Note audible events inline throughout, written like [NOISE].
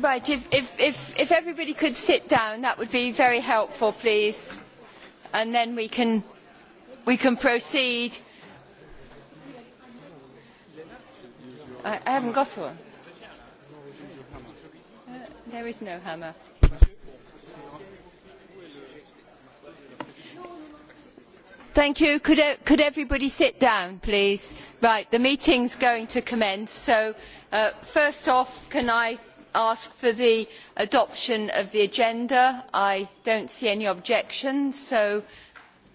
Right, if, if, if, if everybody could sit down, that would be very helpful, please. And then we can, we can proceed. I, I haven't got one. Uh, there is no hammer. Thank you. Could, e-, could everybody sit down, please? Right, the meeting's going to commence. So, uh, first off, can I ask for the adoption of the agenda? I don't see any objections, so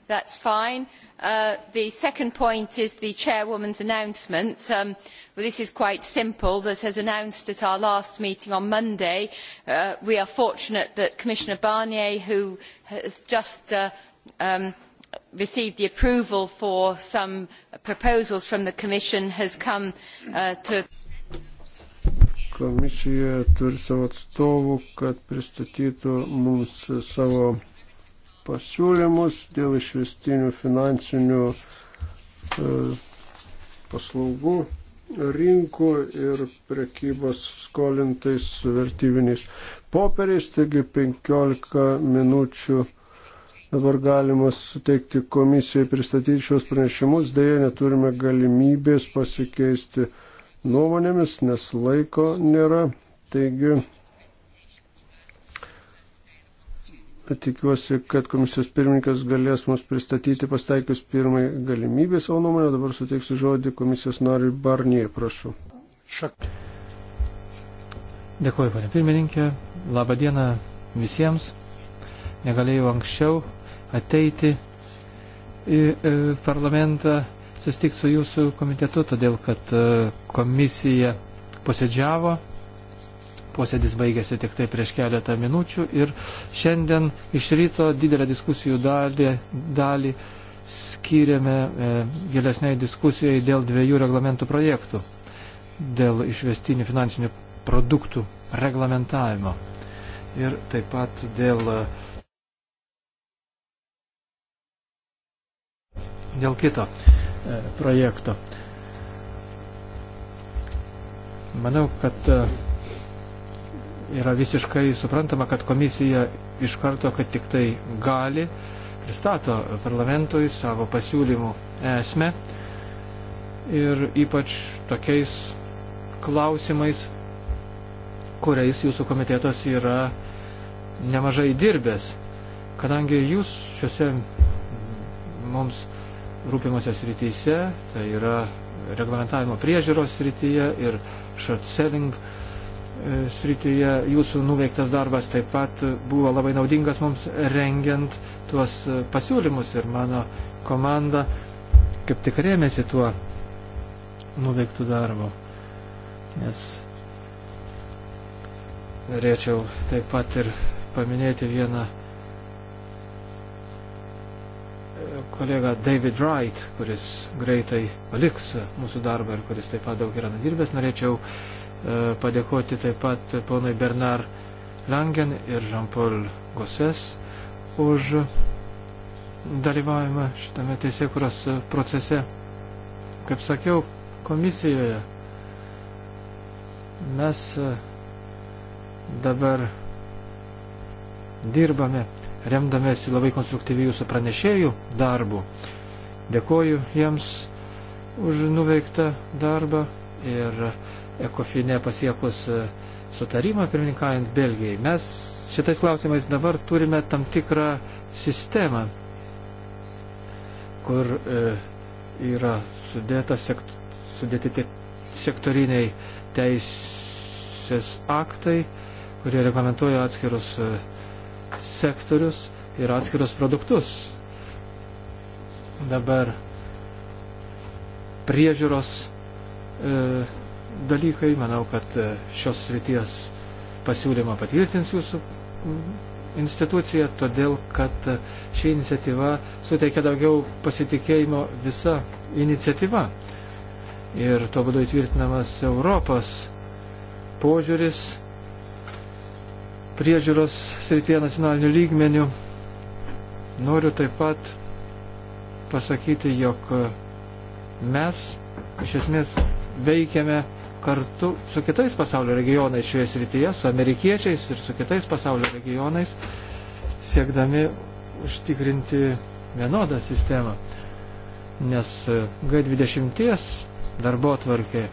that's fine. Uh, the second point is the chairwoman's announcement. Um, well, this is quite simple. That as announced at our last meeting on Monday, uh, we are fortunate that Commissioner Barnier, who has just uh, um, received the approval for some proposals from the Commission has come uh, to. Komisija turi savo atstovų, kad pristatytų mums savo pasiūlymus dėl išvestinių finansinių uh, paslaugų rinkų ir prekybos skolintais vertybiniais popieriais, taigi 15 minučių Dabar galima suteikti komisijai pristatyti šios pranešimus, dėja neturime galimybės pasikeisti nuomonėmis, nes laiko nėra. Taigi, tikiuosi, kad komisijos pirmininkas galės mums pristatyti pastaikius pirmai galimybę savo nuomonę. Dabar suteiksiu žodį komisijos nariui Barnie, prašau. Šak. Dėkuoju, panė pirmininkė. Labą dieną visiems. Negalėjau anksčiau ateiti į parlamentą, susitikti su jūsų komitetu, todėl kad e, komisija posėdžiavo, posėdis baigėsi tik tai prieš keletą minučių ir šiandien iš ryto didelę diskusijų dalį, dalį skyrėme e, gilesniai diskusijai dėl dviejų reglamentų projektų, dėl išvestinių finansinių produktų reglamentavimo ir taip pat dėl dėl kito e, projekto. Manau, kad e, yra visiškai suprantama, kad komisija iš karto, kad tik tai gali, pristato parlamentui savo pasiūlymų esmę ir ypač tokiais klausimais, kuriais jūsų komitetas yra nemažai dirbęs, kadangi jūs šiuose mums rūpimose srityse, tai yra reglamentavimo priežiūros srityje ir short selling e, srityje jūsų nuveiktas darbas taip pat buvo labai naudingas mums rengiant tuos e, pasiūlymus ir mano komanda kaip tik rėmėsi tuo nuveiktų darbo. Nes norėčiau taip pat ir paminėti vieną kolega David Wright, kuris greitai paliks mūsų darbą ir kuris taip pat daug yra nudirbęs. Norėčiau e, padėkoti taip pat ponui Bernard Langen ir Jean-Paul Gosses už dalyvavimą šitame teisėkuros procese. Kaip sakiau, komisijoje mes e, dabar dirbame remdamėsi labai konstruktyvių jūsų pranešėjų darbų. Dėkoju jiems už nuveiktą darbą ir ekofinė pasiekus e, sutarimą pirmininkaujant Belgijai. Mes šitais klausimais dabar turime tam tikrą sistemą, kur e, yra sudėta sekt, sudėti tie sektoriniai teisės aktai, kurie reglamentuoja atskirus e, sektorius ir atskirus produktus. Dabar priežiūros e, dalykai, manau, kad e, šios srities pasiūlymą patvirtins jūsų institucija, todėl kad e, ši iniciatyva suteikia daugiau pasitikėjimo visa iniciatyva. Ir to būdu įtvirtinamas Europos požiūris priežiūros srityje nacionalinių lygmenių. Noriu taip pat pasakyti, jog mes iš esmės veikiame kartu su kitais pasaulio regionais šioje srityje, su amerikiečiais ir su kitais pasaulio regionais, siekdami užtikrinti vienodą sistemą. Nes G20 darbo tvarkė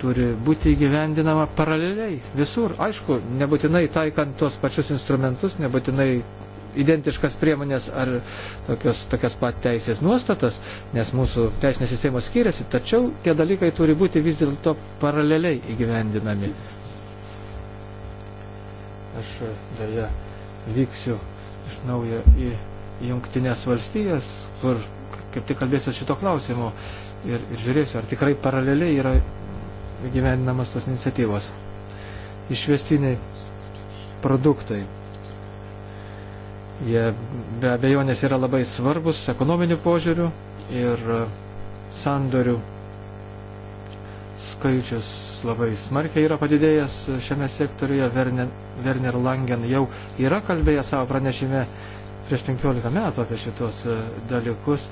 turi būti įgyvendinama paraleliai visur. Aišku, nebūtinai taikant tuos pačius instrumentus, nebūtinai identiškas priemonės ar tokios, tokias pat teisės nuostatas, nes mūsų teisinės sistemos skiriasi, tačiau tie dalykai turi būti vis dėlto paraleliai įgyvendinami. Aš dėja vyksiu iš naujo į Junktinės valstijas, kur kaip tik kalbėsiu šito klausimu ir, ir žiūrėsiu, ar tikrai paraleliai yra gyvendinamos tos iniciatyvos. Išvestiniai produktai. Jie be abejonės yra labai svarbus ekonominių požiūrių ir e, sandorių skaičius labai smarkiai yra padidėjęs šiame sektoriuje. Werner, Werner Langen jau yra kalbėjęs savo pranešime prieš 15 metų apie šitos e, dalykus.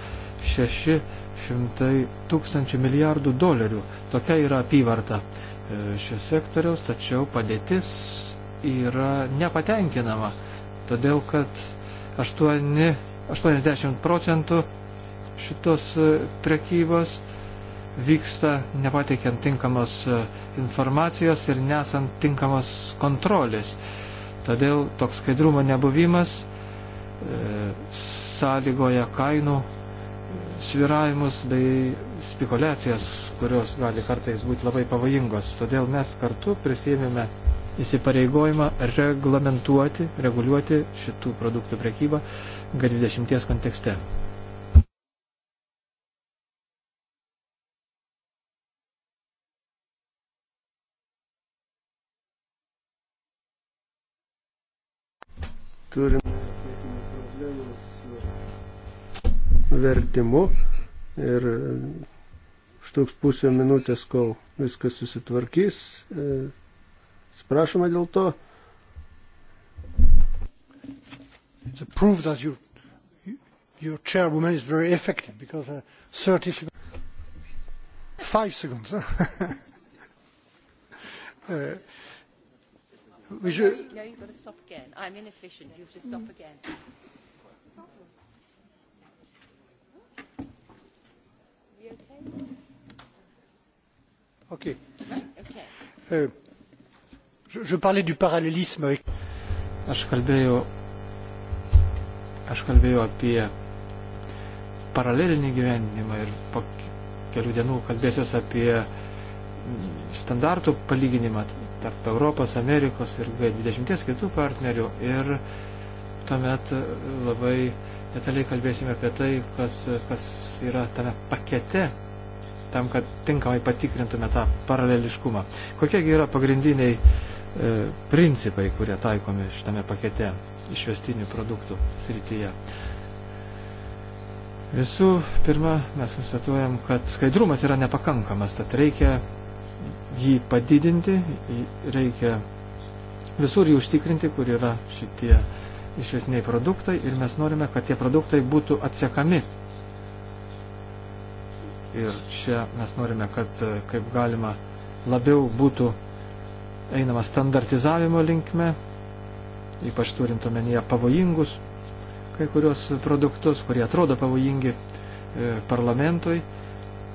600 tūkstančių milijardų dolerių. Tokia yra apyvarta e, šios sektoriaus, tačiau padėtis yra nepatenkinama, todėl kad 8, 80 procentų šitos e, prekybos vyksta nepateikiant tinkamos e, informacijos ir nesant tinkamos kontrolės. Todėl toks skaidrumo nebuvimas e, sąlygoja kainų sviravimus bei spekulacijas, kurios gali kartais būti labai pavojingos. Todėl mes kartu prisėmėme įsipareigojimą reglamentuoti, reguliuoti šitų produktų prekybą G20 kontekste. Turim vertimu ir štuks e, pusę minutės, kol viskas susitvarkys. Sprašoma e, dėl to. Your, your chairwoman is very effective because uh, 30 seconds. Five seconds. [LAUGHS] uh, we should... No, you've got to stop again. I'm inefficient. You have to stop again. Okay. Okay. Euh, je, je parlais du parallélisme avec. Aš kalbėjau, aš kalbėjau apie paralelinį gyvenimą ir po kelių dienų kalbėsiuos apie standartų palyginimą tarp Europos, Amerikos ir G20 kitų partnerių ir tuomet labai detaliai kalbėsime apie tai, kas, kas yra tame pakete tam, kad tinkamai patikrintume tą paraleliškumą. Kokiegi yra pagrindiniai e, principai, kurie taikomi šitame pakete išvestinių produktų srityje? Visų pirma, mes konstatuojam, kad skaidrumas yra nepakankamas, tad reikia jį padidinti, reikia visur jį užtikrinti, kur yra šitie išvesniai produktai ir mes norime, kad tie produktai būtų atsiekami Ir čia mes norime, kad e, kaip galima labiau būtų einama standartizavimo linkme, ypač turint omenyje pavojingus kai kurios produktus, kurie atrodo pavojingi e, parlamentui.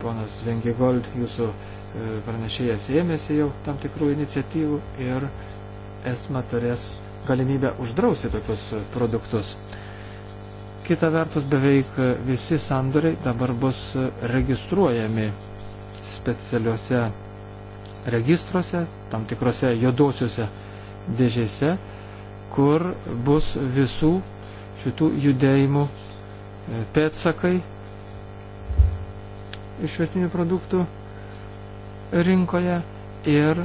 Ponas Vengigold, jūsų e, pranešėjas ėmėsi jau tam tikrų iniciatyvų ir esma turės galimybę uždrausti tokius produktus. Kita vertus, beveik visi sandoriai dabar bus registruojami specialiuose registruose, tam tikrose juodosiuose dėžėse, kur bus visų šitų judėjimų e, pėtsakai išvestinių produktų rinkoje. Ir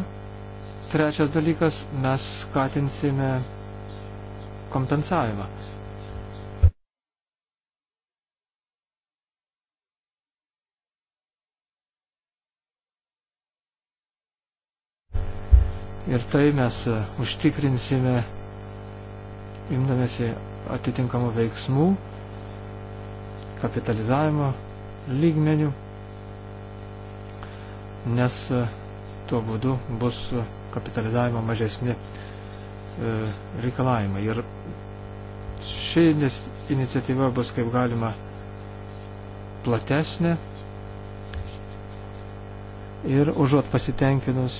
trečias dalykas, mes skatinsime kompensavimą. Ir tai mes e, užtikrinsime, imdamėsi atitinkamų veiksmų, kapitalizavimo lygmenių, nes e, tuo būdu bus e, kapitalizavimo mažesni reikalavimai. Ir ši iniciatyva bus kaip galima platesnė ir užuot pasitenkinus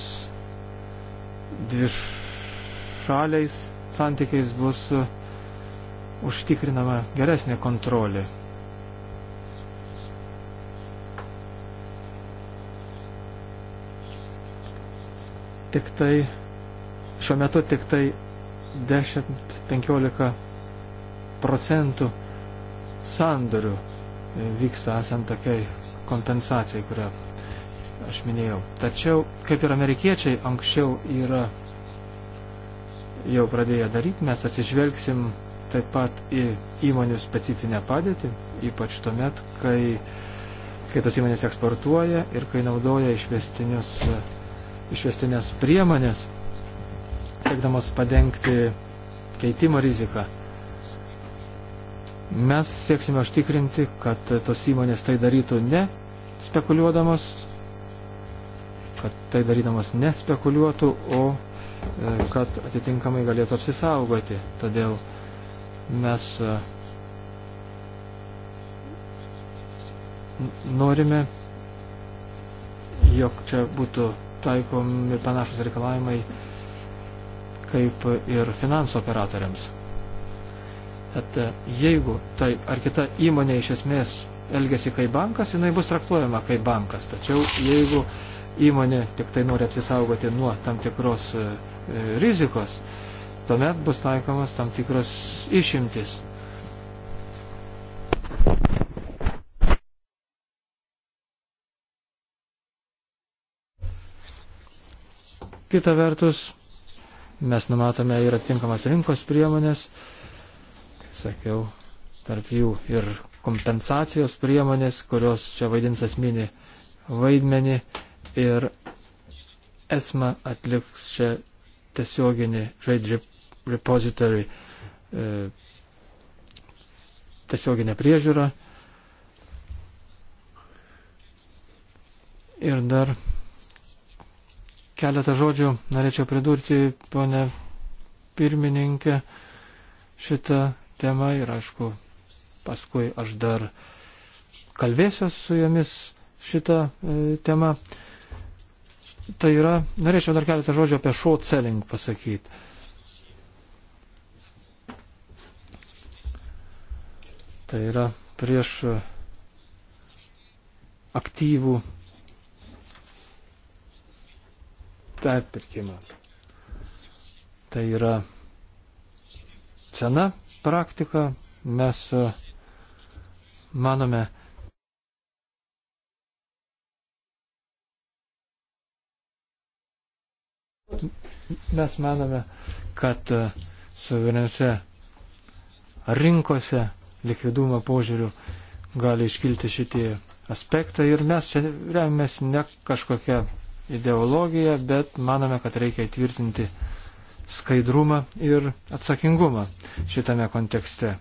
dvišaliais santykiais bus e, užtikrinama geresnė kontrolė. Tik tai, šiuo metu tik tai 10-15 procentų sandorių e, vyksta esant tokiai kompensacijai, kurią aš minėjau. Tačiau, kaip ir amerikiečiai anksčiau yra jau pradėję daryti, mes atsižvelgsim taip pat į įmonių specifinę padėtį, ypač tuomet, kai, kai tas įmonės eksportuoja ir kai naudoja išvestinės priemonės, siekdamos padengti keitimo riziką. Mes sieksime užtikrinti, kad tos įmonės tai darytų ne spekuliuodamos kad tai darydamas nespekuliuotų, o e, kad atitinkamai galėtų apsisaugoti. Todėl mes e, norime, jog čia būtų taikomi panašus reikalavimai kaip ir finansų operatoriams. Tad e, jeigu tai ar kita įmonė iš esmės elgesi kaip bankas, jinai bus traktuojama kaip bankas. Tačiau jeigu uh, įmonė tik tai nori apsisaugoti nuo tam tikros e, e, rizikos, tuomet bus taikomas tam tikros išimtis. Kita vertus, mes numatome ir atitinkamas rinkos priemonės, sakiau, tarp jų ir kompensacijos priemonės, kurios čia vaidins asmenį vaidmenį ir esma atliks čia tiesioginį trade repository e, tiesioginę priežiūrą. Ir dar keletą žodžių norėčiau pridurti, ponė pirmininkė, šitą temą ir aišku, paskui aš dar kalbėsiu su jumis šitą e, temą. Tai yra, norėčiau dar keletą žodžių apie short selling pasakyti. Tai yra prieš e, aktyvų perpirkimą. Tai yra sena praktika. Mes e, manome, Mes manome, kad e, suvereniuose rinkose likvidumo požiūrių gali iškilti šitie aspektai ir mes čia remiamės ne kažkokią ideologiją, bet manome, kad reikia įtvirtinti skaidrumą ir atsakingumą šitame kontekste.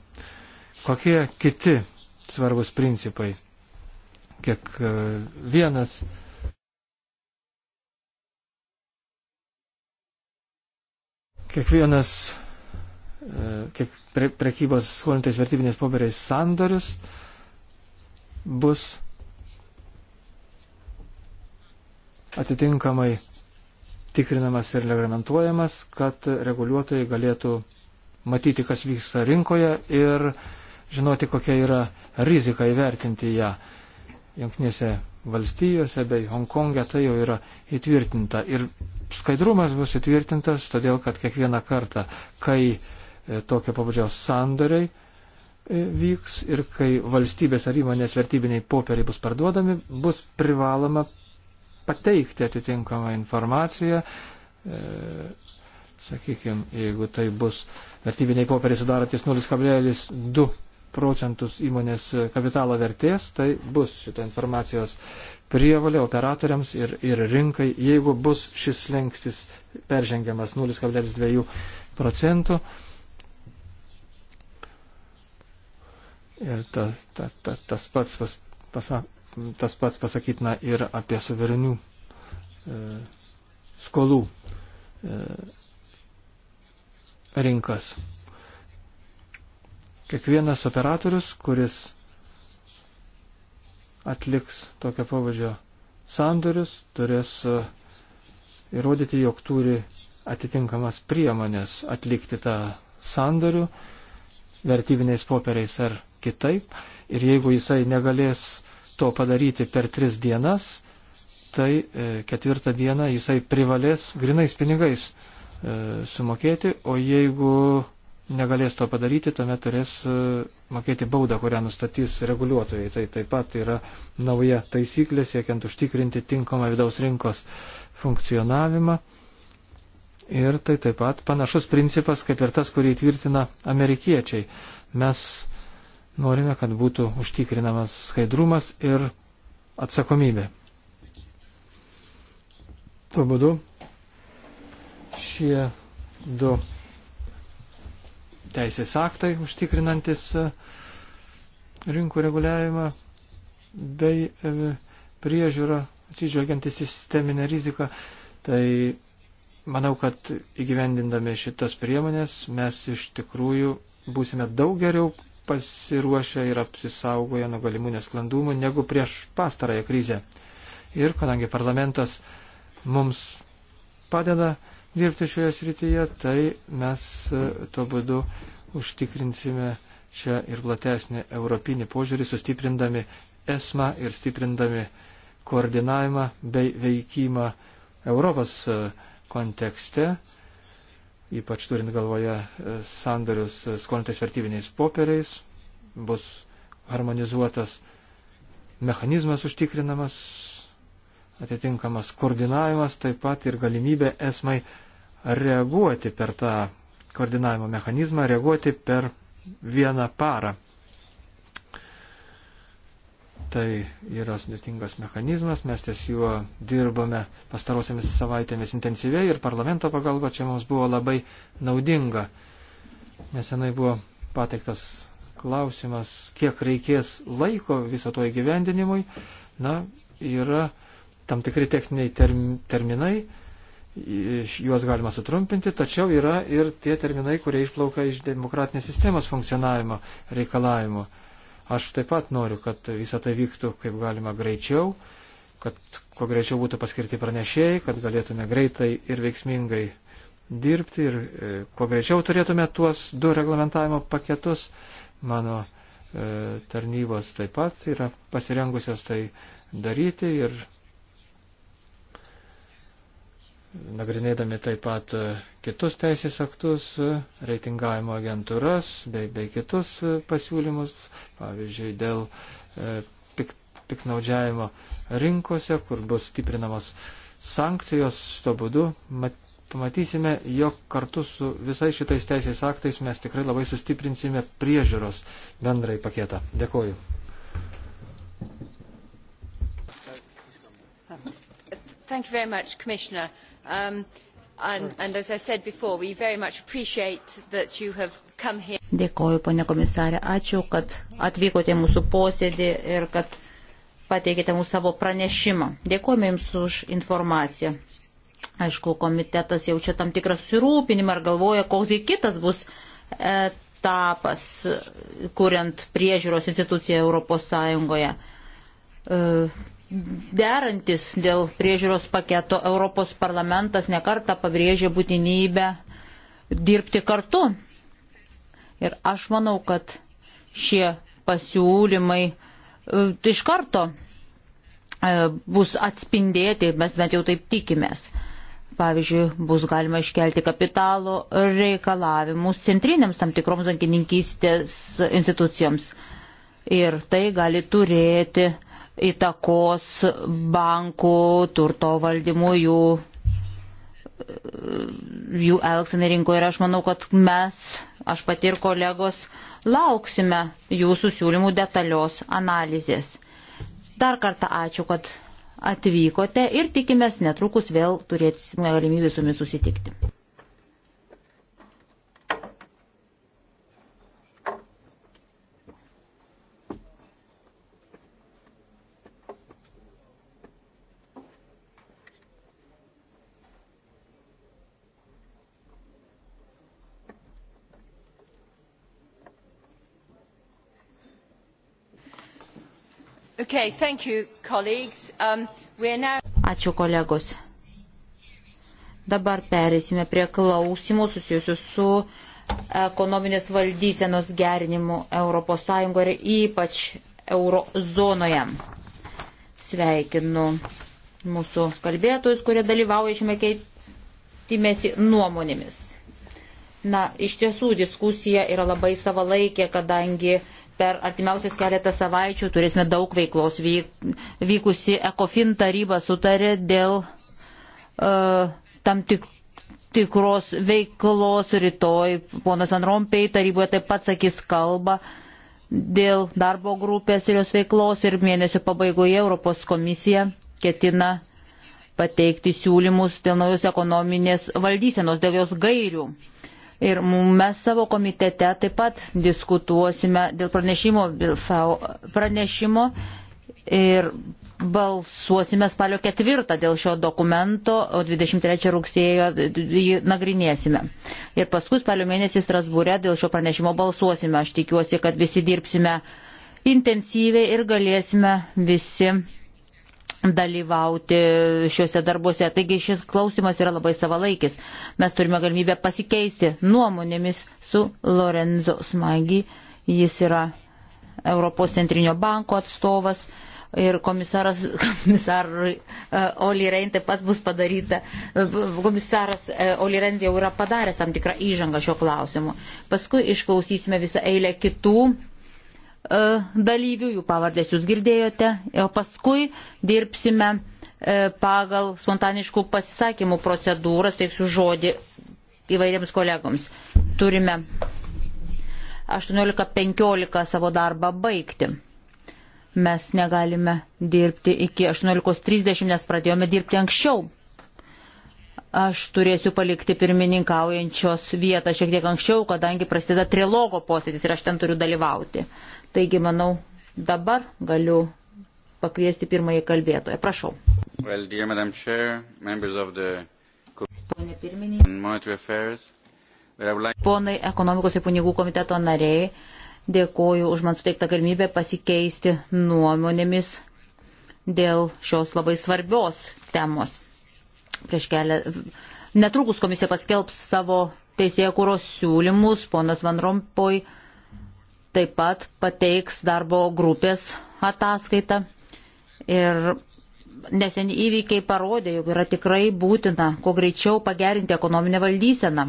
Kokie kiti svarbus principai? Kiek e, vienas kiekvienas e, kiek pre, prekybos skolintais vertybiniais popieriais sandorius bus atitinkamai tikrinamas ir reglamentuojamas, kad reguliuotojai galėtų matyti, kas vyksta rinkoje ir žinoti, kokia yra rizika įvertinti ją. Junknėse valstijose bei Hongkonge tai jau yra įtvirtinta. Ir skaidrumas bus įtvirtintas, todėl kad kiekvieną kartą, kai e, tokio pabudžio sandoriai e, vyks ir kai valstybės ar įmonės vertybiniai popieriai bus parduodami, bus privaloma pateikti atitinkamą informaciją. E, sakykime, jeigu tai bus vertybiniai popieriai sudarantis 0,2 procentus įmonės kapitalo vertės, tai bus šita informacijos prievalė operatoriams ir, ir rinkai, jeigu bus šis lenkstis peržengiamas 0,2 procentų. Ir ta, ta, ta, tas, pats, pas, pasa, tas pats pasakytina ir apie suverenių e, skolų e, rinkas. Kiekvienas operatorius, kuris atliks tokio pavadžio sandorius, turės e, įrodyti, jog turi atitinkamas priemonės atlikti tą sandorių vertybiniais popieriais ar kitaip. Ir jeigu jisai negalės to padaryti per tris dienas, tai e, ketvirtą dieną jisai privalės grinais pinigais e, sumokėti, o jeigu negalės to padaryti, tuomet turės e, mokėti baudą, kurią nustatys reguliuotojai. Tai taip pat yra nauja taisyklė, siekiant užtikrinti tinkamą vidaus rinkos funkcionavimą. Ir tai taip pat panašus principas, kaip ir tas, kurį tvirtina amerikiečiai. Mes norime, kad būtų užtikrinamas skaidrumas ir atsakomybė. Tuo būdu šie du teisės aktai užtikrinantis e, rinkų reguliavimą bei e, priežiūrą atsižvelgiant į sisteminę riziką. Tai manau, kad įgyvendindami šitas priemonės mes iš tikrųjų būsime daug geriau pasiruošę ir apsisaugoję nuo galimų nesklandumų negu prieš pastarąją krizę. Ir kadangi parlamentas mums padeda, dirbti šioje srityje, tai mes e, tuo būdu užtikrinsime čia ir platesnį europinį požiūrį, sustiprindami esmą ir stiprindami koordinavimą bei veikimą Europos e, kontekste, ypač turint galvoje e, sandarius skolintais vertybiniais popieriais, bus harmonizuotas mechanizmas užtikrinamas, atitinkamas koordinavimas, taip pat ir galimybė esmai reaguoti per tą koordinavimo mechanizmą, reaguoti per vieną parą. Tai yra sudėtingas mechanizmas, mes ties juo dirbame pastarosiamis savaitėmis intensyviai ir parlamento pagalba čia mums buvo labai naudinga. Nesenai buvo pateiktas klausimas, kiek reikės laiko viso to įgyvendinimui. Na, yra tam tikri techniniai term, terminai, juos galima sutrumpinti, tačiau yra ir tie terminai, kurie išplauka iš demokratinės sistemos funkcionavimo reikalavimo. Aš taip pat noriu, kad visą tai vyktų kaip galima greičiau, kad kuo greičiau būtų paskirti pranešėjai, kad galėtume greitai ir veiksmingai dirbti ir e, kuo greičiau turėtume tuos du reglamentavimo paketus. Mano e, tarnybos taip pat yra pasirengusios tai daryti ir nagrinėdami taip pat e, kitus teisės aktus, e, reitingavimo agentūras bei, bei kitus e, pasiūlymus, pavyzdžiui, dėl pik, piknaudžiavimo rinkose, kur bus stiprinamos sankcijos, to būdu mat, pamatysime, jog kartu su visais šitais teisės aktais mes tikrai labai sustiprinsime priežiūros bendrai paketą. Dėkuoju. Thank you very much, Commissioner. Um, and, and as I said before, we very much appreciate that you have come here. Dėkoju, ponė komisarė, ačiū, kad atvykote mūsų posėdį ir kad pateikėte mūsų savo pranešimą. Dėkojame Jums už informaciją. Aišku, komitetas jaučia tam tikrą susirūpinimą ir galvoja, koks į kitas bus etapas, kuriant priežiūros instituciją Europos Sąjungoje e, Derantis dėl priežiūros paketo Europos parlamentas nekarta pabrėžė būtinybę dirbti kartu. Ir aš manau, kad šie pasiūlymai e, tai iš karto e, bus atspindėti, mes bent jau taip tikimės. Pavyzdžiui, bus galima iškelti kapitalo reikalavimus centrinėms tam tikroms bankininkystės institucijoms. Ir tai gali turėti uh, įtakos bankų turto valdymų jų, jų elgsinai rinkoje. Ir aš manau, kad mes, aš pati ir kolegos, lauksime jūsų siūlymų detalios analizės. Dar kartą ačiū, kad atvykote ir tikimės netrukus vėl turėsime galimybę su jumis susitikti. Okay, thank you, colleagues. Um, we're now... Ačiū kolegos. Dabar perėsime prie klausimų susijusių su ekonominės valdysenos gerinimu ES ir ypač eurozonoje. Sveikinu mūsų kalbėtojus, kurie dalyvauja šiame keitimėsi nuomonėmis. Na, iš tiesų diskusija yra labai savalaikė, kadangi per artimiausias keletą savaičių turėsime daug veiklos. Vykusi ECOFIN taryba sutarė dėl uh, tam tik, tikros veiklos rytoj. Ponas Anrompiai taryboje taip pat sakys kalbą dėl darbo grupės ir jos veiklos ir mėnesio pabaigoje Europos komisija ketina pateikti siūlymus dėl naujos ekonominės valdysenos, dėl jos gairių. Ir mes savo komitete taip pat diskutuosime dėl pranešimo, dėl savo pranešimo ir balsuosime spalio ketvirtą dėl šio dokumento, o 23 rugsėjo jį nagrinėsime. Ir paskui spalio mėnesį Strasbūre dėl šio pranešimo balsuosime. Aš tikiuosi, kad visi dirbsime intensyviai ir galėsime visi dalyvauti šiuose darbuose. Taigi šis klausimas yra labai savalaikis. Mes turime galimybę pasikeisti nuomonėmis su Lorenzo Smagi. Jis yra Europos centrinio banko atstovas ir komisaras, [LAUGHS] komisarui e, Oli Rein taip pat bus padaryta, komisaras e, Oli Rein jau yra padaręs tam tikrą įžangą šio klausimu. Paskui išklausysime visą eilę kitų E, dalyvių, jų pavardės jūs girdėjote, o paskui dirbsime e, pagal spontaniškų pasisakymų procedūrą, teiksiu žodį įvairiems kolegoms. Turime 18.15 savo darbą baigti. Mes negalime dirbti iki 18.30, nes pradėjome dirbti anksčiau. Aš turėsiu palikti pirmininkaujančios vietą šiek tiek anksčiau, kadangi prasideda trilogo posėdis ir aš ten turiu dalyvauti. Taigi, manau, dabar galiu pakviesti pirmąjį kalbėtoją. Prašau. Well, dear Madam Chair, members of the Pone pirmininkai, ponai ekonomikos ir pinigų komiteto nariai, dėkoju už man suteiktą galimybę pasikeisti nuomonėmis dėl šios labai svarbios temos. Prieš kelią. Netrukus komisija paskelbs savo teisėjų kūros siūlymus, ponas Van Rompoj taip pat pateiks darbo grupės ataskaitą. Ir neseniai įvykiai parodė, jog yra tikrai būtina kuo greičiau pagerinti ekonominę valdyseną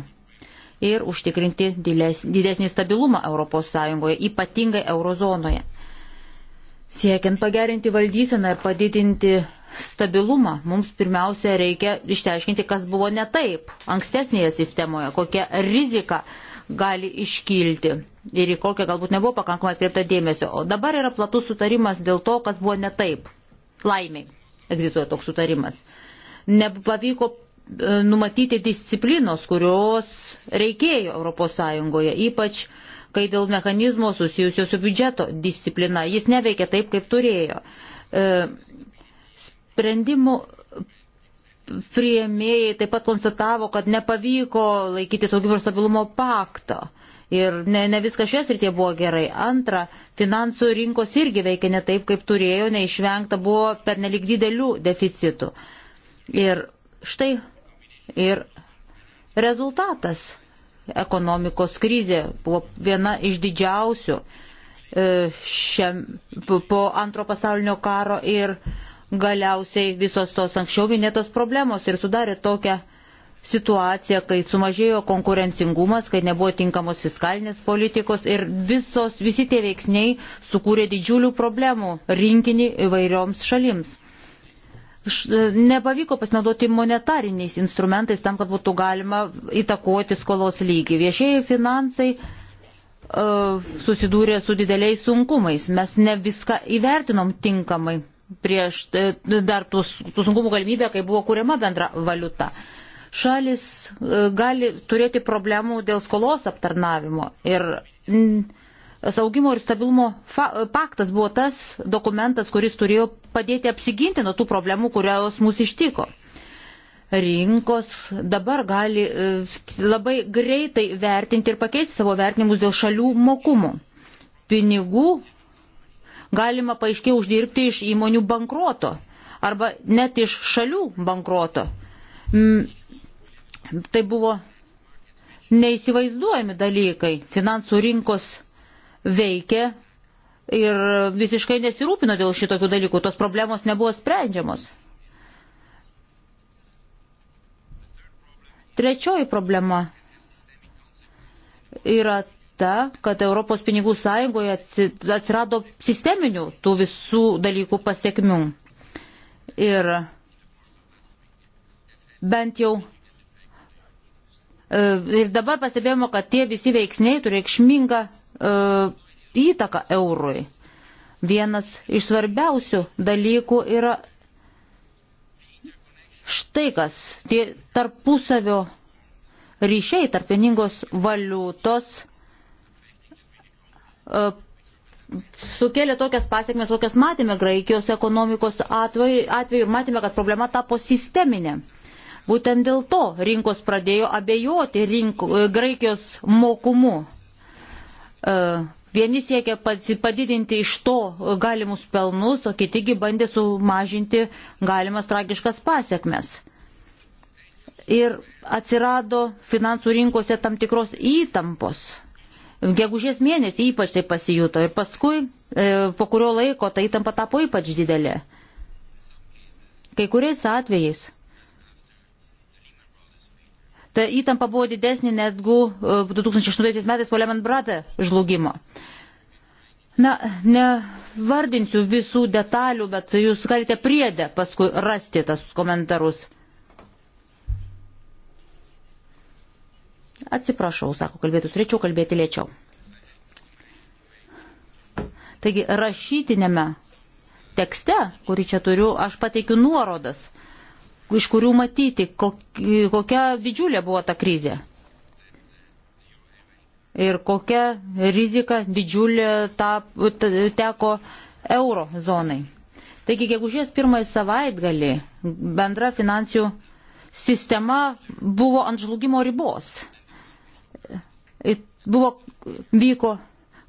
ir užtikrinti didesnį stabilumą ES, ypatingai eurozonoje. Siekiant pagerinti valdyseną ir padidinti stabilumą, mums pirmiausia reikia išsiaiškinti, kas buvo ne taip ankstesnėje sistemoje, kokia rizika uh, gali iškilti ir į kokią galbūt nebuvo pakankamai atkreipta dėmesio. O dabar yra platus sutarimas dėl to, kas buvo ne taip. Laimiai egzistuoja toks sutarimas. Nepavyko e, numatyti disciplinos, kurios reikėjo ES, ypač kai dėl mechanizmo susijusio su biudžeto disciplina jis neveikia taip, kaip turėjo. E, Sprendimų prieimėjai taip pat konstatavo, kad nepavyko laikytis augimo ir stabilumo pakto. Ir ne, ne viskas šios rytie buvo gerai. Antra, finansų rinkos irgi veikia ne taip, kaip turėjo, neišvengta buvo per nelik didelių deficitų. Ir štai ir rezultatas ekonomikos krizė buvo viena iš didžiausių e, šiam, po antro pasaulinio karo ir galiausiai visos tos anksčiau minėtos problemos ir sudarė tokią situaciją, kai sumažėjo konkurencingumas, kai nebuvo tinkamos fiskalinės politikos ir visos, visi tie veiksniai sukūrė didžiulių problemų rinkinį įvairioms šalims. E, nepavyko pasinaudoti monetariniais instrumentais tam, kad būtų galima įtakoti skolos lygį. Viešieji finansai uh, susidūrė su dideliais sunkumais. Mes ne viską įvertinom tinkamai prieš e, dar tų, tų sunkumų galimybę, kai buvo kuriama bendra valiuta. Šalis e, gali turėti problemų dėl skolos aptarnavimo ir saugimo ir stabilumo paktas buvo tas dokumentas, kuris turėjo padėti apsiginti nuo tų problemų, kurios mūsų ištiko. Rinkos dabar gali e, labai greitai vertinti ir pakeisti savo vertinimus dėl šalių mokumų. Pinigų galima paaiškiai uždirbti iš įmonių bankroto arba net iš šalių bankroto. Mm, tai buvo neįsivaizduojami dalykai. Finansų rinkos veikė ir visiškai nesirūpino dėl šitokių dalykų. Tos problemos nebuvo sprendžiamos. Trečioji problema yra ta, kad Europos pinigų sąjungoje atsirado sisteminių tų visų dalykų pasiekmių. Ir bent jau e, ir dabar pastebėjome, kad tie visi veiksniai turi reikšmingą e, įtaką eurui. Vienas iš svarbiausių dalykų yra štai kas, tie tarpusavio ryšiai tarp vieningos valiutos E, sukėlė tokias pasiekmes, kokias matėme Graikijos ekonomikos atveju, atveju ir matėme, kad problema tapo sisteminė. Būtent dėl to rinkos pradėjo abejoti rink, e, Graikijos mokumu. E, vieni siekia padidinti iš to galimus pelnus, o kitigi bandė sumažinti galimas tragiškas pasiekmes. Ir atsirado finansų rinkose tam tikros įtampos Gegužės mėnesį ypač tai pasijuto ir paskui e, po kurio laiko ta įtampa tapo ypač didelė. Kai kuriais atvejais ta įtampa buvo didesnė negu 2008 e, metais po Lehman Brothers žlugimo. Na, nevardinsiu visų detalių, bet jūs galite priedę paskui rasti tas komentarus. Atsiprašau, sako kalbėtų, turėčiau kalbėti lėčiau. Taigi rašytinėme tekste, kurį čia turiu, aš pateikiu nuorodas, iš kurių matyti, kokia didžiulė buvo ta krizė. Ir kokia rizika didžiulė ta, ta, teko euro zonai. Taigi, gegužės pirmąjį savaitgalį bendra finansijų sistema buvo ant žlugimo ribos buvo, vyko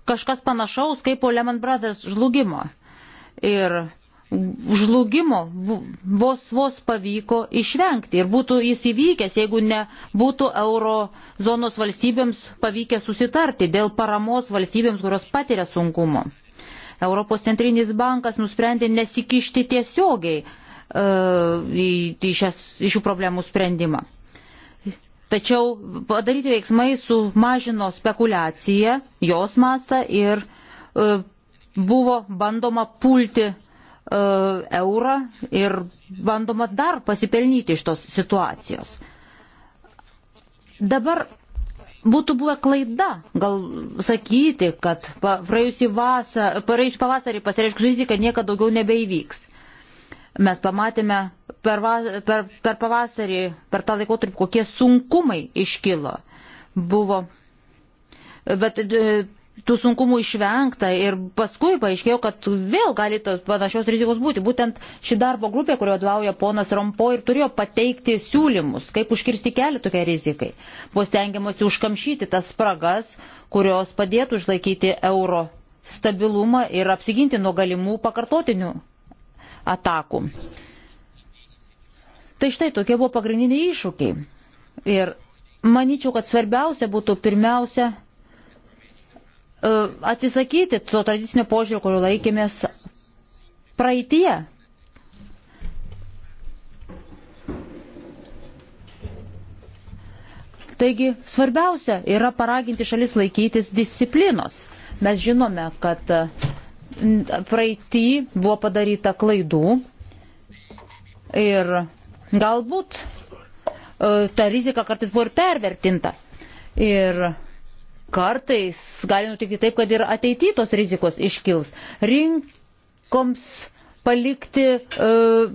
kažkas panašaus kaip po Lehman Brothers žlugimo. Ir žlugimo vos vos pavyko išvengti ir būtų jis įvykęs, jeigu nebūtų euro zonos valstybėms pavykę susitarti dėl paramos valstybėms, kurios patiria sunkumu. Europos centrinis bankas nusprendė nesikišti tiesiogiai uh, į, į, šias, į šių problemų sprendimą. Tačiau padaryti veiksmai sumažino spekulaciją, jos mastą ir e, buvo bandoma pulti e, eurą ir bandoma dar pasipelnyti iš tos situacijos. Dabar būtų buvę klaida gal sakyti, kad praėjusį, vasą, praėjusį pavasarį pasireiškus rizika niekada daugiau nebeįvyks. Mes pamatėme per, va, per, per pavasarį, per tą laikotarpį, kokie sunkumai iškilo. Buvo. Bet e, tų sunkumų išvengta ir paskui paaiškėjo, kad vėl gali panašios rizikos būti. Būtent ši darbo grupė, kurio atvauja ponas Rompo ir turėjo pateikti siūlymus, kaip užkirsti kelią tokiai rizikai. Buvo stengiamasi užkamšyti tas spragas, kurios padėtų išlaikyti euro stabilumą ir apsiginti nuo galimų pakartotinių atakų. Tai štai tokie buvo pagrindiniai iššūkiai. Ir manyčiau, kad svarbiausia būtų pirmiausia e, atsisakyti to tradicinio požiūrio, kurio laikėmės praeitie. Taigi svarbiausia yra paraginti šalis laikytis disciplinos. Mes žinome, kad uh, praeitį buvo padaryta klaidų ir galbūt e, ta rizika kartais buvo ir pervertinta. Ir kartais gali nutikti taip, kad ir ateityje tos rizikos iškils. Rinkoms palikti uh,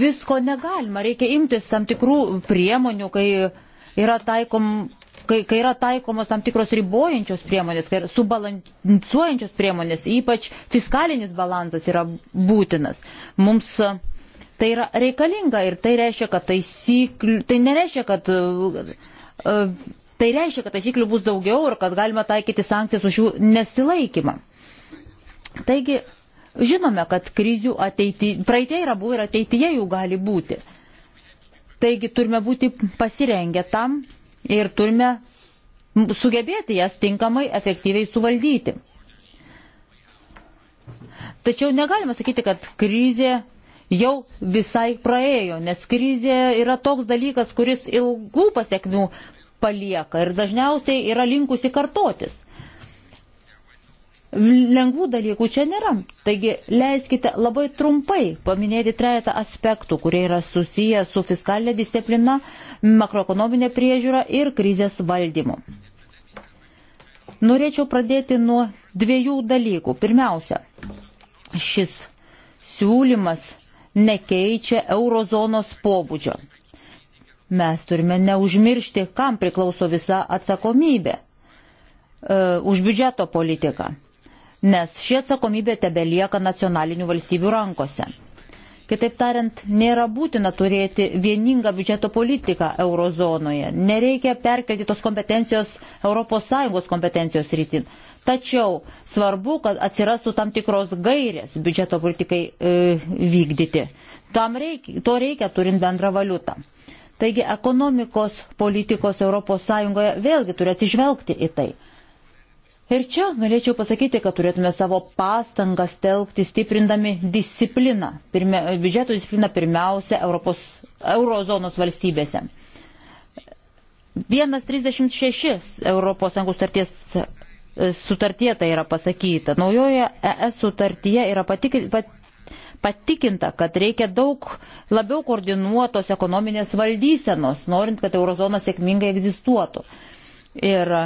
visko negalima, reikia imtis tam tikrų priemonių, kai yra taikom kai, kai yra taikomos tam tikros ribojančios priemonės, kai yra subalansuojančios priemonės, ypač fiskalinis balansas yra būtinas. Mums e, tai yra reikalinga ir tai reiškia, kad taisyklių, tai nereiškia, kad. Uh, Tai reiškia, kad taisyklių bus daugiau ir kad galima taikyti sankcijas už jų nesilaikymą. Taigi, žinome, kad krizių ateity, praeitie yra buvę ir ateityje jų gali būti. Taigi turime būti pasirengę tam, ir turime sugebėti jas tinkamai, efektyviai suvaldyti. Tačiau negalime sakyti, kad krizė jau visai praėjo, nes krizė yra toks dalykas, kuris ilgų pasiekmių palieka ir dažniausiai yra linkusi kartotis. Lengvų dalykų čia nėra. Taigi leiskite labai trumpai paminėti trejata aspektų, kurie yra susiję su fiskalinė disciplina, makroekonominė priežiūra ir krizės valdymu. Norėčiau pradėti nuo dviejų dalykų. Pirmiausia, šis siūlymas nekeičia eurozonos pobūdžio. Mes turime neužmiršti, kam priklauso visa atsakomybė e, už biudžeto politiką nes ši atsakomybė tebelieka nacionalinių valstybių rankose. Kitaip tariant, nėra būtina turėti vieningą biudžeto politiką eurozonoje, nereikia perkelti tos kompetencijos ES kompetencijos rytin. Tačiau svarbu, kad atsirastų tam tikros gairės biudžeto politikai e, vykdyti. Tam reikia, to reikia turint bendrą valiutą. Taigi ekonomikos politikos ES vėlgi turi atsižvelgti į tai. Ir čia norėčiau pasakyti, kad turėtume savo pastangas telkti stiprindami discipliną, pirmia, biudžeto discipliną pirmiausia Europos, eurozonos valstybėse. 1.36 Europos Sąjungos starties e, sutartie tai yra pasakyta. Naujoje ES sutartyje yra patik, pat, patikinta, kad reikia daug labiau koordinuotos ekonominės valdysenos, norint, kad eurozona sėkmingai egzistuotų. Ir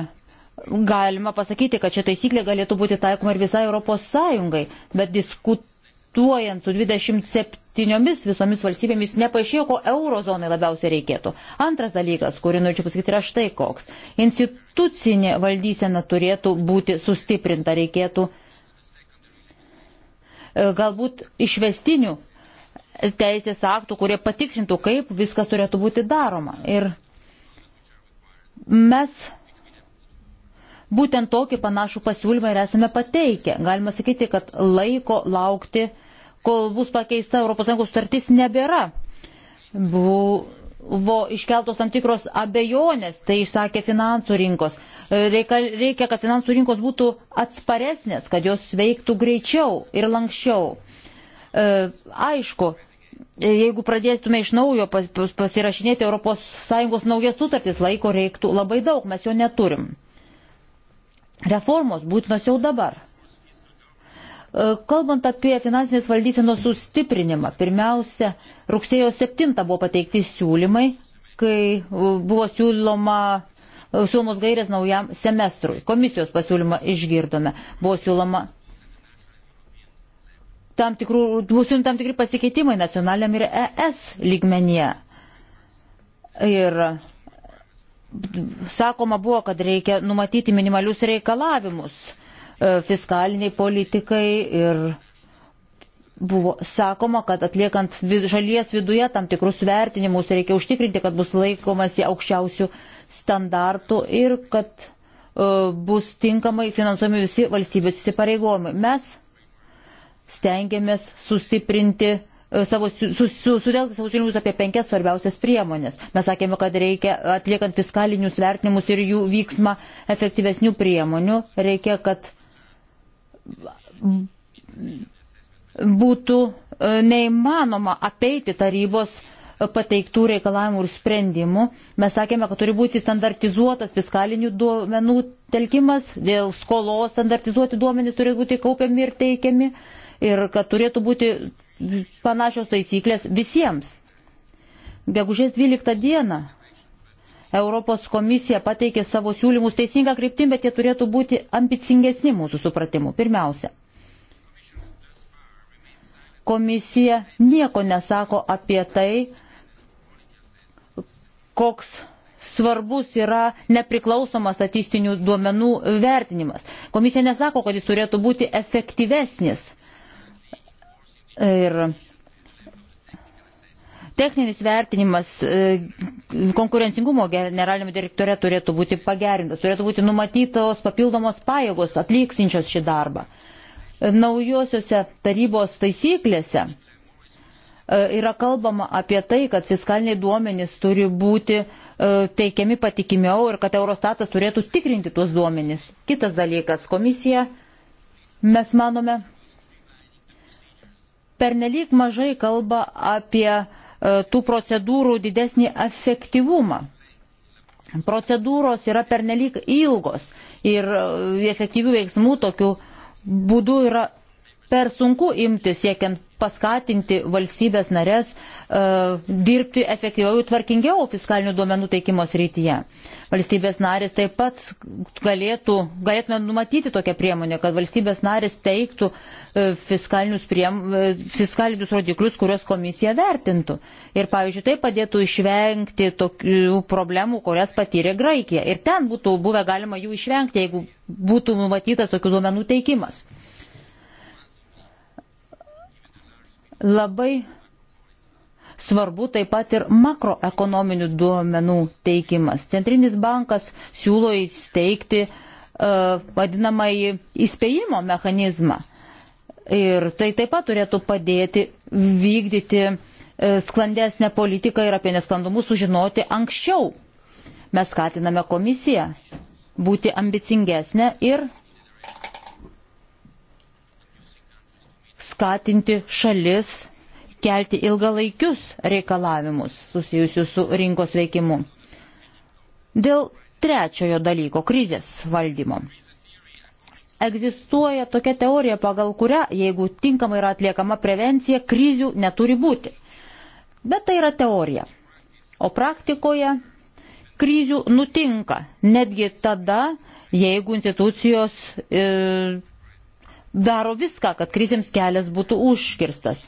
Galima pasakyti, kad ši taisyklė galėtų būti taikoma ir visai Europos Sąjungai, bet diskutuojant su 27 visomis valstybėmis nepaaiškėjo, ko eurozonai labiausiai reikėtų. Antras dalykas, kurį norėčiau pasakyti, yra štai koks. Institucinė valdysena turėtų būti sustiprinta, reikėtų e, galbūt išvestinių teisės aktų, kurie patiksintų, kaip viskas turėtų būti daroma. Ir mes Būtent tokį panašų pasiūlymą ir esame pateikę. Galima sakyti, kad laiko laukti, kol bus pakeista ES sutartis, nebėra. Buvo iškeltos tam tikros abejonės, tai išsakė finansų rinkos. E, reikia, reikia, kad finansų rinkos būtų atsparesnės, kad jos veiktų greičiau ir lankščiau. E, aišku, jeigu pradėtume iš naujo pasirašinėti ES naujas sutartis, laiko reiktų labai daug, mes jo neturim. Reformos būtinos jau dabar. E, kalbant apie finansinės valdysenos sustiprinimą, pirmiausia, rugsėjo 7 buvo pateikti siūlymai, kai e, buvo siūloma, e, siūlomos gairės naujam semestrui. Komisijos pasiūlymą išgirdome. Buvo siūloma tam, tikrų, buvo siūlom tam tikri pasikeitimai nacionaliam ir ES lygmenyje. Ir sakoma buvo, kad reikia numatyti minimalius reikalavimus e, fiskaliniai politikai ir buvo sakoma, kad atliekant šalies viduje tam tikrus vertinimus reikia užtikrinti, kad bus laikomasi aukščiausių standartų ir kad uh, bus tinkamai finansuomi visi valstybės įsipareigojimai. Mes stengiamės sustiprinti uh, E, savo, su, su, sudelkti savo siūlymus apie penkias svarbiausias priemonės. Mes sakėme, kad reikia, atliekant fiskalinius vertinimus ir jų vyksmą efektyvesnių priemonių, reikia, kad būtų e, neįmanoma apeiti tarybos pateiktų reikalavimų ir sprendimų. Mes sakėme, kad turi būti standartizuotas fiskalinių duomenų telkimas, dėl skolos standartizuoti duomenys turi būti kaupiami ir teikiami ir kad turėtų būti panašios taisyklės visiems. Gegužės 12 dieną Europos komisija pateikė savo siūlymus teisingą kryptim, bet jie turėtų būti ambicingesni mūsų supratimu. Pirmiausia, komisija nieko nesako apie tai, koks svarbus yra nepriklausomas statistinių duomenų vertinimas. Komisija nesako, kad jis turėtų būti efektyvesnis Ir techninis vertinimas e, konkurencingumo generalinėme direktore turėtų būti pagerintas, turėtų būti numatytos papildomos pajėgos atliksinčios šį darbą. Naujosiuose tarybos taisyklėse e, yra kalbama apie tai, kad fiskaliniai duomenys turi būti e, teikiami patikimiau ir kad Eurostatas turėtų tikrinti tuos duomenys. Kitas dalykas, komisija, mes manome, pernelyg mažai kalba apie e, tų procedūrų didesnį efektyvumą. Procedūros yra pernelyg ilgos ir e, efektyvių veiksmų tokiu būdu yra per sunku imti siekiant paskatinti valstybės narės uh, e, dirbti efektyviau ir tvarkingiau fiskalinių duomenų teikimo srityje. Valstybės narės taip pat galėtų, galėtume numatyti tokią priemonę, kad valstybės narės teiktų uh, fiskalinius, priem, uh, fiskalinius rodiklius, kuriuos komisija vertintų. Ir, pavyzdžiui, tai padėtų išvengti tokių problemų, kurias patyrė Graikija. Ir ten būtų buvę galima jų išvengti, jeigu būtų numatytas tokių duomenų teikimas. Labai svarbu taip pat ir makroekonominių duomenų teikimas. Centrinis bankas siūlo įsteigti uh, vadinamąjį įspėjimo mechanizmą. Ir tai taip pat turėtų padėti vykdyti uh, sklandesnę politiką ir apie nesklandumus sužinoti anksčiau. Mes skatiname komisiją būti ambicingesnė ir skatinti šalis kelti ilgalaikius reikalavimus susijusius su rinkos veikimu. Dėl trečiojo dalyko - krizės valdymo. Egzistuoja tokia teorija, pagal kurią, jeigu tinkamai yra atliekama prevencija, krizių neturi būti. Bet tai yra teorija. O praktikoje krizių nutinka netgi tada, jeigu institucijos e, daro viską, kad krizėms kelias būtų užkirstas.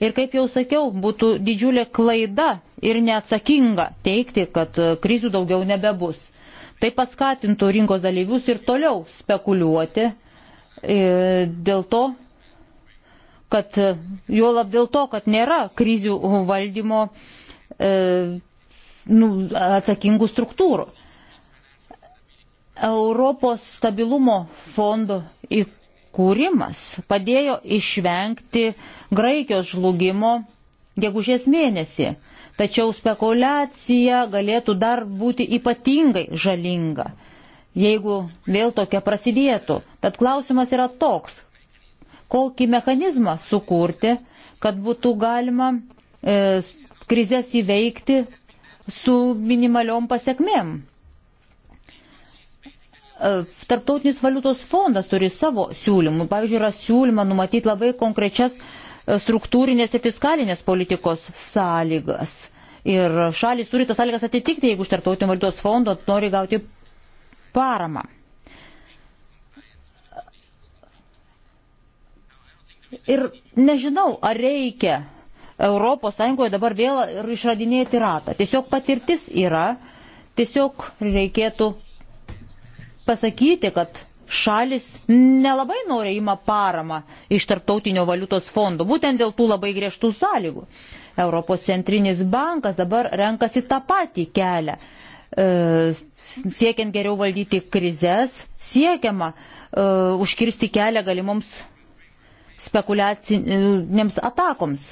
Ir kaip jau sakiau, būtų didžiulė klaida ir neatsakinga teikti, kad e, krizių daugiau nebebus. Tai paskatintų rinkos dalyvius ir toliau spekuliuoti e, dėl to, kad e, jo lab dėl to, kad nėra krizių valdymo nu, atsakingų struktūrų. Europos stabilumo fondo įkūrimas atkūrimas padėjo išvengti Graikijos žlugimo gegužės mėnesį. Tačiau spekulacija galėtų dar būti ypatingai žalinga, jeigu vėl tokia prasidėtų. Tad klausimas yra toks, kokį mechanizmą sukurti, kad būtų galima e, krizės įveikti su minimaliom pasiekmėm. E, Tarptautinis valiutos fondas turi savo siūlymų. Pavyzdžiui, yra siūlyma numatyti labai konkrečias e, struktūrinės ir fiskalinės politikos sąlygas. Ir šalis turi tas sąlygas atitikti, jeigu iš tarptautinio valiutos fondo nori gauti paramą. Ir nežinau, ar reikia ES dabar vėl išradinėti ratą. Tiesiog patirtis yra, tiesiog reikėtų pasakyti, kad šalis nelabai nori ima paramą iš tarptautinio valiutos fondo, būtent dėl tų labai griežtų sąlygų. Europos centrinis bankas dabar renkasi tą patį kelią. E, siekiant geriau valdyti krizės, siekiama e, užkirsti kelią galimoms spekuliacinėms atakoms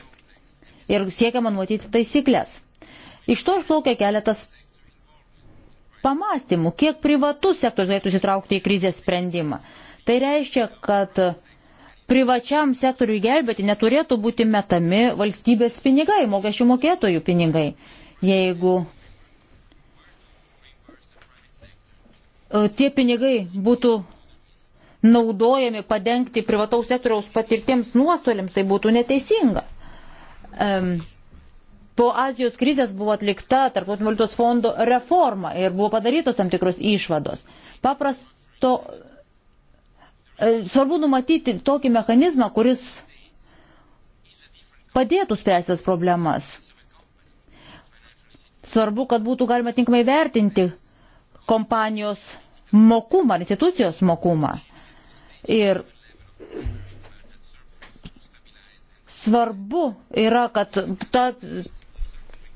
ir siekiama numatyti taisyklės. Iš to išplaukia keletas pamastymų, kiek privatus sektorius galėtų įsitraukti į krizės sprendimą. Tai reiškia, kad privačiam sektoriui gelbėti neturėtų būti metami valstybės pinigai, mokesčių mokėtojų pinigai. Jeigu e, tie pinigai būtų naudojami padengti privataus sektoriaus patirtiems nuostoliams, tai būtų neteisinga. Um, Po Azijos krizės buvo atlikta Tarptautinio valiutos fondo reforma ir buvo padarytos tam tikros išvados. Paprasto, e, svarbu numatyti tokį mechanizmą, kuris padėtų spręstas problemas. Svarbu, kad būtų galima tinkamai vertinti kompanijos mokumą, institucijos mokumą. Ir svarbu yra, kad ta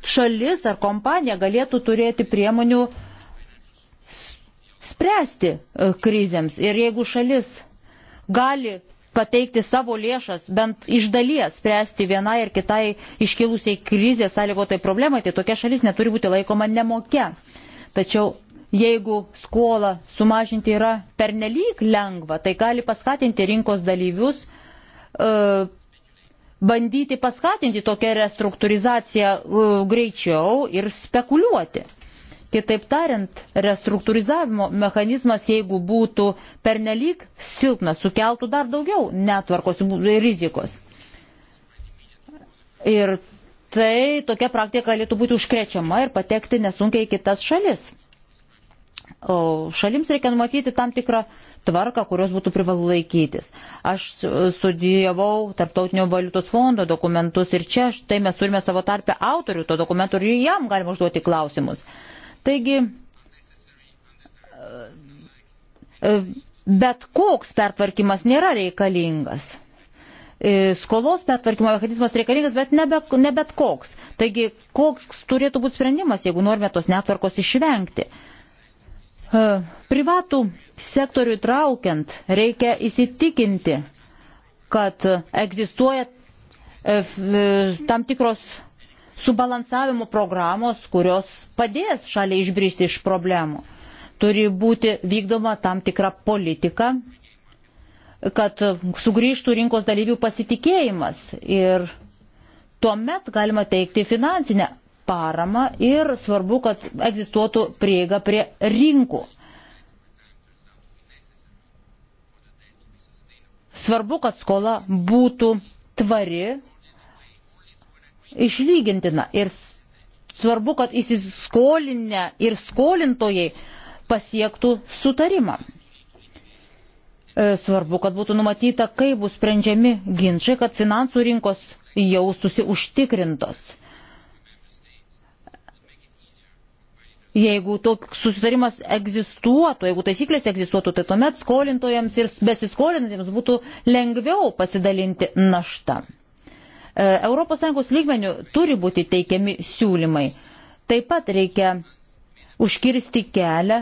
šalis ar kompanija galėtų turėti priemonių spręsti e, krizėms. Ir jeigu šalis gali pateikti savo lėšas, bent iš dalies spręsti vienai ar kitai iškilusiai krizės sąlygotai problemai, tai tokia šalis neturi būti laikoma nemokia. Tačiau jeigu skolą sumažinti yra pernelyg lengva, tai gali paskatinti rinkos dalyvius e, bandyti paskatinti tokią restruktūrizaciją e, greičiau ir spekuliuoti. Kitaip tariant, restruktūrizavimo mechanizmas, jeigu būtų pernelyg silpnas, sukeltų dar daugiau netvarkos rizikos. Ir tai tokia praktika galėtų būti užkrečiama ir patekti nesunkiai į kitas šalis o šalims reikia numatyti tam tikrą tvarką, kurios būtų privalu laikytis. Aš studijavau Tarptautinio valiutos fondo dokumentus ir čia štai mes turime savo tarpę autorių to dokumentų ir jam galima užduoti klausimus. Taigi, e, bet koks pertvarkymas nėra reikalingas e, skolos pertvarkymo mechanizmas reikalingas, bet ne, be, ne bet koks. Taigi, koks turėtų būti sprendimas, jeigu norime tos netvarkos išvengti? Privatų sektorių traukiant reikia įsitikinti, kad egzistuoja e, e, tam tikros subalansavimo programos, kurios padės šaliai išbristi iš problemų. Turi būti vykdoma tam tikra politika, kad sugrįžtų rinkos dalyvių pasitikėjimas ir tuomet galima teikti finansinę paramą ir svarbu, kad egzistuotų prieiga prie rinkų. Svarbu, kad skola būtų tvari, išlygintina ir svarbu, kad įsiskolinę ir skolintojai pasiektų sutarimą. E, svarbu, kad būtų numatyta, kaip bus sprendžiami ginčiai, kad finansų rinkos jaustųsi užtikrintos. Jeigu toks susitarimas egzistuotų, jeigu taisyklės egzistuotų, tai tuomet skolintojams ir besiskolinantiems būtų lengviau pasidalinti naštą. ES lygmenių turi būti teikiami siūlymai. Taip pat reikia užkirsti kelią,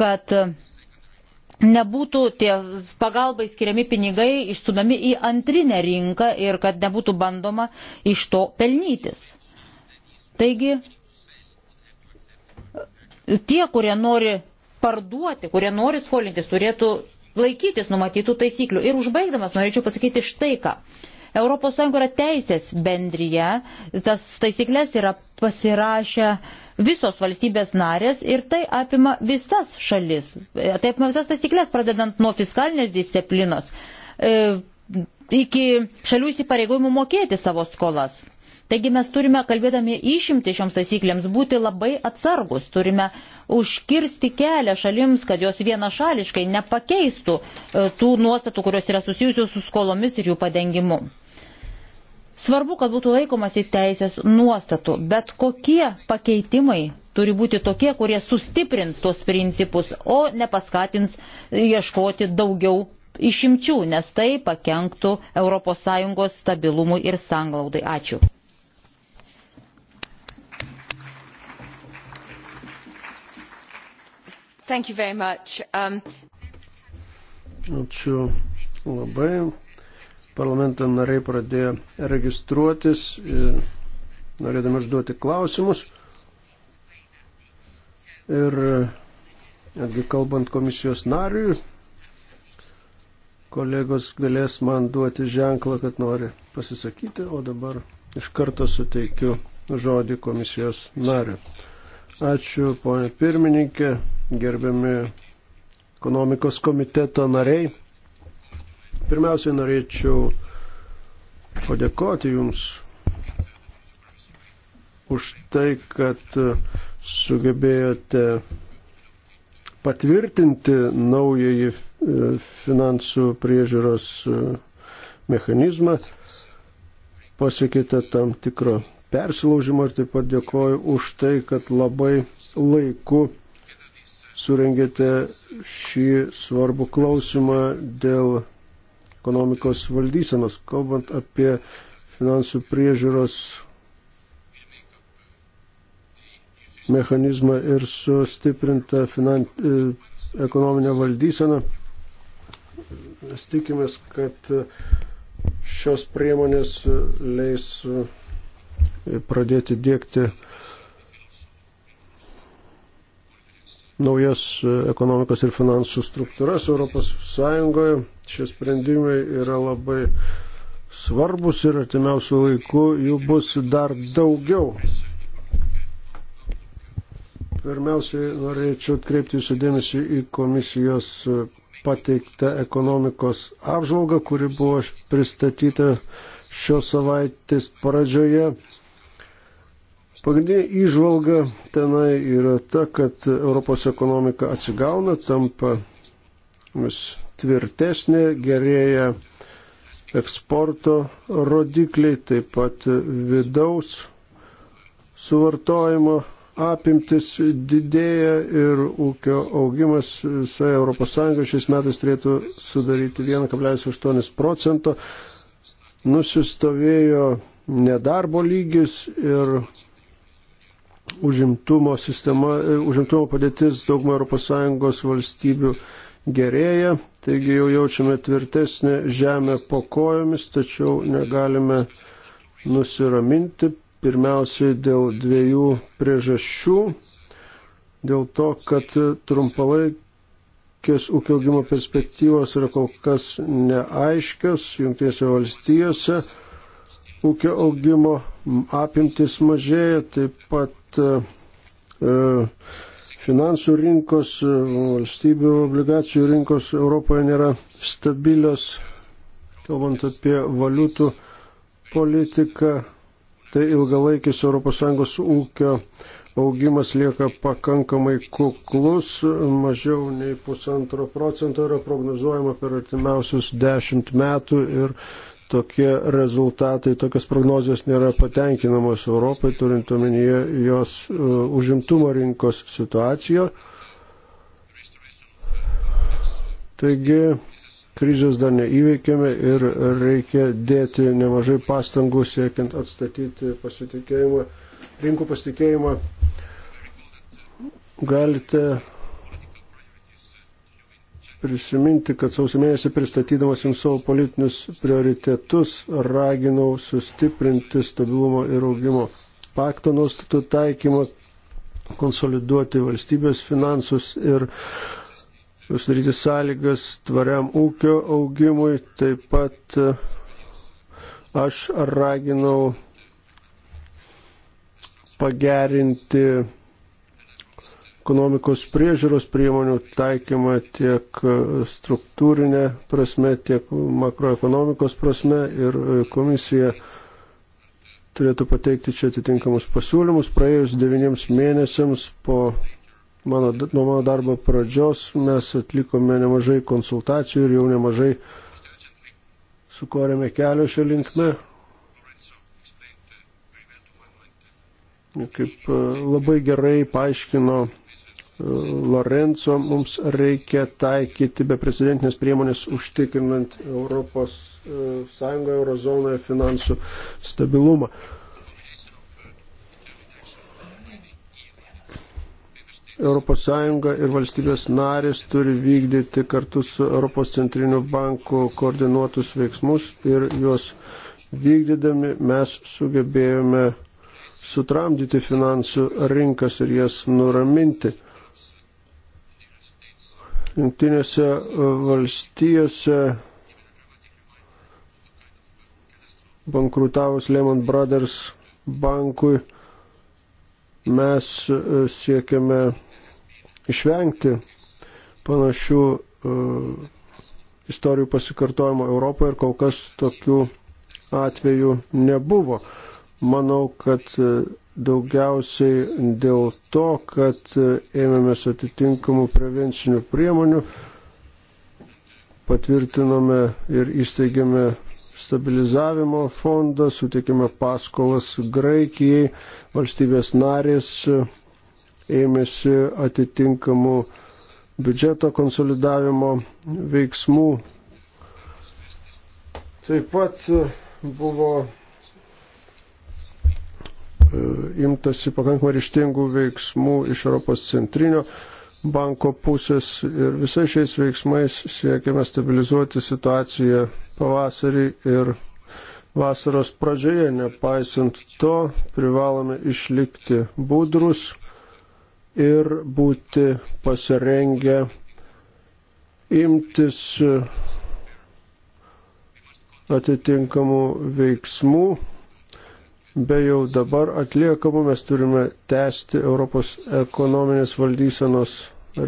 kad nebūtų tie pagalbai skiriami pinigai išstumami į antrinę rinką ir kad nebūtų bandoma iš to pelnytis. Taigi tie, kurie nori parduoti, kurie nori skolintis, turėtų laikytis numatytų taisyklių. Ir užbaigdamas norėčiau pasakyti štai ką. ES yra teisės bendryje, tas taisyklės yra pasirašę visos valstybės narės ir tai apima visas šalis. Tai apima visas taisyklės, pradedant nuo fiskalinės disciplinos e, iki šalių įsipareigojimų mokėti savo skolas. Taigi mes turime, kalbėdami išimti šioms taisyklėms, būti labai atsargus, turime užkirsti kelią šalims, kad jos vienašališkai nepakeistų e, tų nuostatų, kurios yra susijusios su skolomis ir jų padengimu. Svarbu, kad būtų laikomasi teisės nuostatų, bet kokie pakeitimai turi būti tokie, kurie sustiprins tuos principus, o nepaskatins ieškoti daugiau išimčių, nes tai pakenktų ES stabilumui ir sanglaudai. Ačiū. Thank you very much. Um... Ačiū labai. Parlamento nariai pradėjo registruotis, e, norėdami užduoti klausimus. Ir e, netgi kalbant komisijos nariui, kolegos galės man duoti ženklą, kad nori pasisakyti, o dabar iš karto suteikiu žodį komisijos nariui. Ačiū, ponė pirmininkė gerbiami ekonomikos komiteto nariai. Pirmiausiai norėčiau padėkoti Jums už tai, kad sugebėjote patvirtinti naująjį e, finansų priežiūros e, mechanizmą, pasiekite tam tikro persilaužimo ir taip pat dėkoju už tai, kad labai laiku surengėte šį svarbų klausimą dėl ekonomikos valdysenos. Kalbant apie finansų priežiūros mechanizmą ir sustiprintą finan... E, ekonominę valdyseną, mes tikimės, kad šios priemonės leis e, pradėti dėkti naujas e, ekonomikos ir finansų struktūras Europos Sąjungoje. Šie sprendimai yra labai svarbus ir artimiausių laikų jų bus dar daugiau. Pirmiausiai norėčiau atkreipti jūsų dėmesį į komisijos e, pateiktą ekonomikos apžvalgą, kuri buvo pristatyta šios savaitės pradžioje. Pagrindinė išvalga tenai yra ta, kad Europos ekonomika atsigauna, tampa vis tvirtesnė, gerėja eksporto rodikliai, taip pat vidaus suvartojimo apimtis didėja ir ūkio augimas visoje ES šiais metais turėtų sudaryti 1,8 procento. Nusistovėjo nedarbo lygis ir užimtumo sistema, e, užimtumo padėtis daugumą ES valstybių gerėja, taigi jau jaučiame tvirtesnę žemę po kojomis, tačiau negalime nusiraminti pirmiausiai dėl dviejų priežasčių. Dėl to, kad trumpalaikės ūkio augimo perspektyvos yra kol kas neaiškios, jungtinėse valstijose ūkio augimo apimtis mažėja, taip pat E, e, finansų rinkos, e, valstybių obligacijų rinkos Europoje nėra stabilios, kalbant apie valiutų politiką, tai ilgalaikis ES ūkio augimas lieka pakankamai kuklus, mažiau nei pusantro procento yra prognozuojama per artimiausius dešimt metų ir tokie rezultatai, tokios prognozijos nėra patenkinamos Europai, turint omenyje jos uh, užimtumo rinkos situaciją. Taigi, kryžius dar neįveikėme ir reikia dėti nemažai pastangų siekiant atstatyti pasitikėjimą, rinkų pasitikėjimą. Galite prisiminti, kad sausio mėnesį pristatydamas jums savo politinius prioritetus raginau sustiprinti stabilumo ir augimo pakto nuostatų taikymą, konsoliduoti valstybės finansus ir sudaryti sąlygas tvariam ūkio augimui. Taip pat e, aš raginau pagerinti ekonomikos priežiūros priemonių taikymą tiek e, struktūrinė prasme, tiek makroekonomikos prasme ir e, komisija turėtų pateikti čia atitinkamus pasiūlymus. Praėjus devyniems mėnesiams po mano, nuo mano darbo pradžios mes atlikome nemažai konsultacijų ir jau nemažai sukorėme kelio šią linkmę. Kaip e, labai gerai paaiškino Lorenzo, mums reikia taikyti beprecedentinės priemonės užtikrinant Europos e, Sąjungoje, Eurozonoje finansų stabilumą. Europos Sąjunga ir valstybės narės turi vykdyti kartu su Europos centriniu banku koordinuotus veiksmus ir juos vykdydami mes sugebėjome sutramdyti finansų rinkas ir jas nuraminti. Junktinėse e, valstijose bankrutavus Lehman Brothers bankui mes e, siekiame išvengti panašių uh, istorijų pasikartojimo Europoje ir kol kas tokių atvejų nebuvo. Manau, kad uh, daugiausiai dėl to, kad ėmėmės atitinkamų prevencinių priemonių, patvirtinome ir įsteigėme stabilizavimo fondą, sutikėme paskolas Graikijai, valstybės narės ėmėsi atitinkamų biudžeto konsolidavimo veiksmų. Taip pat buvo E, imtasi pakankamai ryštingų veiksmų iš Europos centrinio banko pusės ir visais šiais veiksmais siekiame stabilizuoti situaciją pavasarį ir vasaros pradžioje. Nepaisant to, privalome išlikti budrus ir būti pasirengę imtis atitinkamų veiksmų be jau dabar atliekamų mes turime tęsti Europos ekonominės valdysenos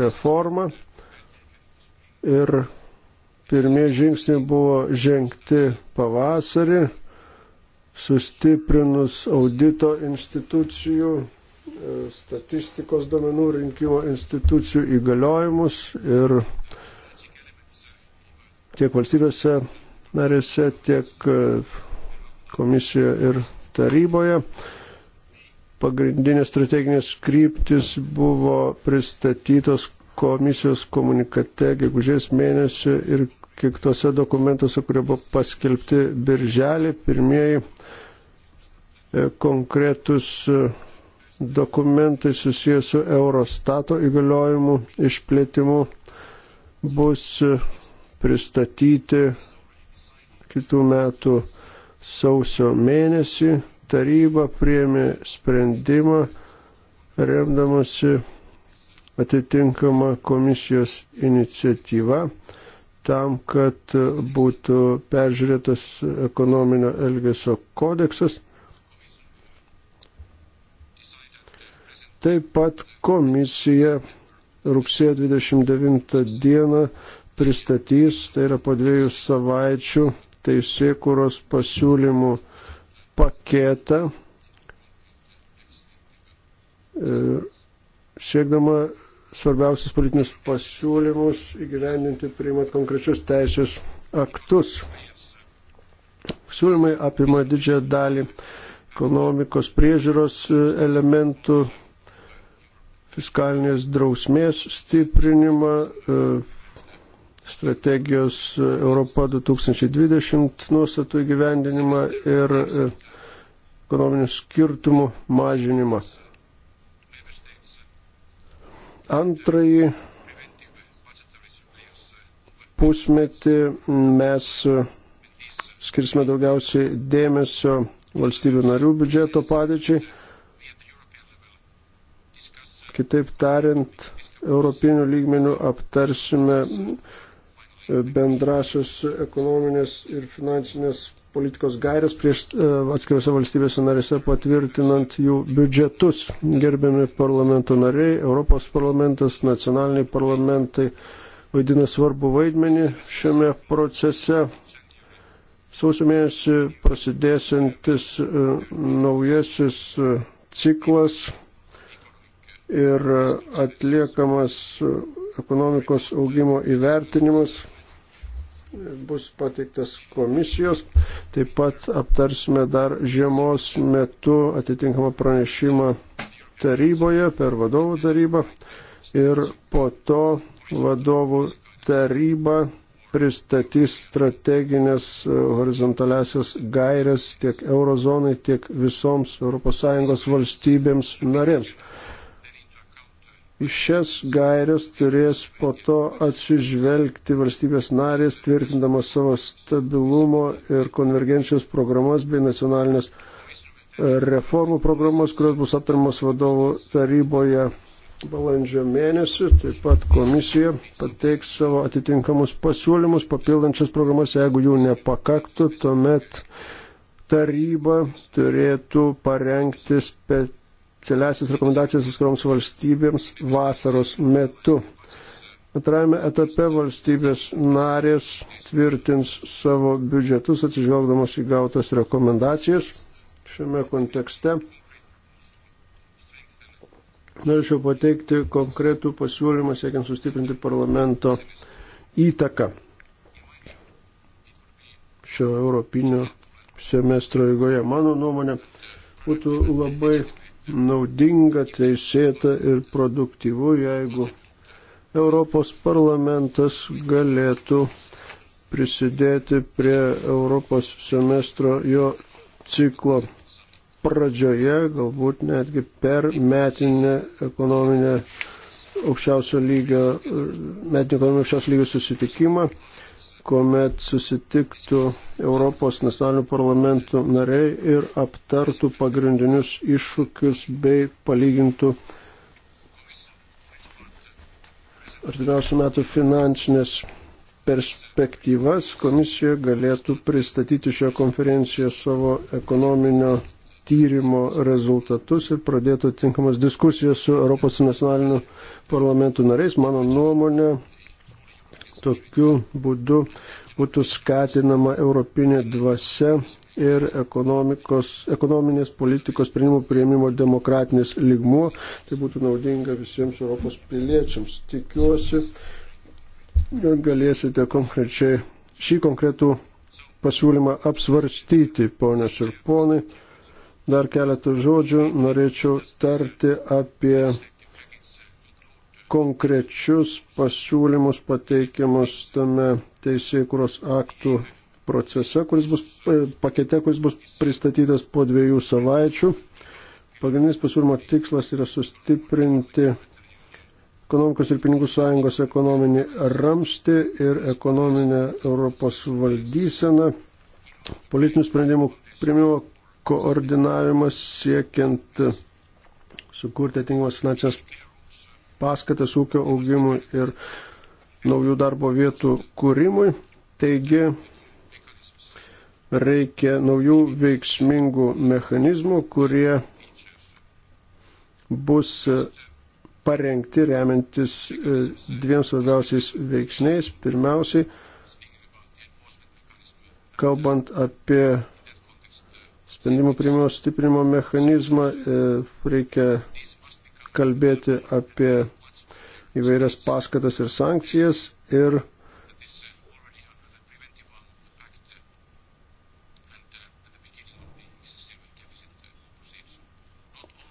reformą. Ir pirmieji žingsniai buvo žengti pavasarį, sustiprinus audito institucijų, e, statistikos domenų rinkimo institucijų įgaliojimus ir tiek valstybėse narėse, tiek e, komisijoje ir taryboje. Pagrindinės strateginės kryptis buvo pristatytos komisijos komunikate gegužės mėnesį ir kitose dokumentuose, kurie buvo paskelbti birželį. Pirmieji e, konkretus e, dokumentai susijęs su Eurostato įgaliojimu išplėtimu bus e, pristatyti kitų metų sausio mėnesį taryba priemė sprendimą remdamasi atitinkama komisijos iniciatyva tam, kad būtų peržiūrėtas ekonominio elgesio kodeksas. Taip pat komisija rugsėjo 29 dieną pristatys, tai yra po dviejų savaičių, teisėkuros pasiūlymų paketą, e, siekdama svarbiausius politinius pasiūlymus įgyvendinti, priimant konkrečius teisės aktus. Siūlymai apima didžiąją dalį ekonomikos priežiūros e, elementų, fiskalinės drausmės stiprinimą, e, strategijos Europa 2020 nuostatų įgyvendinimą ir e, ekonominių skirtumų mažinimą. Antrąjį pusmetį mes skirsime daugiausiai dėmesio valstybių narių biudžeto padėčiai. Kitaip tariant, europinių lygmenių aptarsime bendrasios ekonominės ir finansinės politikos gairės prieš e, atskiriuose valstybėse narėse patvirtinant jų biudžetus. Gerbiami parlamento nariai, Europos parlamentas, nacionaliniai parlamentai vaidina svarbu vaidmenį šiame procese. Sausio mėnesį prasidėsiantis e, naujasis e, ciklas ir atliekamas ekonomikos augimo įvertinimas bus pateiktas komisijos. Taip pat aptarsime dar žiemos metu atitinkamą pranešimą taryboje per vadovų tarybą ir po to vadovų taryba pristatys strateginės horizontaliasias gairias tiek eurozonai, tiek visoms ES valstybėms narėms šias gairias turės po to atsižvelgti valstybės narės, tvirtindamos savo stabilumo ir konvergencijos programas bei nacionalinės e, reformų programas, kurios bus aptariamos vadovų taryboje balandžio mėnesį. Taip pat komisija pateiks savo atitinkamus pasiūlymus, papildančias programas, jeigu jų nepakaktų, tuomet taryba turėtų parengti specialiai specialiasias rekomendacijas atskiroms valstybėms vasaros metu. Antrajame etape valstybės narės tvirtins savo biudžetus atsižvelgdamos į gautas rekomendacijas. Šiame kontekste norėčiau pateikti konkretų pasiūlymą siekiant sustiprinti parlamento įtaką šio europinio semestro eigoje. Mano nuomonė būtų labai naudinga, teisėta ir produktyvu, jeigu Europos parlamentas galėtų prisidėti prie Europos semestro jo ciklo pradžioje, galbūt netgi per metinę ekonominę aukščiausio lygio, metinio ekonominio aukščiausio lygio susitikimą kuomet susitiktų Europos nacionalinių parlamentų nariai ir aptartų pagrindinius iššūkius bei palygintų artimiausių metų finansinės perspektyvas. Komisija galėtų pristatyti šioje konferencijoje savo ekonominio tyrimo rezultatus ir pradėtų tinkamas diskusijas su Europos nacionaliniu parlamentu nariais. Mano nuomonė, Tokiu būdu būtų skatinama europinė dvasia ir ekonominės politikos sprendimų prieimimo demokratinis ligmuo. Tai būtų naudinga visiems Europos piliečiams. Tikiuosi, galėsite konkrečiai šį konkretų pasiūlymą apsvarstyti, ponios ir ponai. Dar keletą žodžių norėčiau tarti apie konkrečius pasiūlymus pateikiamus tame teisėkuros aktų procese, kuris bus e, pakete, kuris bus pristatytas po dviejų savaičių. Pagrindinis pasiūlymo tikslas yra sustiprinti ekonomikos ir pinigų sąjungos ekonominį ramstį ir ekonominę Europos valdyseną, politinių sprendimų primimo koordinavimas siekiant sukurti atingimas finansinės paskatas ūkio augimui ir naujų darbo vietų kūrimui. Taigi reikia naujų veiksmingų mechanizmų, kurie bus parengti remiantis e, dviem svarbiausiais veiksniais. Pirmiausiai, kalbant apie sprendimų priimimo stiprinimo mechanizmą, e, reikia kalbėti apie įvairias paskatas ir sankcijas ir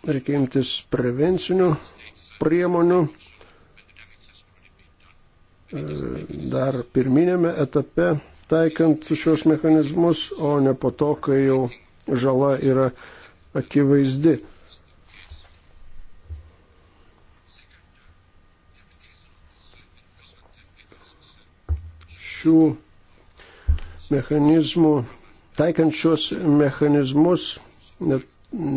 reikia imtis prevencinių priemonių. E, dar pirminėme etape taikant šios mechanizmus, o ne po to, kai jau žala yra akivaizdi. šių mechanizmų, taikant šios mechanizmus, net,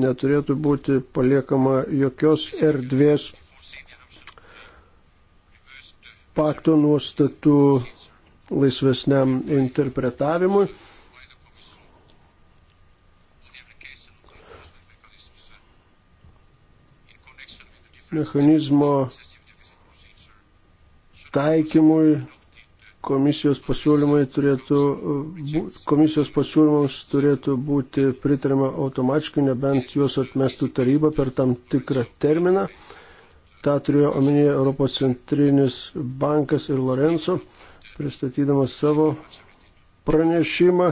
neturėtų būti paliekama jokios erdvės pakto nuostatų laisvesniam interpretavimui. Mechanizmo taikymui komisijos pasiūlymai turėtų, komisijos pasiūlymams turėtų būti pritarima automatiškai, nebent juos atmestų taryba per tam tikrą terminą. Ta turėjo omenyje Europos centrinis bankas ir Lorenzo, pristatydamas savo pranešimą.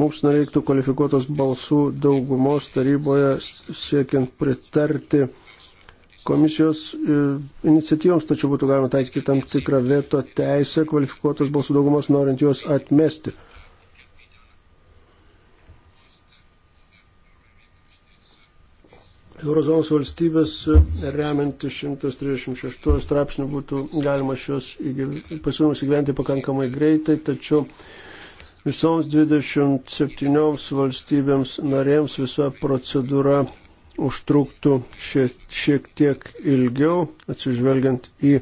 Mums nereiktų kvalifikuotos balsų daugumos taryboje siekiant pritarti komisijos e, iniciatyvoms, tačiau būtų galima taikyti tam tikrą veto teisę kvalifikuotos balsų daugumos, norint juos atmesti. Eurozonos valstybės e, remianti 136 straipsnių būtų galima šios pasiūlymus įgyventi pakankamai greitai, tačiau visoms 27 valstybėms narėms visa procedūra užtruktų šiek, šiek tiek ilgiau, atsižvelgiant į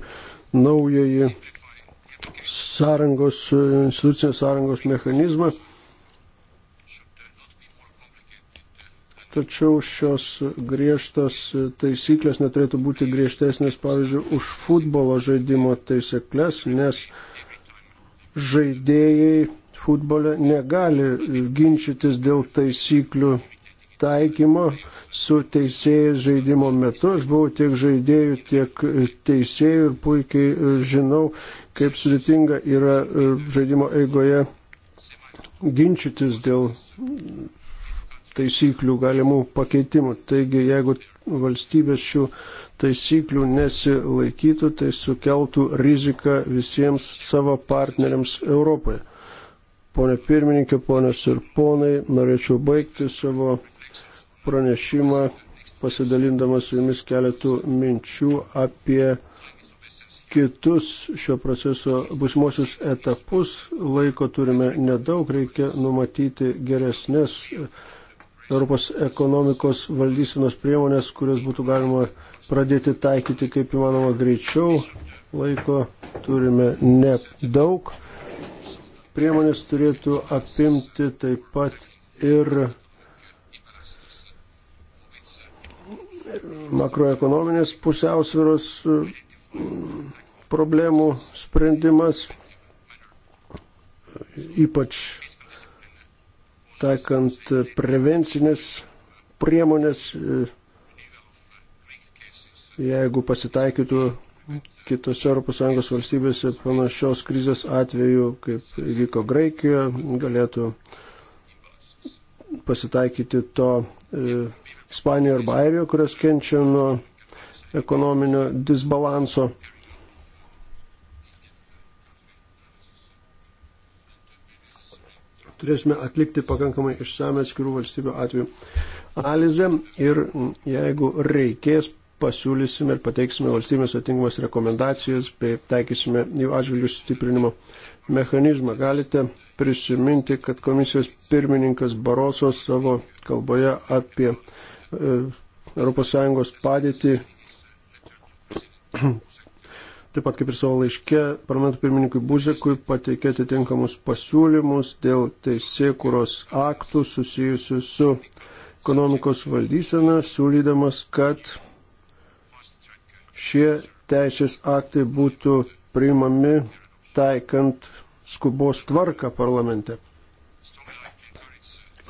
naująjį sąrangos, institucinės sąrangos mechanizmą. Tačiau šios griežtos taisyklės neturėtų būti griežtesnės, pavyzdžiui, už futbolo žaidimo taisyklės, nes žaidėjai futbole negali ginčytis dėl taisyklių taikymo su teisėjais žaidimo metu. Aš buvau tiek žaidėjų, tiek teisėjų ir puikiai e, žinau, kaip sudėtinga yra e, žaidimo eigoje ginčytis dėl taisyklių galimų pakeitimų. Taigi, jeigu valstybės šių taisyklių nesilaikytų, tai sukeltų riziką visiems savo partneriams Europoje. Pone pirmininkė, ponės ir ponai, norėčiau baigti savo pranešimą, pasidalindamas su jumis keletų minčių apie kitus šio proceso būsimosius etapus. Laiko turime nedaug, reikia numatyti geresnės Europos ekonomikos valdysenos priemonės, kurias būtų galima pradėti taikyti kaip įmanoma greičiau. Laiko turime nedaug. Priemonės turėtų apimti taip pat ir makroekonominės pusiausviros e, problemų sprendimas, ypač taikant prevencinės priemonės, e, jeigu pasitaikytų kitose ES valstybėse panašios krizės atveju, kaip vyko Graikijoje, galėtų pasitaikyti to e, Ispanijoje arba Airijoje, kurios kenčia nuo ekonominio disbalanso. Turėsime atlikti pakankamai išsame atskirų valstybių atveju analizę ir jeigu reikės pasiūlysime ir pateiksime valstybės atingumas rekomendacijas bei taikysime jų atžvilgių stiprinimo mechanizmą. Galite prisiminti, kad komisijos pirmininkas Baroso savo kalboje apie ES padėtį. Taip pat kaip ir savo laiške, parlamento pirmininkui Buzekui pateikė atitinkamus pasiūlymus dėl teisėkuros aktų susijusių su ekonomikos valdysena, siūlydamas, kad šie teisės aktai būtų priimami taikant skubos tvarką parlamente.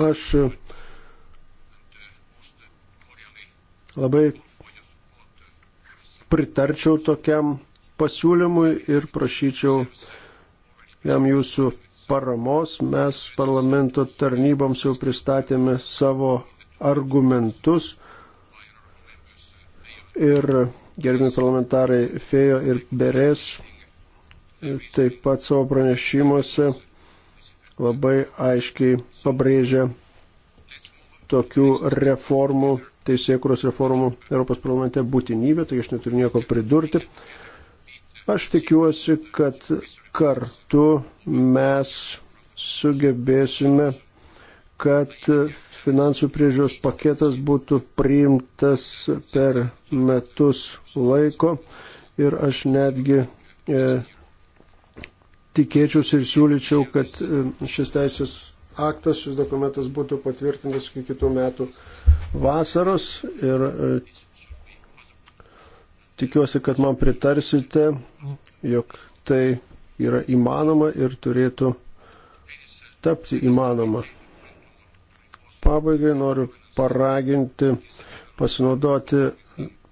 Aš Labai pritarčiau tokiam pasiūlymui ir prašyčiau jam jūsų paramos. Mes parlamento tarnyboms jau pristatėme savo argumentus ir gerbimi parlamentarai Fejo ir Berės taip pat savo pranešimuose labai aiškiai pabrėžia tokių reformų teisėkuros reformų Europos parlamente būtinybė, tai aš neturiu nieko pridurti. Aš tikiuosi, kad kartu mes sugebėsime, kad finansų priežiūros paketas būtų priimtas per metus laiko ir aš netgi e, tikėčiausi ir siūlyčiau, kad e, šis teisės aktas, šis dokumentas būtų patvirtintas iki kitų metų vasaros ir e, tikiuosi, kad man pritarsite, jog tai yra įmanoma ir turėtų tapti įmanoma. Pabaigai noriu paraginti pasinaudoti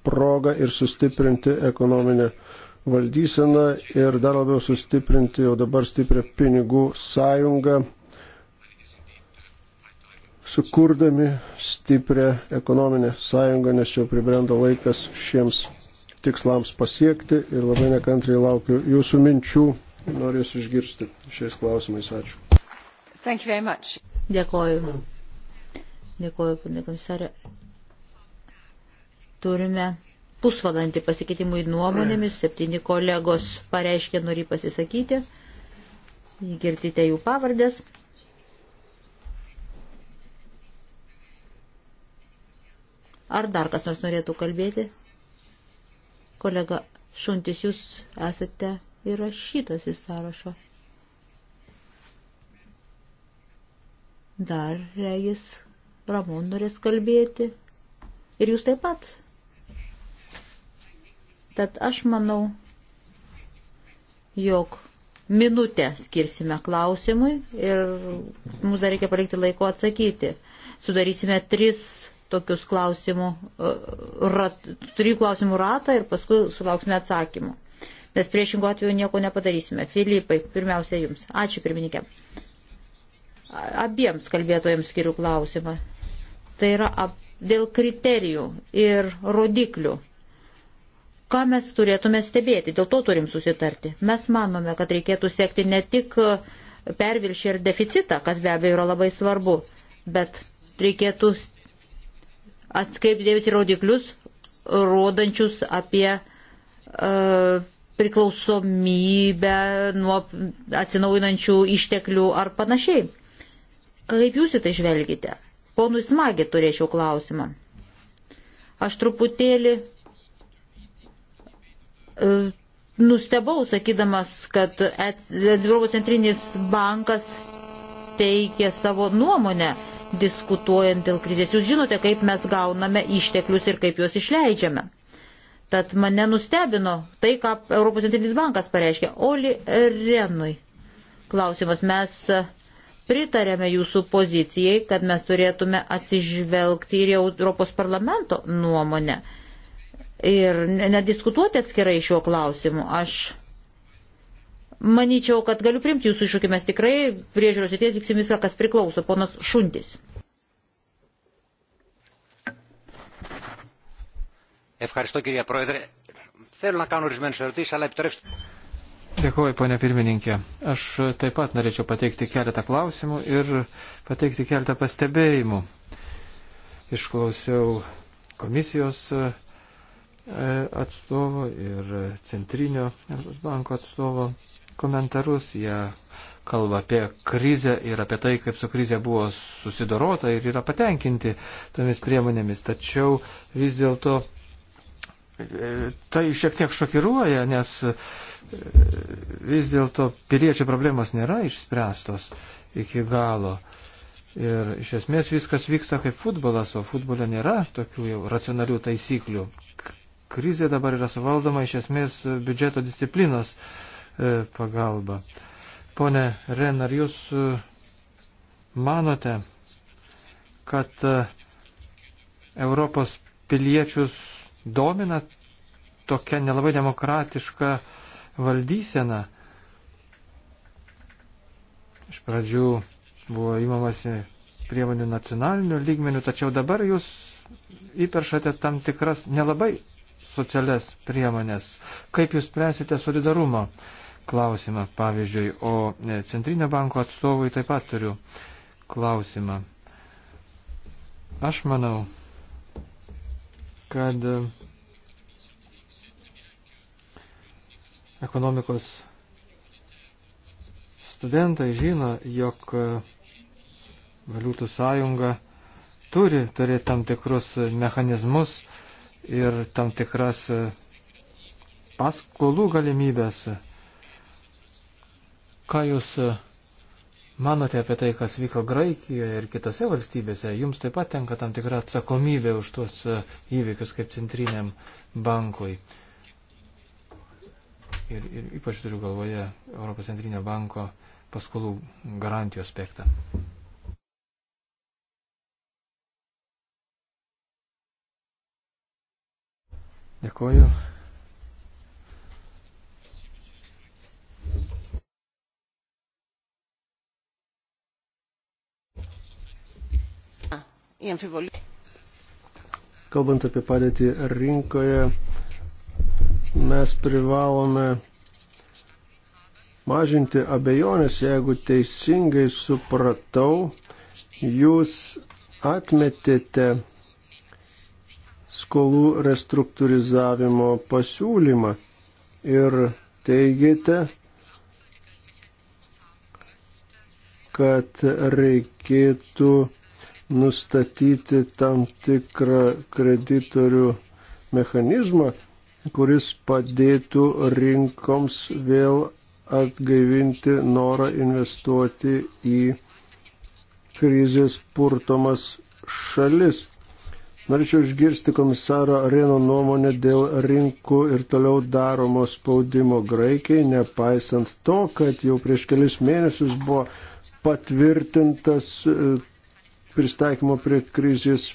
progą ir sustiprinti ekonominę valdyseną ir dar labiau sustiprinti jau dabar stiprią pinigų sąjungą sukurdami stiprią ekonominę sąjungą, nes jau pribrendo laikas šiems tikslams pasiekti ir labai nekantriai laukiu jūsų minčių, noriu jūs išgirsti šiais klausimais. Ačiū. Dėkoju. Dėkoju, panė komisarė. Turime pusvalandį pasikeitimui nuomonėmis, septyni kolegos pareiškė norį pasisakyti, girdite jų pavardės. Ar dar kas nors norėtų kalbėti? Kolega Šuntis, jūs esate įrašytas į sąrašą. Dar regis Ramon norės kalbėti. Ir jūs taip pat. Tad aš manau, jog minutę skirsime klausimui ir mums dar reikia palikti laiko atsakyti. Sudarysime tris tokius klausimų, e, rat, trijų klausimų ratą ir paskui sulauksime atsakymų. Nes priešingų atveju nieko nepadarysime. Filipai, pirmiausia jums. Ačiū pirmininkė. Abiems kalbėtojams skiriu klausimą. Tai yra ab, dėl kriterijų ir rodiklių. Ką mes turėtume stebėti, dėl to turim susitarti. Mes manome, kad reikėtų sekti ne tik e, pervilšį ir deficitą, kas be abejo yra labai svarbu, bet reikėtų atkreipti dėmesį rodiklius, rodančius apie e, priklausomybę nuo atsinaujinančių išteklių ar panašiai. Kaip jūs į tai žvelgite? Ponui Smagė turėčiau klausimą. Aš truputėlį e, nustebau, sakydamas, kad Europos centrinis bankas teikė savo nuomonę diskutuojant dėl krizės. Jūs žinote, kaip mes gauname išteklius ir kaip juos išleidžiame. Tad mane nustebino tai, ką Europos Centrinis bankas pareiškė. Oli Renui. Klausimas. Mes e, pritarėme jūsų pozicijai, kad mes turėtume atsižvelgti ir Europos parlamento nuomonę. Ir nediskutuoti atskirai šiuo klausimu. Aš Maničiau, kad galiu primti jūsų iššūkį, mes tikrai priežiūros ir tieksim viską, kas priklauso, ponas Šuntis. Ευχαριστώ κυρία Πρόεδρε. Θέλω να κάνω ορισμένες ερωτήσεις, αλλά επιτρέψτε. Dėkuoju, ponė pirmininkė. Aš taip pat norėčiau pateikti keletą klausimų ir pateikti keletą pastebėjimų. Išklausiau komisijos e, atstovo ir centrinio banko atstovo komentarus, jie kalba apie krizę ir apie tai, kaip su krize buvo susidorota ir yra patenkinti tomis priemonėmis. Tačiau vis dėlto e, tai šiek tiek šokiruoja, nes e, vis dėlto piliečių problemos nėra išspręstos iki galo. Ir iš esmės viskas vyksta kaip futbolas, o futbole nėra tokių jau racionalių taisyklių. Krizė dabar yra suvaldoma iš esmės biudžeto disciplinos uh, E, pagalba. Pone Ren, ar jūs e, manote, kad e, Europos piliečius domina tokia nelabai demokratiška valdysena? Iš pradžių buvo įmamasi priemonių nacionalinių lygmenių, tačiau dabar jūs įperšate tam tikras nelabai socialias priemonės. Kaip jūs spręsite solidarumo klausimą, pavyzdžiui, o e, Centrinio banko atstovui taip pat turiu klausimą. Aš manau, kad e, ekonomikos studentai žino, jog e, valiutų sąjunga turi turėti tam tikrus mechanizmus ir tam tikras paskolų galimybės Ką Jūs e, manote apie tai, kas vyko Graikijoje ir kitose valstybėse? Jums taip pat tenka tam tikra atsakomybė už tuos e, įvykius kaip centriniam bankui. Ir, ir ypač turiu galvoje Europos centrinio banko paskolų garantijų aspektą. Dėkuoju. η αμφιβολία. Kalbant apie padėtį rinkoje, mes privalome mažinti abejonės, jeigu teisingai supratau, jūs atmetėte skolų restruktūrizavimo pasiūlymą ir teigėte, kad reikėtų nustatyti tam tikrą kreditorių mechanizmą, kuris padėtų rinkoms vėl atgaivinti norą investuoti į krizės purtomas šalis. Norėčiau išgirsti komisaro Reno nuomonę dėl rinkų ir toliau daromo spaudimo Graikijai, nepaisant to, kad jau prieš kelis mėnesius buvo patvirtintas e, pristaikymo prie krizės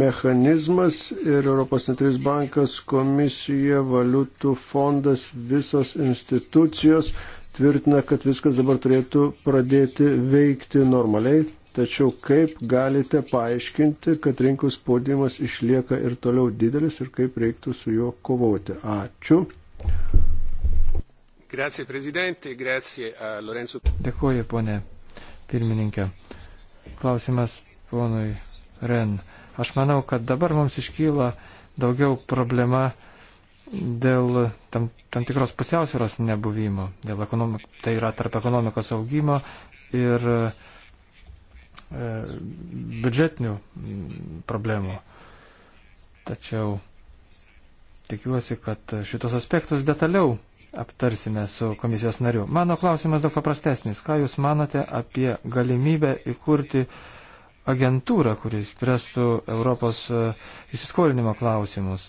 mechanizmas ir Europos centrinis bankas, komisija, valiutų fondas, visos institucijos tvirtina, kad viskas dabar turėtų pradėti veikti normaliai. Tačiau kaip galite paaiškinti, kad rinkų spaudimas išlieka ir toliau didelis ir kaip reiktų su juo kovoti? Ačiū. Grazie, prezidentė, grazie, Lorenzo. Dėkuoju, ponė pirmininkė. Klausimas ponui Ren. Aš manau, kad dabar mums iškyla daugiau problema dėl tam, tam tikros pusiausvėros nebuvimo. Dėl ekonomik, tai yra tarp ekonomikos augimo ir e, biudžetinių mm, problemų. Tačiau tikiuosi, kad šitos aspektus detaliau aptarsime su komisijos nariu. Mano klausimas daug paprastesnis. Ką Jūs manote apie galimybę įkurti agentūrą, kuris spręstų Europos e, įsiskolinimo klausimus?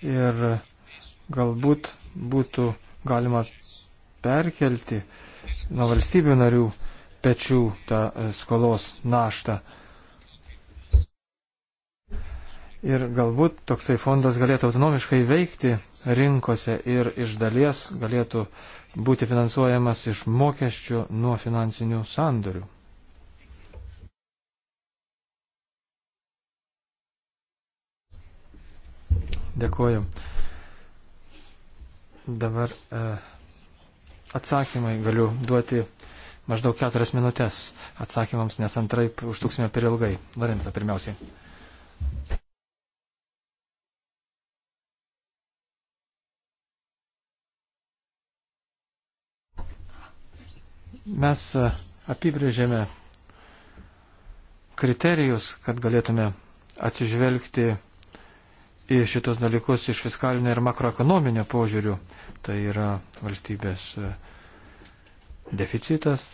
Ir galbūt būtų galima perkelti nuo valstybių narių pečių tą e, skolos naštą Ir galbūt toksai fondas galėtų autonomiškai veikti rinkose ir iš dalies galėtų būti finansuojamas iš mokesčių nuo finansinių sandorių. Dėkuoju. Dabar e, atsakymai galiu duoti maždaug keturias minutės atsakymams, nes antraip užtuksime per ilgai. Varinta pirmiausiai. Mes e, apibrėžėme kriterijus, kad galėtume atsižvelgti į šitos dalykus iš fiskalinio ir makroekonominio požiūrių. Tai yra valstybės e, deficitas,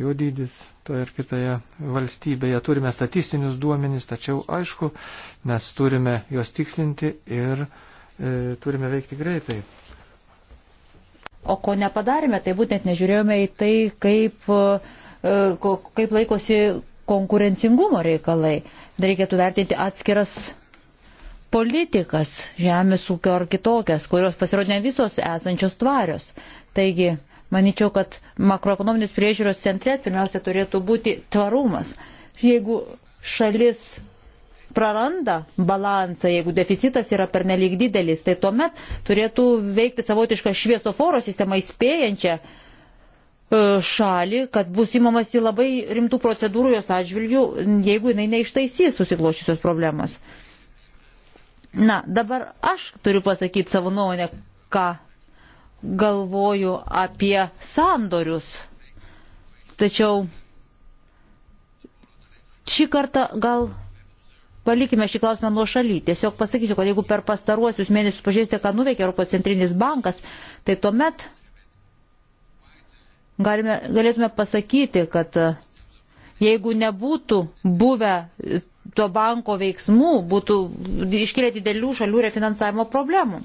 jo dydis toje ir kitoje valstybėje. Turime statistinius duomenys, tačiau aišku, mes turime juos tikslinti ir e, turime veikti greitai. O ko nepadarėme, tai būtent nežiūrėjome į tai, kaip, e, kaip laikosi konkurencingumo reikalai. Reikėtų vertinti atskiras politikas, žemės ūkio ar kitokias, kurios pasirodė ne visos esančios tvarios. Taigi, manyčiau, kad makroekonominės priežiūros centre pirmiausia turėtų būti tvarumas. Jeigu šalis praranda balansą, jeigu deficitas yra pernelyg didelis, tai tuomet turėtų veikti savotišką šviesoforo sistemą įspėjančią e, šalį, kad bus įmamasi labai rimtų procedūrų jos atžvilgių, jeigu jinai neištaisys susiklošysios problemos. Na, dabar aš turiu pasakyti savo nuomonę, ką galvoju apie sandorius. Tačiau šį kartą gal palikime šį klausimą nuo šaly. Tiesiog pasakysiu, kad jeigu per pastaruosius mėnesius pažiūrėsite, ką nuveikė Europos centrinis bankas, tai tuomet galime, galėtume pasakyti, kad e, jeigu nebūtų buvę e, to banko veiksmų būtų iškilę didelių šalių refinansavimo problemų.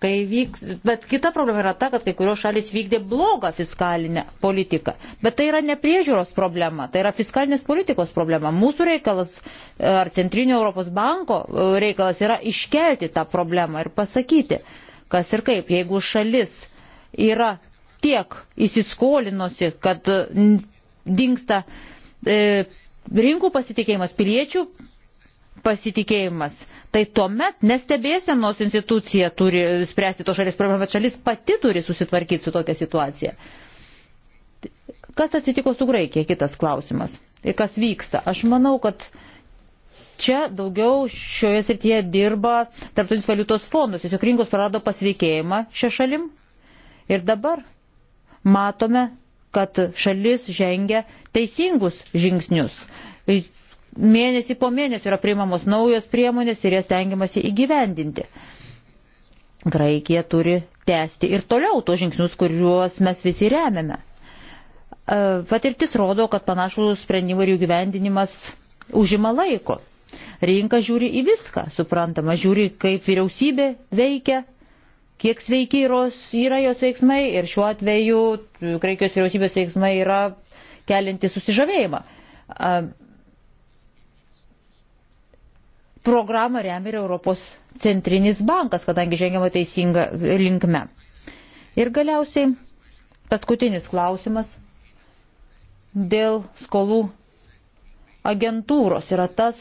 Kai vyks, bet kita problema yra ta, kad kai kurios šalis vykdė blogą fiskalinę politiką. Bet tai yra nepriežiūros problema, tai yra fiskalinės politikos problema. Mūsų reikalas e, ar Centrinio Europos banko e, reikalas yra iškelti tą problemą ir pasakyti, kas ir kaip. Jeigu šalis yra tiek įsiskolinusi, kad dinksta. E, rinkų pasitikėjimas, piliečių pasitikėjimas, tai tuomet nestebėsenos institucija turi spręsti to šalies problemą, bet šalis pati turi susitvarkyti su tokia situacija. Kas atsitiko su Graikija, kitas klausimas. Ir kas vyksta? Aš manau, kad čia daugiau šioje srityje dirba tarptautinis valiutos fondus. Tiesiog rinkos prarado pasitikėjimą šią šalim. Ir dabar matome kad šalis žengia teisingus žingsnius. Mėnesį po mėnesio yra priimamos naujos priemonės ir jas tengiamasi įgyvendinti. Graikija turi tęsti ir toliau tos žingsnius, kuriuos mes visi remiame. E, patirtis rodo, kad panašų sprendimų ir jų gyvendinimas užima laiko. Rinka žiūri į viską, suprantama, žiūri, kaip vyriausybė veikia, kiek sveiki yra jos veiksmai ir šiuo atveju Graikijos vyriausybės veiksmai yra kelinti susižavėjimą. Programą remia ir Europos centrinis bankas, kadangi žengiama teisinga linkme. Ir galiausiai paskutinis klausimas dėl skolų agentūros yra tas,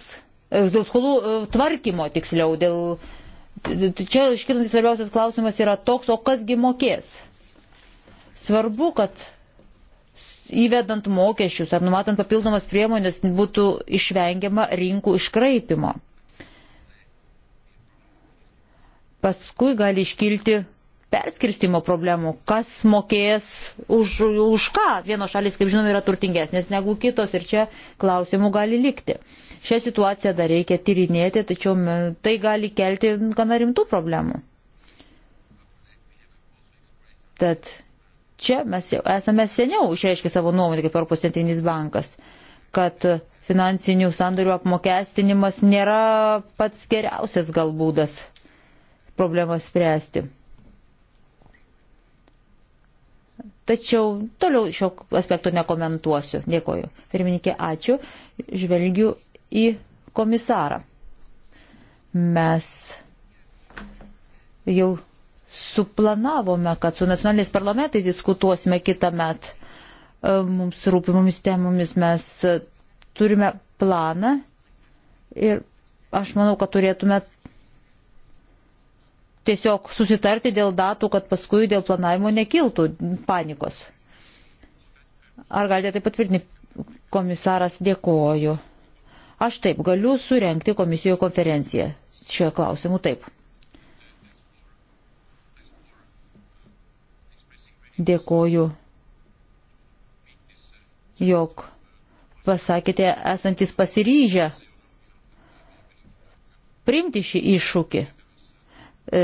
dėl skolų e, tvarkymo tiksliau, dėl uh, čia iškilantis svarbiausias klausimas yra toks, o kasgi mokės? Svarbu, kad įvedant mokesčius ar numatant papildomas priemonės būtų išvengiama rinkų iškraipimo. Paskui gali iškilti perskirstimo problemų, kas mokės už, už ką. Vienos šalis, kaip žinome, yra turtingesnės negu kitos ir čia klausimų gali likti. Uh, Šią situaciją dar reikia tyrinėti, tačiau tai gali kelti gana rimtų problemų. Tad čia mes jau esame seniau išreiškę savo nuomonę kaip Europos centrinis bankas, kad finansinių sandorių apmokestinimas nėra pats geriausias gal būdas problemas spręsti. Tačiau toliau šio aspekto nekomentuosiu. Dėkoju. Pirmininkė, ačiū. Žvelgiu į komisarą. Mes jau suplanavome, kad su nacionaliniais parlamentai diskutuosime kitą metą. E, mums rūpimomis temomis mes e, turime planą ir aš manau, kad turėtume tiesiog susitarti dėl datų, kad paskui dėl planavimo nekiltų panikos. Ar galite tai patvirtinti, komisaras, dėkoju. Aš taip galiu surenkti komisijoje konferenciją. Šiuo klausimu taip. Dėkoju, jog pasakėte esantis pasiryžę priimti šį iššūkį. E,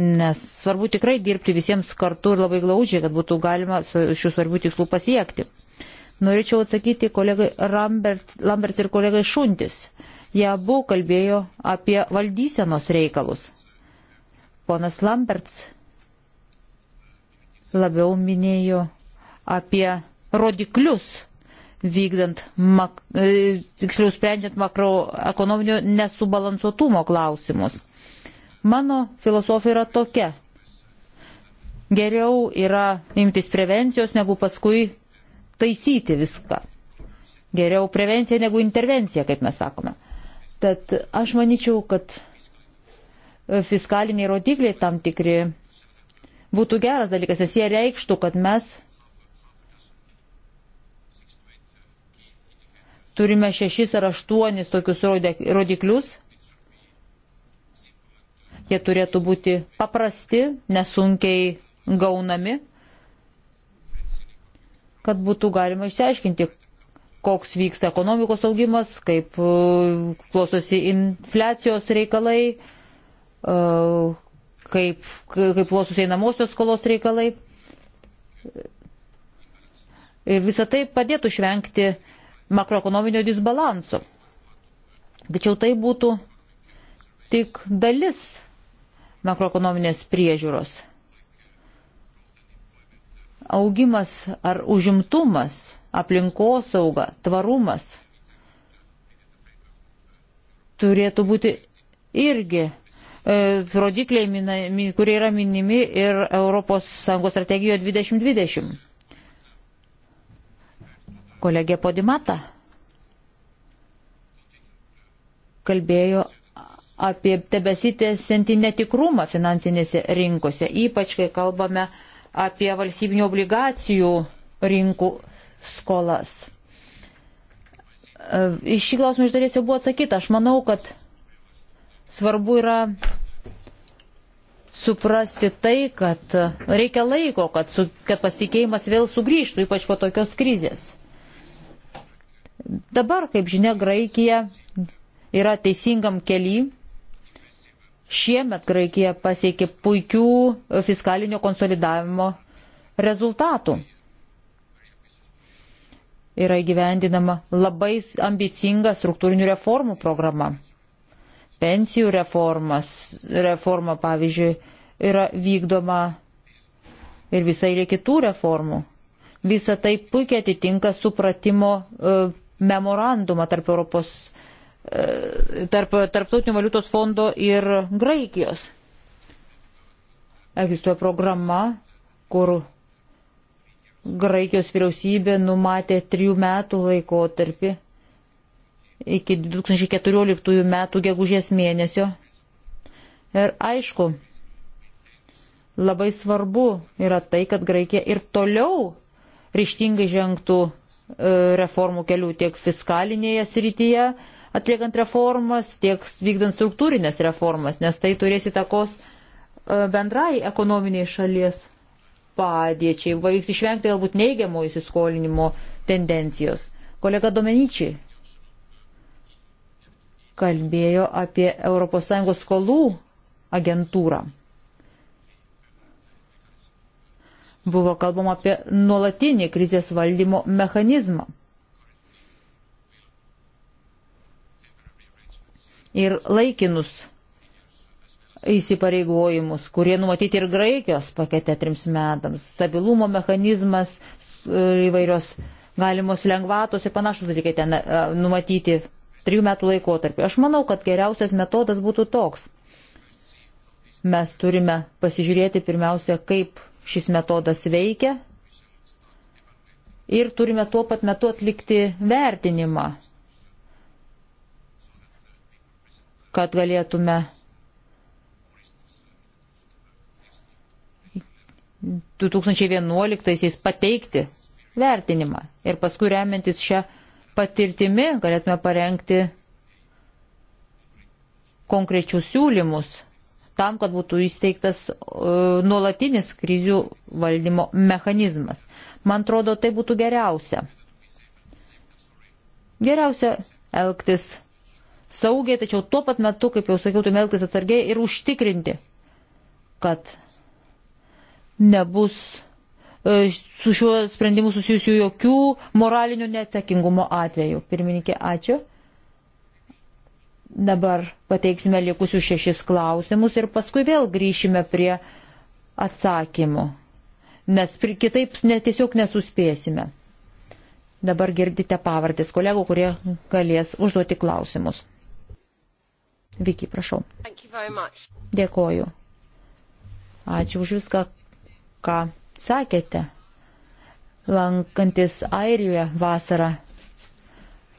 nes svarbu tikrai dirbti visiems kartu ir labai glaudžiai, kad būtų galima šių svarbių tikslų pasiekti. Norėčiau atsakyti kolegai Rambert, Lamberts ir kolegai Šuntis. Jie abu kalbėjo apie valdysenos reikalus. Ponas Lamberts labiau minėjo apie rodiklius vykdant, mak, e, tiksliau sprendžiant makroekonominio nesubalansuotumo klausimus. Mano filosofija yra tokia. Geriau yra imtis prevencijos, negu paskui taisyti viską. Geriau prevencija negu intervencija, kaip mes sakome. Tad aš manyčiau, kad fiskaliniai rodikliai tam tikri būtų geras dalykas, nes jie reikštų, kad mes turime šešis ar aštuonis tokius rodiklius. Jie turėtų būti paprasti, nesunkiai gaunami kad būtų galima išsiaiškinti, koks vyksta ekonomikos augimas, kaip uh, klostosi infliacijos reikalai, uh, kaip, kaip klostosi einamosios skolos reikalai. Ir visą tai padėtų išvengti makroekonominio disbalanso. Tačiau tai būtų tik dalis makroekonominės priežiūros. Augimas ar užimtumas, aplinkosauga, tvarumas turėtų būti irgi e, rodikliai, mina, min, kurie yra minimi ir ES strategijoje 2020. Kolegė Podimata kalbėjo apie tebesitęsinti netikrumą finansinėse rinkose, ypač kai kalbame apie apie valstybinių obligacijų rinkų skolas. Iš e, šį klausimą iš dalies jau buvo atsakyta. Aš manau, kad svarbu yra suprasti tai, kad reikia laiko, kad, su, kad pasitikėjimas vėl sugrįžtų, ypač po tokios krizės. Dabar, kaip žinia, Graikija yra teisingam keliui Šiemet Graikija pasiekė puikių fiskalinio konsolidavimo rezultatų. Yra įgyvendinama labai ambicinga struktūrinių reformų programa. Pensijų reformas, reforma, pavyzdžiui, yra vykdoma ir visai reikia kitų reformų. Visa tai puikiai atitinka supratimo e, memorandumą tarp Europos E, tarp Tarptautinio valiutos fondo ir Graikijos. Egzistuoja programa, kur Graikijos vyriausybė numatė trijų metų laikotarpį iki 2014 metų gegužės mėnesio. Ir aišku, labai svarbu yra tai, kad Graikija ir toliau ryštingai žengtų e, reformų kelių tiek fiskalinėje srityje, atliekant reformas, tiek vykdant struktūrinės reformas, nes tai turės įtakos e, bendrai ekonominiai šalies padėčiai, pavyks išvengti galbūt neigiamo įsiskolinimo tendencijos. Kolega Domeničiai kalbėjo apie ES skolų agentūrą. Buvo kalbama apie nuolatinį krizės valdymo mechanizmą. ir laikinus įsipareigojimus, kurie numatyti ir Graikijos pakete trims metams. Stabilumo mechanizmas, e, įvairios galimos lengvatos ir panašus dalykai ten e, numatyti trijų metų laikotarpį. Aš manau, kad geriausias metodas būtų toks. Mes turime pasižiūrėti pirmiausia, kaip šis metodas veikia ir turime tuo pat metu atlikti vertinimą kad galėtume – 2011-aisiais pateikti vertinimą ir paskui remiantis šią patirtimi galėtume parengti konkrečius siūlymus tam, kad būtų įsteigtas e, nuolatinis krizių valdymo mechanizmas. Man atrodo, tai būtų geriausia. Geriausia elgtis saugiai, tačiau tuo pat metu, kaip jau sakiau, turime elgtis atsargiai ir užtikrinti, kad nebus e, su šiuo sprendimu susijusių jokių moralinių neatsakingumo atvejų. Pirmininkė, ačiū. Dabar pateiksime likusius šešis klausimus ir paskui vėl grįšime prie atsakymų, nes kitaip ne, tiesiog nesuspėsime. Dabar girdite pavardės kolegų, kurie galės užduoti klausimus. Viki, prašau. Dėkoju. Ačiū už viską, ką sakėte. Lankantis Airijoje vasarą,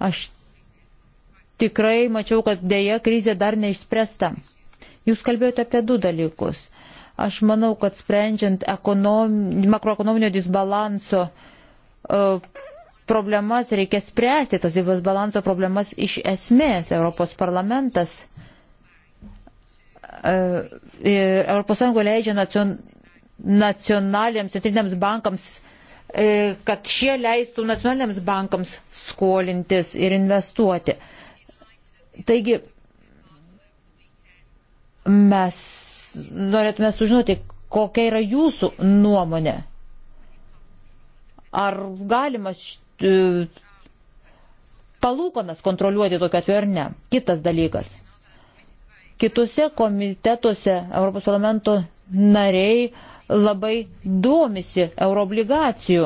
aš tikrai mačiau, kad dėja krizė dar neišspręsta. Jūs kalbėjote apie du dalykus. Aš manau, kad sprendžiant ekonom... makroekonominio disbalanso uh, problemas, reikia spręsti tas disbalanso problemas iš esmės. Europos parlamentas uh, ES leidžia nacion, nacionaliniams centriniams bankams, e, kad šie leistų nacionaliniams bankams skolintis ir investuoti. Taigi mes norėtume sužinoti, kokia yra jūsų nuomonė. Ar galima e, palūkonas kontroliuoti tokiu atveju ar ne? Kitas dalykas. Kitose komitetuose Europos parlamento nariai labai domisi euroobligacijų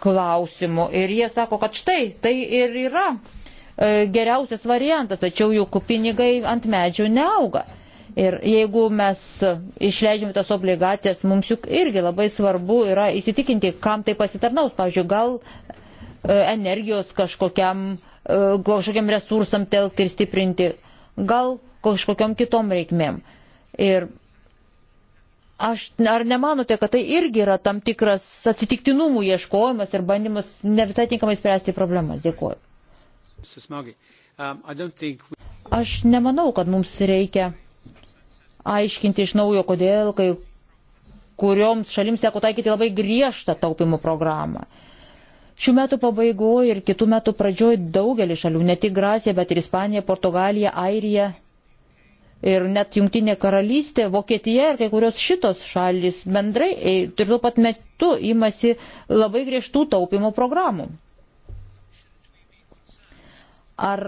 klausimu ir jie sako, kad štai tai ir yra e, geriausias variantas, tačiau juk pinigai ant medžių neauga. Ir jeigu mes išleidžiam tas obligacijas, mums juk irgi labai svarbu yra įsitikinti, kam tai pasitarnaus. Pavyzdžiui, gal e, energijos kažkokiam, e, kažkokiam resursam telkti ir stiprinti, gal kažkokiam kitom reikmėm. Ir aš, ar nemanote, kad tai irgi yra tam tikras atsitiktinumų ieškojimas ir bandymas ne visai tinkamai spręsti problemas? Dėkuoju. Um, aš nemanau, kad mums reikia aiškinti iš naujo, kodėl, kai kurioms šalims teko taikyti labai griežtą taupimo programą. Šių metų pabaigoje ir kitų metų pradžioje daugelis šalių, ne tik Gracija, bet ir Ispanija, Portugalija, Airija, ir net Junktinė karalystė, Vokietija ir kai kurios šitos šalis bendrai e, ir tuo pat metu imasi labai griežtų taupimo programų. Ar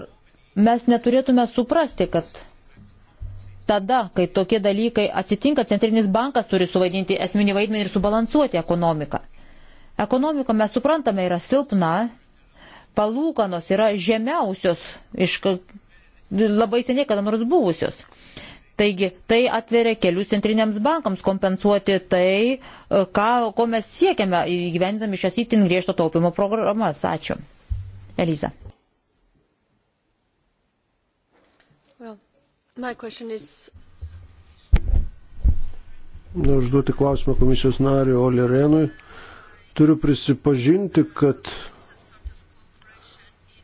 mes neturėtume suprasti, kad tada, kai tokie dalykai atsitinka, centrinis bankas turi suvaidinti esminį vaidmenį ir subalansuoti ekonomiką. Ekonomika, mes suprantame, yra silpna, palūkanos yra žemiausios iš labai seniai kada nors buvusios. Taigi tai atveria kelius centriniams bankams kompensuoti tai, e, ką, ko mes siekiame įgyvendami šias įtin griežto taupimo programas. Ačiū. Eliza. Well, is... Na, užduoti klausimą komisijos nariu Oli Renui. Turiu prisipažinti, kad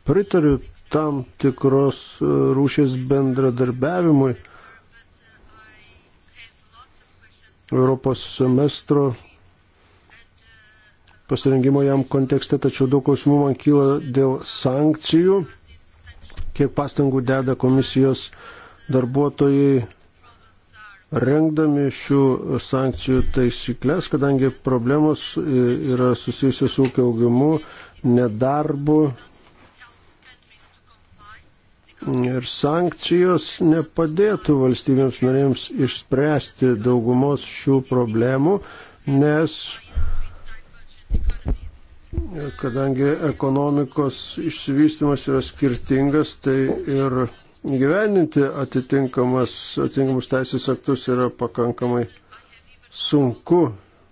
pritariu tam tikros e, rūšės bendradarbiavimui Europos semestro pasirengimo jam kontekste, tačiau daug klausimų man kyla dėl sankcijų, kiek pastangų deda komisijos darbuotojai rengdami šių sankcijų taisyklės, kadangi problemos e, yra susijusios su ūkio augimu, nedarbu, ir sankcijos nepadėtų valstybėms narėms išspręsti daugumos šių problemų, nes kadangi ekonomikos išsivystymas yra skirtingas, tai ir gyveninti atitinkamus teisės aktus yra pakankamai sunku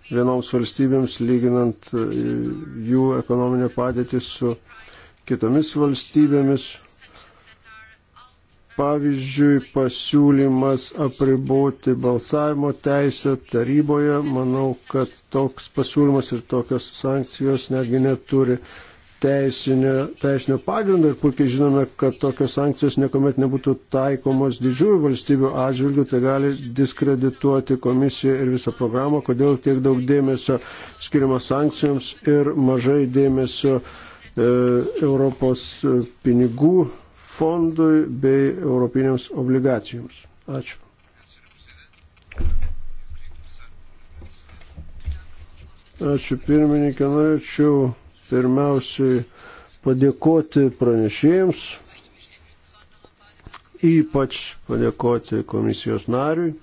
vienoms valstybėms lyginant jų ekonominę padėtį su kitomis valstybėmis Pavyzdžiui, pasiūlymas apriboti balsavimo teisę taryboje, manau, kad toks pasiūlymas ir tokios sankcijos netgi neturi teisinio, teisinio pagrindo ir puikiai žinome, kad tokios sankcijos niekuomet nebūtų taikomos didžiųjų valstybių atžvilgių, tai gali diskredituoti komisiją ir visą programą, kodėl tiek daug dėmesio skiriama sankcijoms ir mažai dėmesio e, Europos pinigų fondui bei europinėms obligacijoms. Ačiū. Ačiū pirmininkė, norėčiau pirmiausiai padėkoti pranešėjams, ypač padėkoti komisijos nariui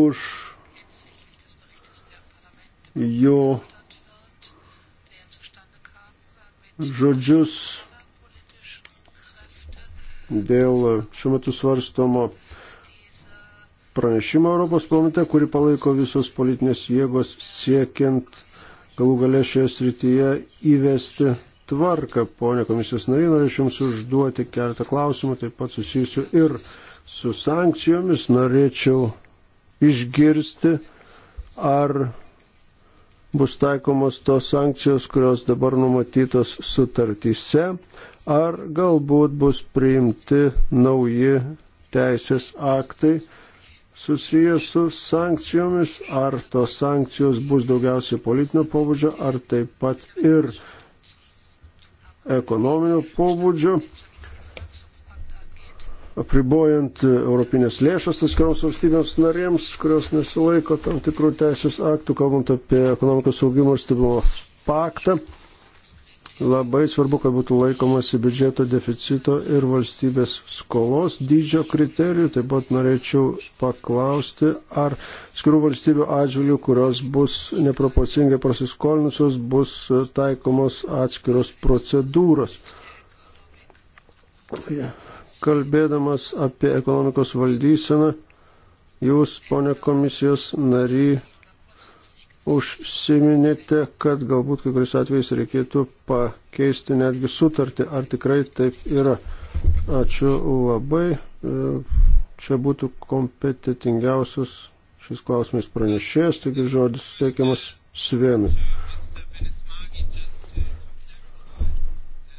už jo žodžius dėl šiuo metu svarstomo pranešimo Europos parlamente, kurį palaiko visos politinės jėgos siekiant galų galę šioje srityje įvesti tvarką. Pone komisijos nariai, norėčiau Jums užduoti keletą klausimų, taip pat susijusiu ir su sankcijomis. Norėčiau išgirsti, ar bus taikomos tos sankcijos, kurios dabar numatytos sutartyse, ar galbūt bus priimti nauji teisės aktai susijęs su sankcijomis, ar tos sankcijos bus daugiausiai politinio pobūdžio, ar taip pat ir ekonominio pobūdžio apribojant e, europinės lėšas atskiroms valstybėms narėms, kurios nesilaiko tam tikrų teisės aktų, kalbant apie ekonomikos augimo ir stabilumo paktą. Labai svarbu, kad būtų laikomasi biudžeto deficito ir valstybės skolos dydžio kriterijų. Taip pat norėčiau paklausti, ar skirų valstybių atžvilgių, kurios bus neproporcingai prasiskolinusios, bus taikomos atskiros procedūros. Yeah kalbėdamas apie ekonomikos valdyseną, jūs, ponė komisijos nary, užsiminėte, kad galbūt kai kuris atvejais reikėtų pakeisti netgi sutartį. Ar tikrai taip yra? Ačiū labai. E, čia būtų kompetitingiausias šis klausimais pranešėjas, taigi žodis teikiamas Svenui.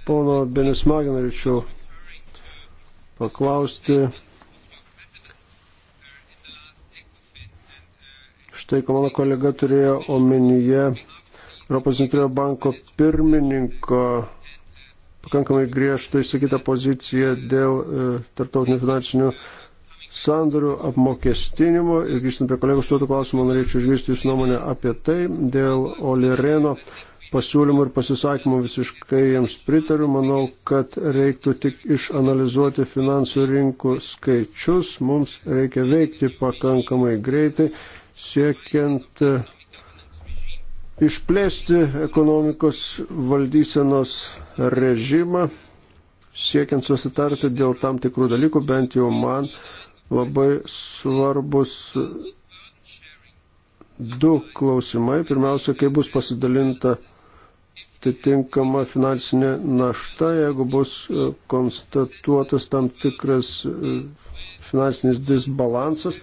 Pono Benismaginavičiau paklausti štai ko mano kolega turėjo omenyje Europos centrinio banko pirmininko pakankamai griežtai išsakytą poziciją dėl e, tarptautinių finansinių sandorių apmokestinimo. Ir grįžtant prie kolegų šituotų klausimų, norėčiau išgirsti Jūsų nuomonę apie tai dėl Olireno. Reno pasiūlymų ir pasisakymų visiškai jiems pritariu. Manau, kad reiktų tik išanalizuoti finansų rinkų skaičius. Mums reikia veikti pakankamai greitai, siekiant e, išplėsti ekonomikos valdysenos režimą, siekiant susitarti dėl tam tikrų dalykų, bent jau man labai svarbus du klausimai. Pirmiausia, kaip bus pasidalinta atitinkama finansinė našta, jeigu bus e, konstatuotas tam tikras e, finansinis disbalansas.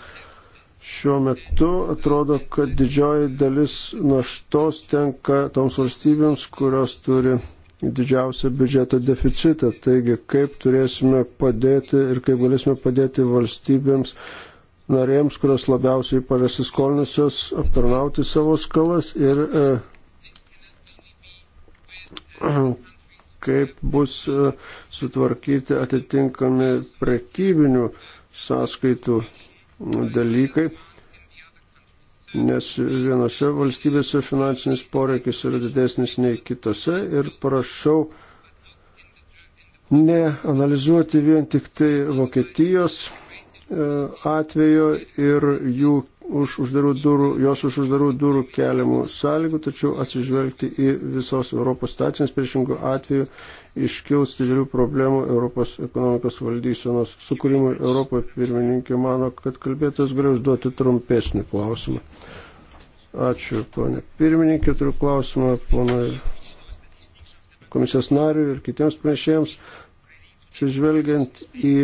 Šiuo metu atrodo, kad didžioji dalis naštos tenka toms valstybėms, kurios turi didžiausią biudžeto deficitą. Taigi, kaip turėsime padėti ir kaip galėsime padėti valstybėms narėms, kurios labiausiai parasiskolinusios, aptarnauti savo skalas ir e, kaip bus e, sutvarkyti atitinkami prekybinių sąskaitų dalykai, nes vienose valstybėse finansinis poreikis yra didesnis nei kitose ir prašau neanalizuoti vien tik tai Vokietijos e, atvejo ir jų už uždarų durų, jos už uždarų durų keliamų sąlygų, tačiau atsižvelgti į visos Europos stacijas priešingų atveju iškils didelių problemų Europos ekonomikos valdysenos sukūrimui Europoje. Pirmininkė mano, kad kalbėtas galiu užduoti trumpesnį klausimą. Ačiū, ponė. Pirmininkė, turiu klausimą ponai komisijos nariui ir kitiems pranešėjams. Atsižvelgiant į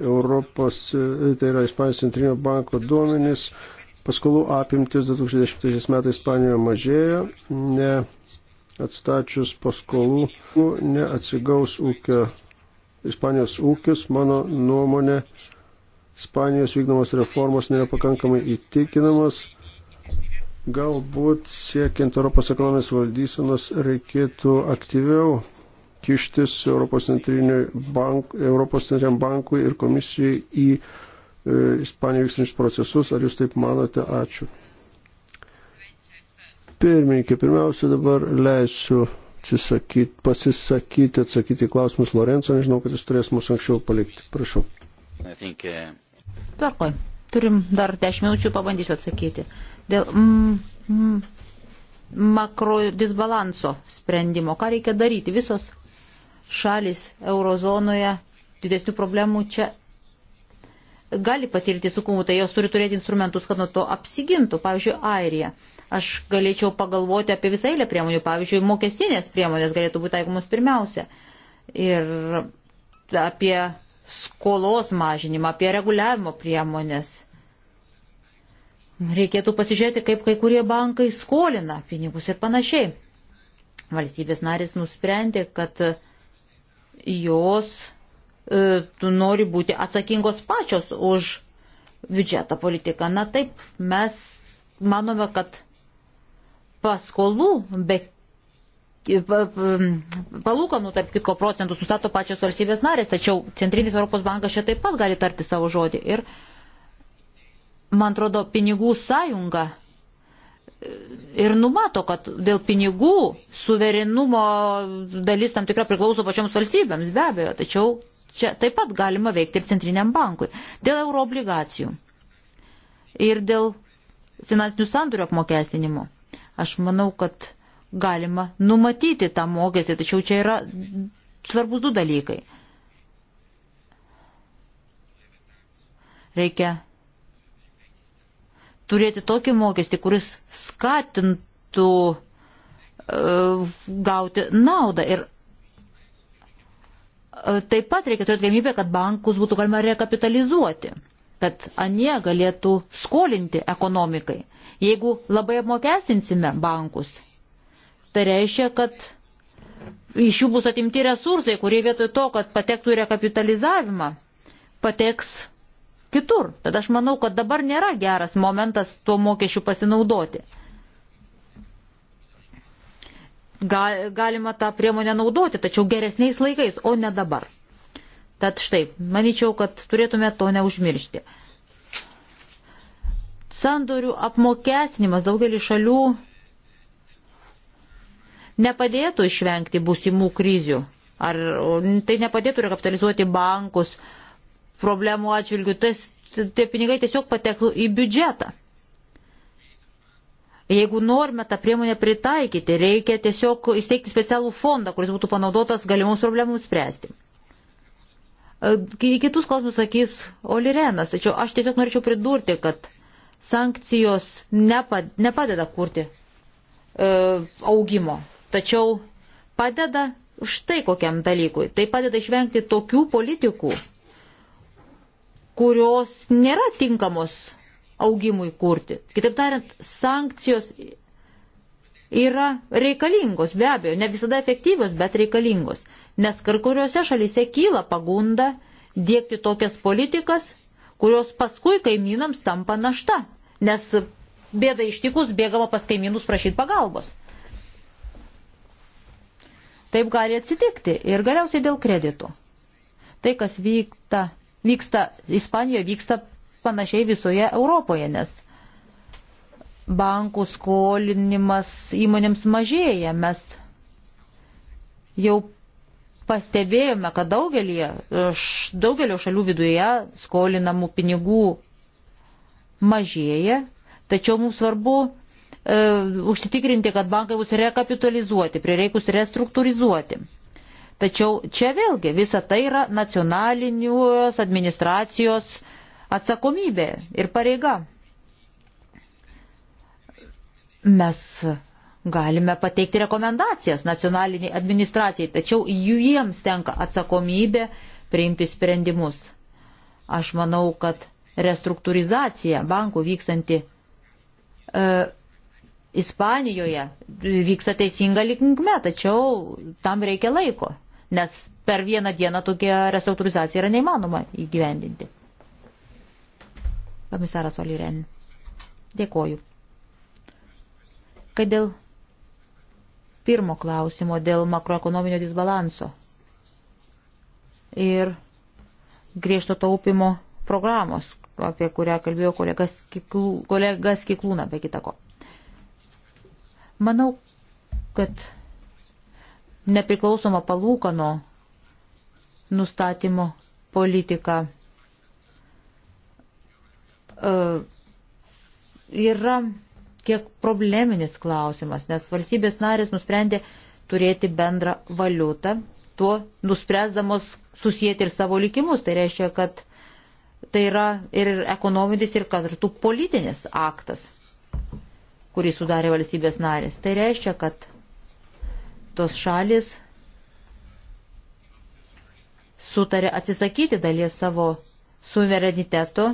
Europos, tai yra Ispanijos centrinio banko duomenys, paskolų apimtis 2010 metais Ispanijoje mažėjo, ne atstačius paskolų, neatsigaus ūkio, Ispanijos ūkis, mano nuomonė, Ispanijos vykdomos reformos nėra pakankamai įtikinamos. Galbūt siekiant Europos ekonomijos valdysenos reikėtų aktyviau kištis Europos, bank, Europos centriniam bankui ir komisijai į e, Ispaniją vykstančius procesus. Ar jūs taip manote? Ačiū. Pirmininkė, pirmiausia dabar leisiu atsisakyti, pasisakyti, atsakyti į klausimus Lorenzo, nežinau, kad jis turės mus anksčiau palikti. Prašau. Think, uh... Tvarkoj, turim dar 10 minučių, pabandysiu atsakyti. Dėl mm, mm, makro disbalanso sprendimo, ką reikia daryti, visos šalis eurozonoje didesnių problemų čia gali patirti sunkumų, tai jos turi turėti instrumentus, kad nuo to apsigintų. Pavyzdžiui, Airija. Aš galėčiau pagalvoti apie visą eilę priemonių. Pavyzdžiui, mokestinės priemonės galėtų būti taikomos pirmiausia. Ir apie skolos mažinimą, apie reguliavimo priemonės. Reikėtų pasižiūrėti, kaip kai kurie bankai skolina pinigus ir panašiai. Valstybės narės nusprendė, kad uh, jos e, nori būti atsakingos pačios už biudžeto politiką. Na taip, mes manome, kad paskolų be e, palūkanų, tarp kitko, procentų sustato pačios valstybės narės, tačiau Centrinis Europos bankas čia taip pat gali tarti savo žodį. Ir, man atrodo, pinigų sąjunga ir numato, kad dėl pinigų suverenumo dalis tam tikra priklauso pačioms valstybėms, be abejo, tačiau čia taip pat galima veikti ir centriniam bankui. Dėl euroobligacijų ir dėl finansinių sandorių apmokestinimo. Aš manau, kad galima numatyti tą mokestį, tačiau čia yra svarbus du dalykai. Reikia turėti tokį mokestį, kuris skatintų e, gauti naudą. Ir e, taip pat reikia turėti galimybę, kad bankus būtų galima rekapitalizuoti, kad anie galėtų skolinti ekonomikai. Jeigu labai apmokestinsime bankus, tai reiškia, kad iš jų bus atimti resursai, kurie vietoj to, kad patektų į rekapitalizavimą, pateks kitur. Tad aš manau, kad dabar nėra geras momentas tuo mokesčiu pasinaudoti. Galima tą priemonę naudoti, tačiau geresniais laikais, o ne dabar. Tad štai, manyčiau, kad turėtume to neužmiršti. Sandorių apmokestinimas daugelį šalių nepadėtų išvengti būsimų krizių. Ar tai nepadėtų rekapitalizuoti bankus, uh, problemų atžvilgių, tas, tie pinigai tiesiog patektų į biudžetą. Jeigu norime tą priemonę pritaikyti, reikia tiesiog įsteigti specialų fondą, kuris būtų panaudotas galimoms problemams spręsti. E, kitus klausimus sakys Olirenas, tačiau aš tiesiog norėčiau pridurti, kad sankcijos nepadeda kurti e, augimo, tačiau padeda štai kokiam dalykui. Tai padeda išvengti tokių politikų, kurios nėra tinkamos augimui kurti. Kitaip tariant, sankcijos yra reikalingos, be abejo, ne visada efektyvios, bet reikalingos, nes kar kuriuose šalyse kyla pagunda dėkti tokias politikas, kurios paskui kaimynams tampa našta, nes bėda ištikus bėgama pas kaimynus prašyti pagalbos. Taip gali atsitikti ir galiausiai dėl kreditų. Tai, kas vyksta vyksta Ispanijoje, vyksta panašiai visoje Europoje, nes bankų skolinimas įmonėms mažėja. Mes jau pastebėjome, kad daugelį, daugelio šalių viduje skolinamų pinigų mažėja, tačiau mums svarbu e, užsitikrinti, kad bankai bus rekapitalizuoti, prireikus restruktūrizuoti. Tačiau čia vėlgi visa tai yra nacionalinius administracijos atsakomybė ir pareiga. Mes galime pateikti rekomendacijas nacionaliniai administracijai, tačiau jiems tenka atsakomybė priimti sprendimus. Aš manau, kad restruktūrizacija bankų vykstanti e, Ispanijoje vyksta teisinga linkme, tačiau tam reikia laiko nes per vieną dieną tokia restruktūrizacija yra neįmanoma įgyvendinti. Komisaras Oliren. Dėkoju. Kai dėl pirmo klausimo, dėl makroekonominio disbalanso ir griežto taupimo programos, apie kurią kalbėjo kolegas, Kiklū, kolegas Kiklūna, be kitako. Manau, kad nepriklausoma palūkano nustatymo politika e, yra kiek probleminis klausimas, nes valstybės narės nusprendė turėti bendrą valiutą, tuo nuspręsdamos susijęti ir savo likimus. Tai reiškia, kad tai yra ir ekonominis, ir kartu politinis aktas, kurį sudarė valstybės narės. Tai reiškia, kad tos šalis sutarė atsisakyti dalies savo suvereniteto,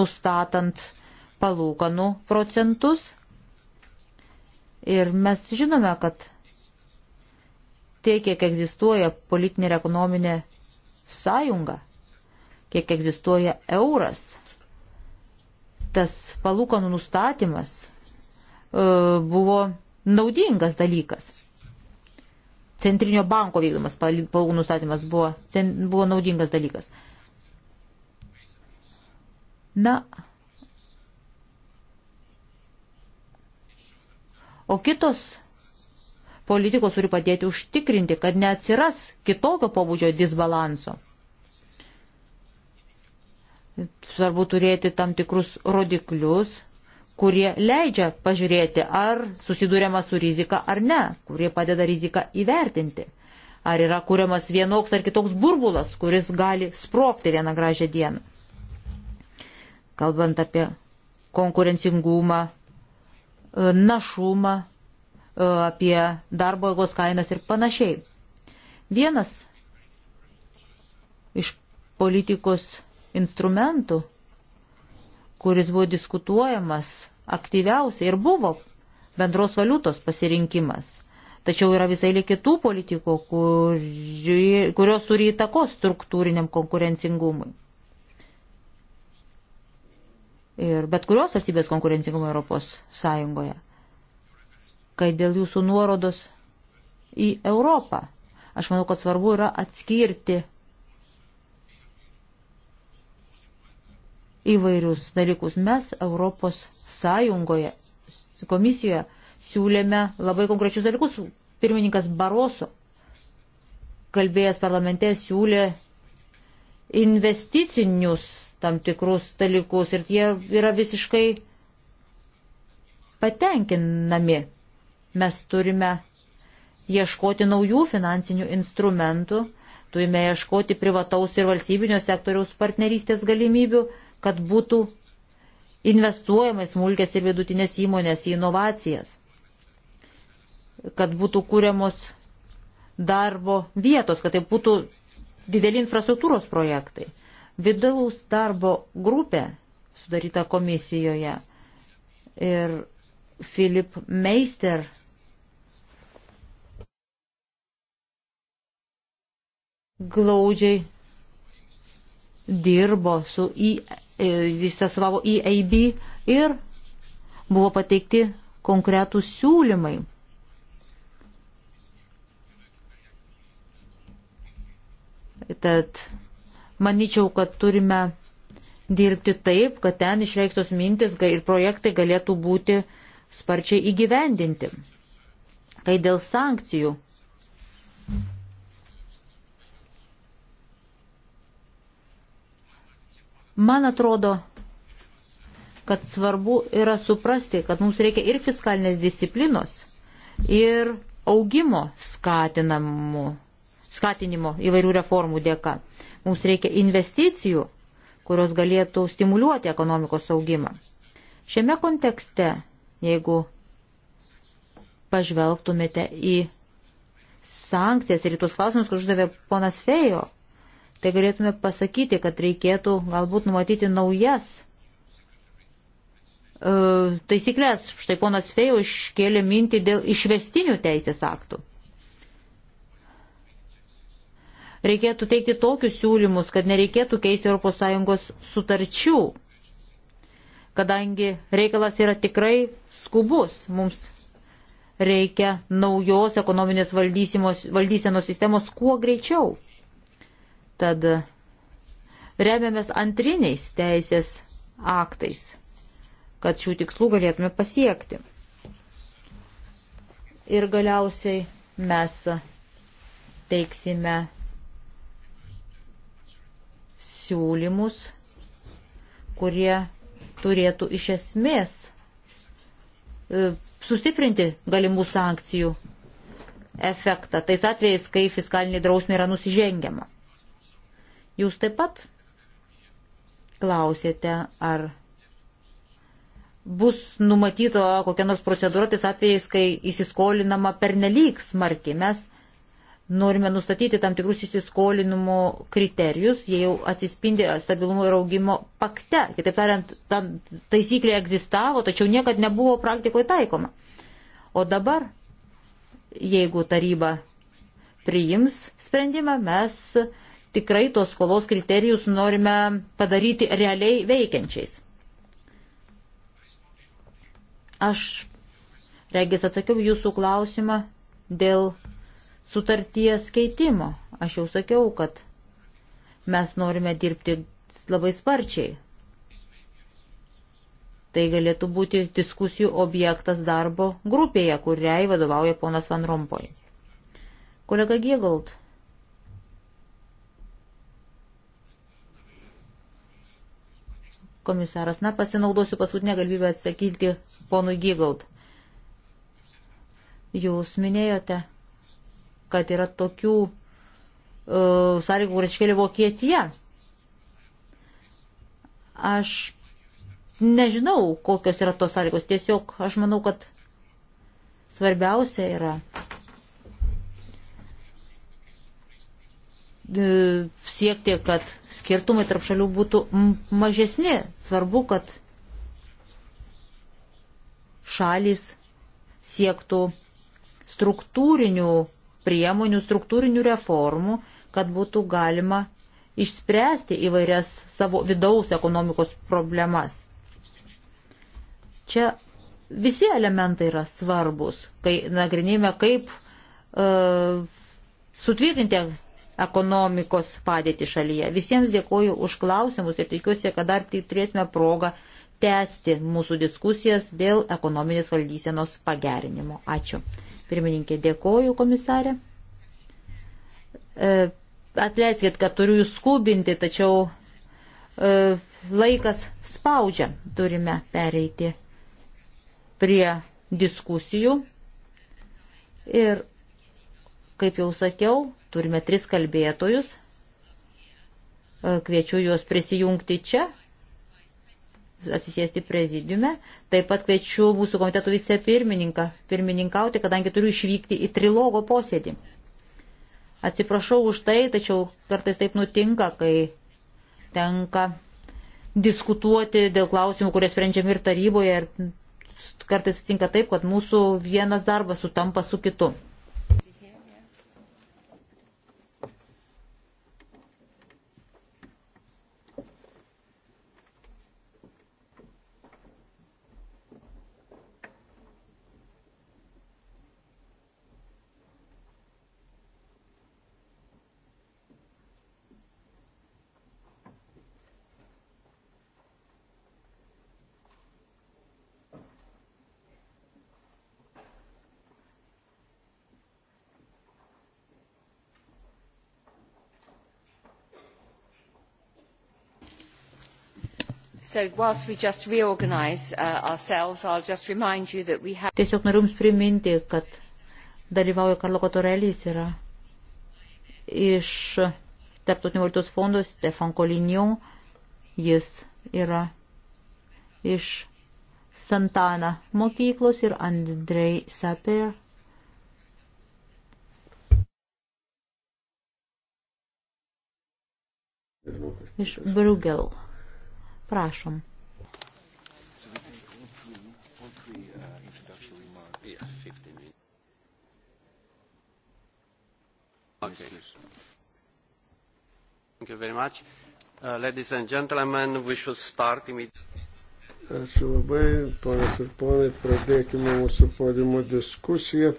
nustatant palūkanų procentus. Ir mes žinome, kad tiek, kiek egzistuoja politinė ir ekonominė sąjunga, kiek egzistuoja euras, tas palūkanų nustatymas e, buvo naudingas dalykas centrinio banko vykdomas palūkanų nustatymas buvo, cen, buvo naudingas dalykas. Na. O kitos politikos turi padėti užtikrinti, kad neatsiras kitokio pobūdžio disbalanso. Svarbu turėti tam tikrus rodiklius, kurie leidžia pažiūrėti, ar susidūrėma su rizika ar ne, kurie padeda riziką įvertinti. Ar yra kuriamas vienoks ar kitoks burbulas, kuris gali sprokti vieną gražią dieną. Kalbant apie konkurencingumą, e, našumą, e, apie darbo jėgos kainas ir panašiai. Vienas iš politikos instrumentų kuris buvo diskutuojamas aktyviausiai ir buvo bendros valiutos pasirinkimas. Tačiau yra visai kitų politikų, kuri, kurios turi įtakos struktūriniam konkurencingumui. Ir bet kurios valstybės konkurencingumo Europos Sąjungoje. Kai dėl jūsų nuorodos į Europą, aš manau, kad svarbu yra atskirti įvairius dalykus. Mes Europos Sąjungoje, komisijoje siūlėme labai konkrečius dalykus. Pirmininkas Baroso, kalbėjęs parlamente, siūlė investicinius tam tikrus dalykus ir jie yra visiškai patenkinami. Mes turime ieškoti naujų finansinių instrumentų, turime ieškoti privataus ir valstybinio sektoriaus partnerystės galimybių kad būtų investuojama į smulkės ir vidutinės įmonės, į inovacijas, kad būtų kūriamos darbo vietos, kad tai būtų dideli infrastruktūros projektai. Vidaus darbo grupė sudaryta komisijoje ir Filip Meister glaudžiai dirbo su IE E, jis atstovavo EIB ir buvo pateikti konkretų siūlymai. Tad manyčiau, kad turime dirbti taip, kad ten išreikštos mintis ir projektai galėtų būti sparčiai įgyvendinti. Kai dėl sankcijų Man atrodo, kad svarbu yra suprasti, kad mums reikia ir fiskalinės disciplinos, ir augimo skatinamų, skatinimo įvairių reformų dėka. Mums reikia investicijų, kurios galėtų stimuliuoti ekonomikos augimą. Šiame kontekste, jeigu pažvelgtumėte į sankcijas ir į tuos klausimus, kur uždavė ponas Fejo, tai galėtume pasakyti, kad reikėtų galbūt numatyti naujas e, taisyklės. Štai ponas Fejo iškėlė mintį dėl išvestinių teisės aktų. Reikėtų teikti tokius siūlymus, kad nereikėtų keisti ES sutarčių, kadangi reikalas yra tikrai skubus. Mums reikia naujos ekonominės valdysenos sistemos kuo greičiau. Tad remiamės antriniais teisės aktais, kad šių tikslų galėtume pasiekti. Ir galiausiai mes teiksime siūlymus, kurie turėtų iš esmės e, sustiprinti galimų sankcijų efektą tais atvejais, kai fiskalinė drausmė yra nusižengiama. Jūs taip pat klausėte, ar bus numatyto kokia nors procedūra tais atvejais, kai įsiskolinama pernelyg smarkiai. Mes norime nustatyti tam tikrus įsiskolinimo kriterijus, jie jau atsispindi stabilumo ir augimo pakte. Kitaip tariant, ta taisyklė egzistavo, tačiau niekad nebuvo praktikoje taikoma. O dabar, jeigu taryba priims sprendimą, mes tikrai tos skolos kriterijus norime padaryti realiai veikiančiais. Aš, regis, atsakiau jūsų klausimą dėl sutarties keitimo. Aš jau sakiau, kad mes norime dirbti labai sparčiai. Tai galėtų būti diskusijų objektas darbo grupėje, kuriai vadovauja ponas Van Rompoj. Kolega Giegold komisaras. Na, pasinaudosiu paskutinę galimybę atsakyti ponui Gygald. Jūs minėjote, kad yra tokių uh, sąlygų, kur iškėlė Vokietija. Aš nežinau, kokios yra tos sąlygos. Tiesiog aš manau, kad svarbiausia yra E, siekti, kad skirtumai tarp šalių būtų mažesni. Svarbu, kad šalis siektų struktūrinių priemonių, struktūrinių reformų, kad būtų galima išspręsti įvairias savo vidaus ekonomikos problemas. Čia visi elementai yra svarbus, kai nagrinėjame, kaip e, sutvirtinti ekonomikos padėtį šalyje. Visiems dėkoju už klausimus ir tikiuosi, kad dar tai turėsime progą tęsti mūsų diskusijas dėl ekonominės valdysenos pagerinimo. Ačiū. Pirmininkė, dėkoju komisarė. E, atleiskit, kad turiu jūs skubinti, tačiau e, laikas spaudžia. Turime pereiti prie diskusijų. Ir, kaip jau sakiau, Turime tris kalbėtojus. E, kviečiu juos prisijungti čia, atsisėsti prezidiume. Taip pat kviečiu mūsų komiteto vicepirmininką pirmininkauti, kadangi turiu išvykti į trilogo posėdį. Atsiprašau už tai, tačiau kartais taip nutinka, kai tenka diskutuoti dėl klausimų, kurie sprendžiami ir taryboje. Ir kartais atsitinka taip, kad mūsų vienas darbas sutampa su kitu. So whilst we just reorganize uh, ourselves, I'll just remind you that we have... Tiesiog noriu Jums priminti, kad dalyvauja Karlo Kotorelis yra iš Tarptautinio valiutos fondo Stefan Kolinio, jis yra iš Santana mokyklos ir Andrei Saper. Iš Brugel Prašom. Okay. Thank you very much. Uh, ladies and gentlemen, we should start immediately. Ačiū labai, ponas ir ponai, pradėkime mūsų podiumo diskusiją.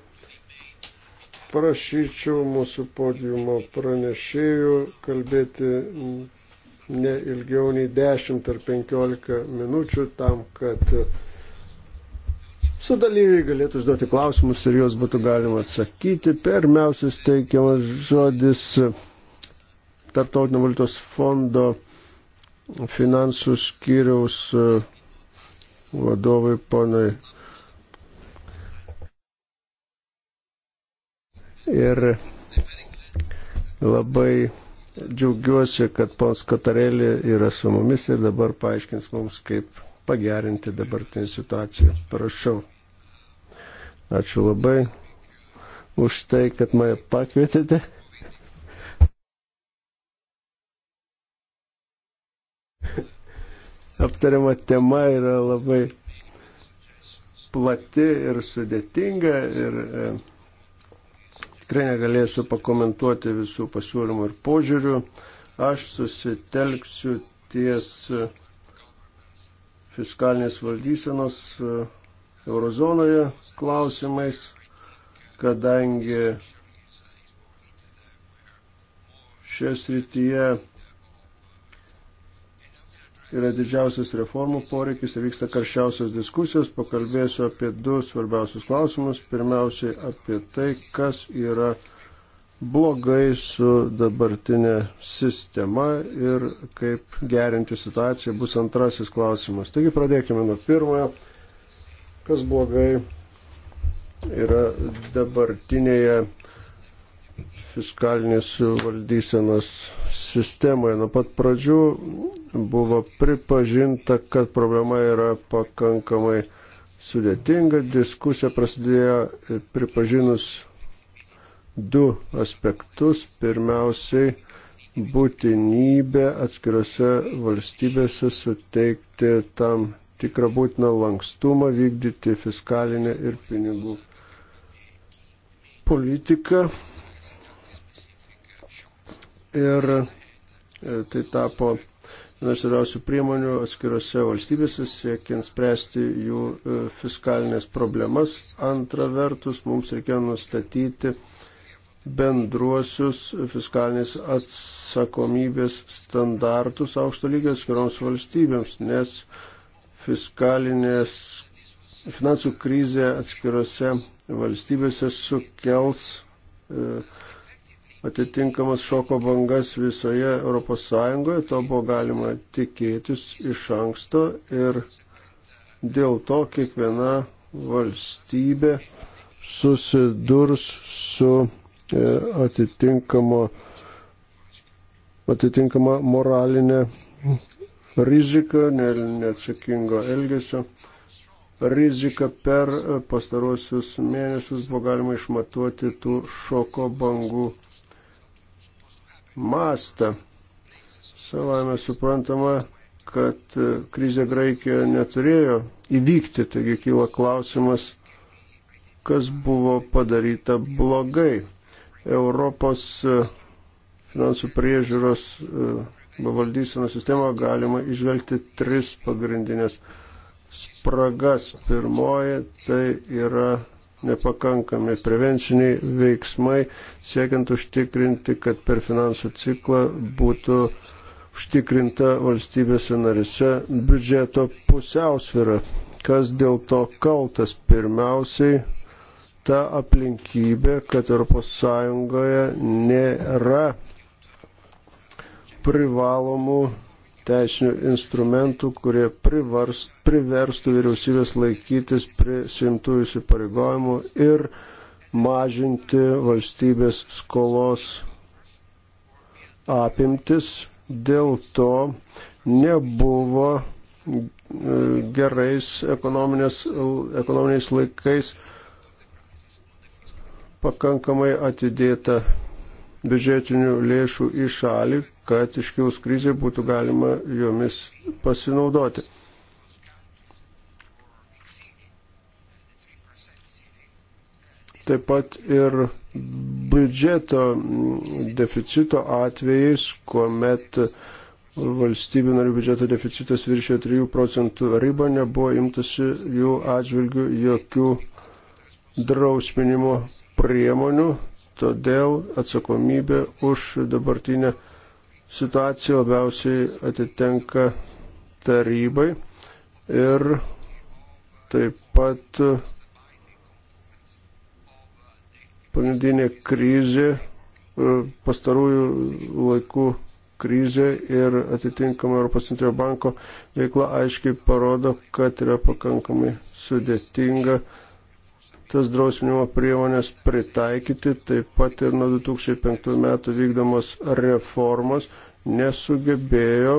Prašyčiau mūsų podiumo pranešėjų kalbėti ne ilgiau nei 10 ar 15 minučių tam, kad e, su dalyviai galėtų užduoti klausimus ir juos būtų galima atsakyti. Pirmiausias teikiamas žodis e, Tartautinio valiutos fondo finansų skyriaus e, vadovai ponai. Ir labai Džiaugiuosi, kad pons Katarelė yra su mumis ir dabar paaiškins mums, kaip pagerinti dabartinį situaciją. Prašau. Ačiū labai už tai, kad mane pakvietėte. Aptariama tema yra labai plati ir sudėtinga ir e, Tikrai negalėsiu pakomentuoti visų pasiūlymų ir požiūrių. Aš susitelksiu ties fiskalinės valdysenos e, eurozonoje klausimais, kadangi šioje srityje yra didžiausias reformų poreikis ir vyksta karščiausios diskusijos. Pakalbėsiu apie du svarbiausius klausimus. Pirmiausiai apie tai, kas yra blogai su dabartinė sistema ir kaip gerinti situaciją bus antrasis klausimas. Taigi pradėkime nuo pirmojo. Kas blogai yra dabartinėje fiskalinės valdysenos sistemoje. Nuo pat pradžių buvo pripažinta, kad problema yra pakankamai sudėtinga. Diskusija prasidėjo pripažinus du aspektus. Pirmiausiai būtinybė atskirose valstybėse suteikti tam tikrą būtiną lankstumą vykdyti fiskalinę ir pinigų politiką ir e, tai tapo vienas svarbiausių priemonių atskirose valstybėse siekiant spręsti jų e, fiskalinės problemas. Antra vertus, mums reikėjo nustatyti bendruosius fiskalinės atsakomybės standartus aukšto lygio atskiroms valstybėms, nes fiskalinės finansų krizė atskirose valstybėse sukels e, atitinkamas šoko bangas visoje ES, to buvo galima tikėtis iš anksto ir dėl to kiekviena valstybė susidurs su e, atitinkamo, atitinkama moralinė rizika, neatsakingo elgesio riziką per e, pastaruosius mėnesius buvo galima išmatuoti tų šoko bangų mastą. Savame suprantama, kad e, krizė Graikijoje neturėjo įvykti, taigi kyla klausimas, kas buvo padaryta blogai. Europos e, finansų priežiūros e, valdysenos sistemą galima išvelgti tris pagrindinės spragas. Pirmoji tai yra nepakankami prevenciniai veiksmai, siekiant užtikrinti, kad per finansų ciklą būtų užtikrinta valstybėse narise biudžeto pusiausvyrą. Kas dėl to kaltas? Pirmiausiai ta aplinkybė, kad ES nėra privalomų teisinių instrumentų, kurie privars, priverstų vyriausybės laikytis prisimtų įsipareigojimų ir mažinti valstybės skolos apimtis. Dėl to nebuvo e, gerais ekonominiais laikais pakankamai atidėta biudžetinių lėšų į šalį, kad iškilus krizė būtų galima jomis pasinaudoti. Taip pat ir biudžeto deficito atvejais, kuomet valstybių narių biudžeto deficitas viršėjo 3 procentų ribą, nebuvo imtasi jų atžvilgių jokių drausminimo priemonių, todėl atsakomybė už dabartinę situacija labiausiai atitenka tarybai ir taip pat pagrindinė krizė, e, pastarųjų laikų krizė ir atitinkama Europos centrinio banko veikla aiškiai parodo, kad yra pakankamai sudėtinga tas drausminimo priemonės pritaikyti, taip pat ir nuo 2005 metų vykdomos reformos nesugebėjo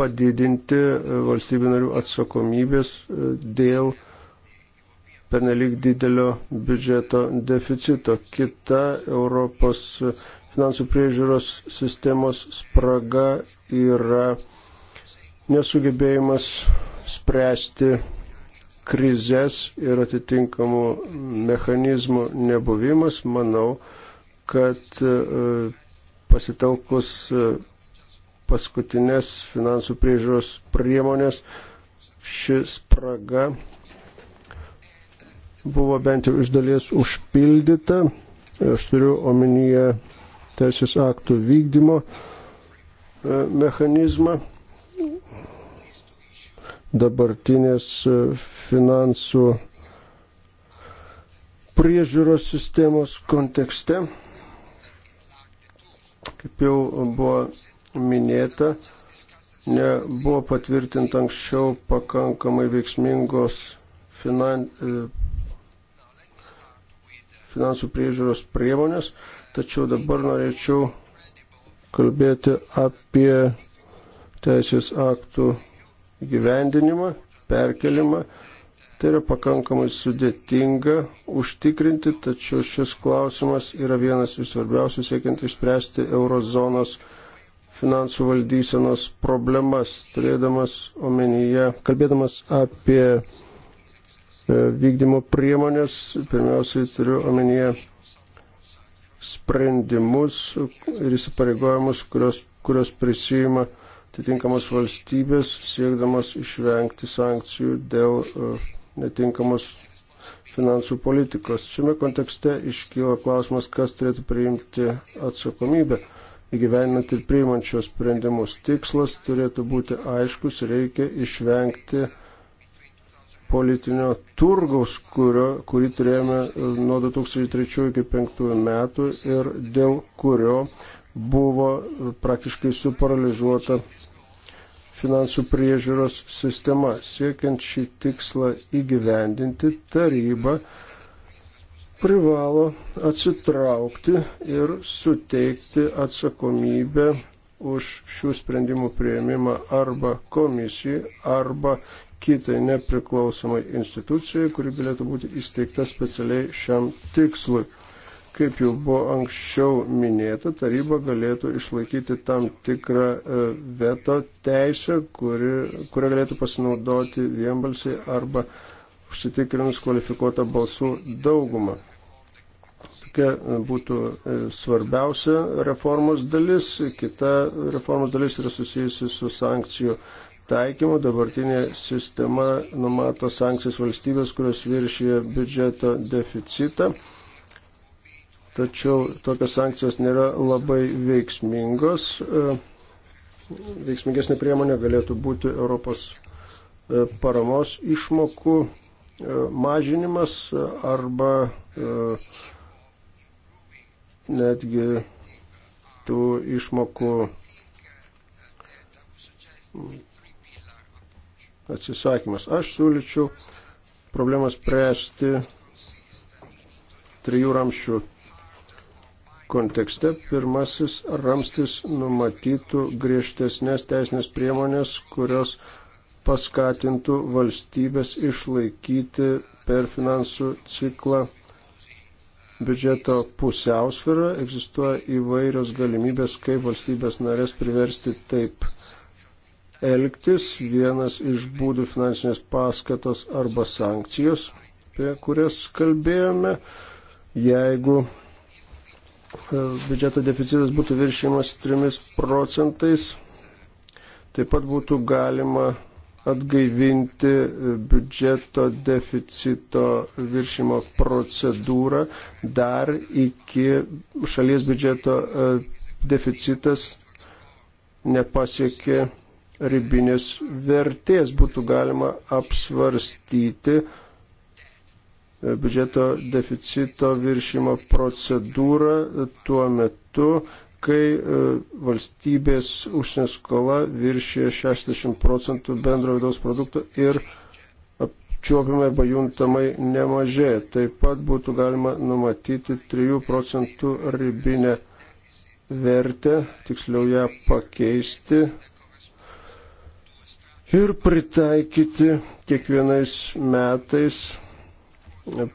padidinti e, valstybių narių atsakomybės e, dėl pernelyg didelio biudžeto deficito. Kita Europos finansų priežiūros sistemos spraga yra nesugebėjimas spręsti krizės ir atitinkamų mechanizmų nebuvimas, manau, kad e, pasitelkus e, paskutinės finansų priežiūros priemonės ši spraga buvo bent jau iš dalies užpildyta. Aš turiu omenyje teisės aktų vykdymo e, mechanizmą dabartinės e, finansų priežiūros sistemos kontekste. Kaip jau buvo minėta, nebuvo patvirtinta anksčiau pakankamai veiksmingos finan, e, finansų priežiūros priemonės, tačiau dabar norėčiau kalbėti apie teisės aktų gyvendinimą, perkelimą. Tai yra pakankamai sudėtinga užtikrinti, tačiau šis klausimas yra vienas vis svarbiausių siekiant išspręsti eurozonos finansų valdysenos problemas, turėdamas omenyje, kalbėdamas apie e, vykdymo priemonės, pirmiausiai turiu omenyje sprendimus ir įsipareigojimus, kurios, kurios prisijima uh, atitinkamas valstybės siekdamas išvengti sankcijų dėl uh, netinkamos finansų politikos. Šiame kontekste iškyla klausimas, kas turėtų priimti atsakomybę įgyveninant ir priimančios sprendimus. Tikslas turėtų būti aiškus, reikia išvengti politinio turgaus, kurio, kurį turėjome uh, nuo 2003 iki 2005 metų ir dėl kurio buvo praktiškai suparalyžuota finansų priežiūros sistema. Siekiant šį tikslą įgyvendinti, taryba privalo atsitraukti ir suteikti atsakomybę už šių sprendimų prieimimą arba komisijai, arba kitai nepriklausomai institucijai, kuri galėtų būti įsteigta specialiai šiam tikslui. Kaip jau buvo anksčiau minėta, taryba galėtų išlaikyti tam tikrą e, veto teisę, kuri, kurią galėtų pasinaudoti vienbalsiai arba užsitikrinus kvalifikuotą balsų daugumą. Tokia e, būtų e, svarbiausia reformos dalis. Kita reformos dalis yra susijusi su sankcijų taikymu. Dabartinė sistema numato sankcijas valstybės, kurios viršyje biudžeto deficitą tačiau tokios sankcijos nėra labai veiksmingos. E, veiksmingesnė priemonė galėtų būti Europos e, paramos išmokų e, mažinimas arba netgi tų išmokų atsisakymas. Aš siūlyčiau problemą spręsti trijų ramščių kontekste pirmasis ramstis numatytų griežtesnės teisinės priemonės, kurios paskatintų valstybės išlaikyti per finansų ciklą biudžeto pusiausvyrą. Egzistuoja įvairios galimybės, kaip valstybės narės priversti taip elgtis. Vienas iš būdų finansinės paskatos arba sankcijos, apie kurias kalbėjome. Jeigu E, biudžeto deficitas būtų viršimas 3 procentais. Taip pat būtų galima atgaivinti biudžeto deficito viršimo procedūrą dar iki šalies biudžeto e, deficitas nepasiekė ribinės vertės. Būtų galima apsvarstyti, E, biudžeto deficito viršimo procedūrą tuo metu, kai e, valstybės užsienio skola viršė 60 procentų bendro vidaus produkto ir apčiuopiamai arba juntamai nemažėja. Taip pat būtų galima numatyti 3 procentų ribinę vertę, tiksliau ją pakeisti ir pritaikyti kiekvienais metais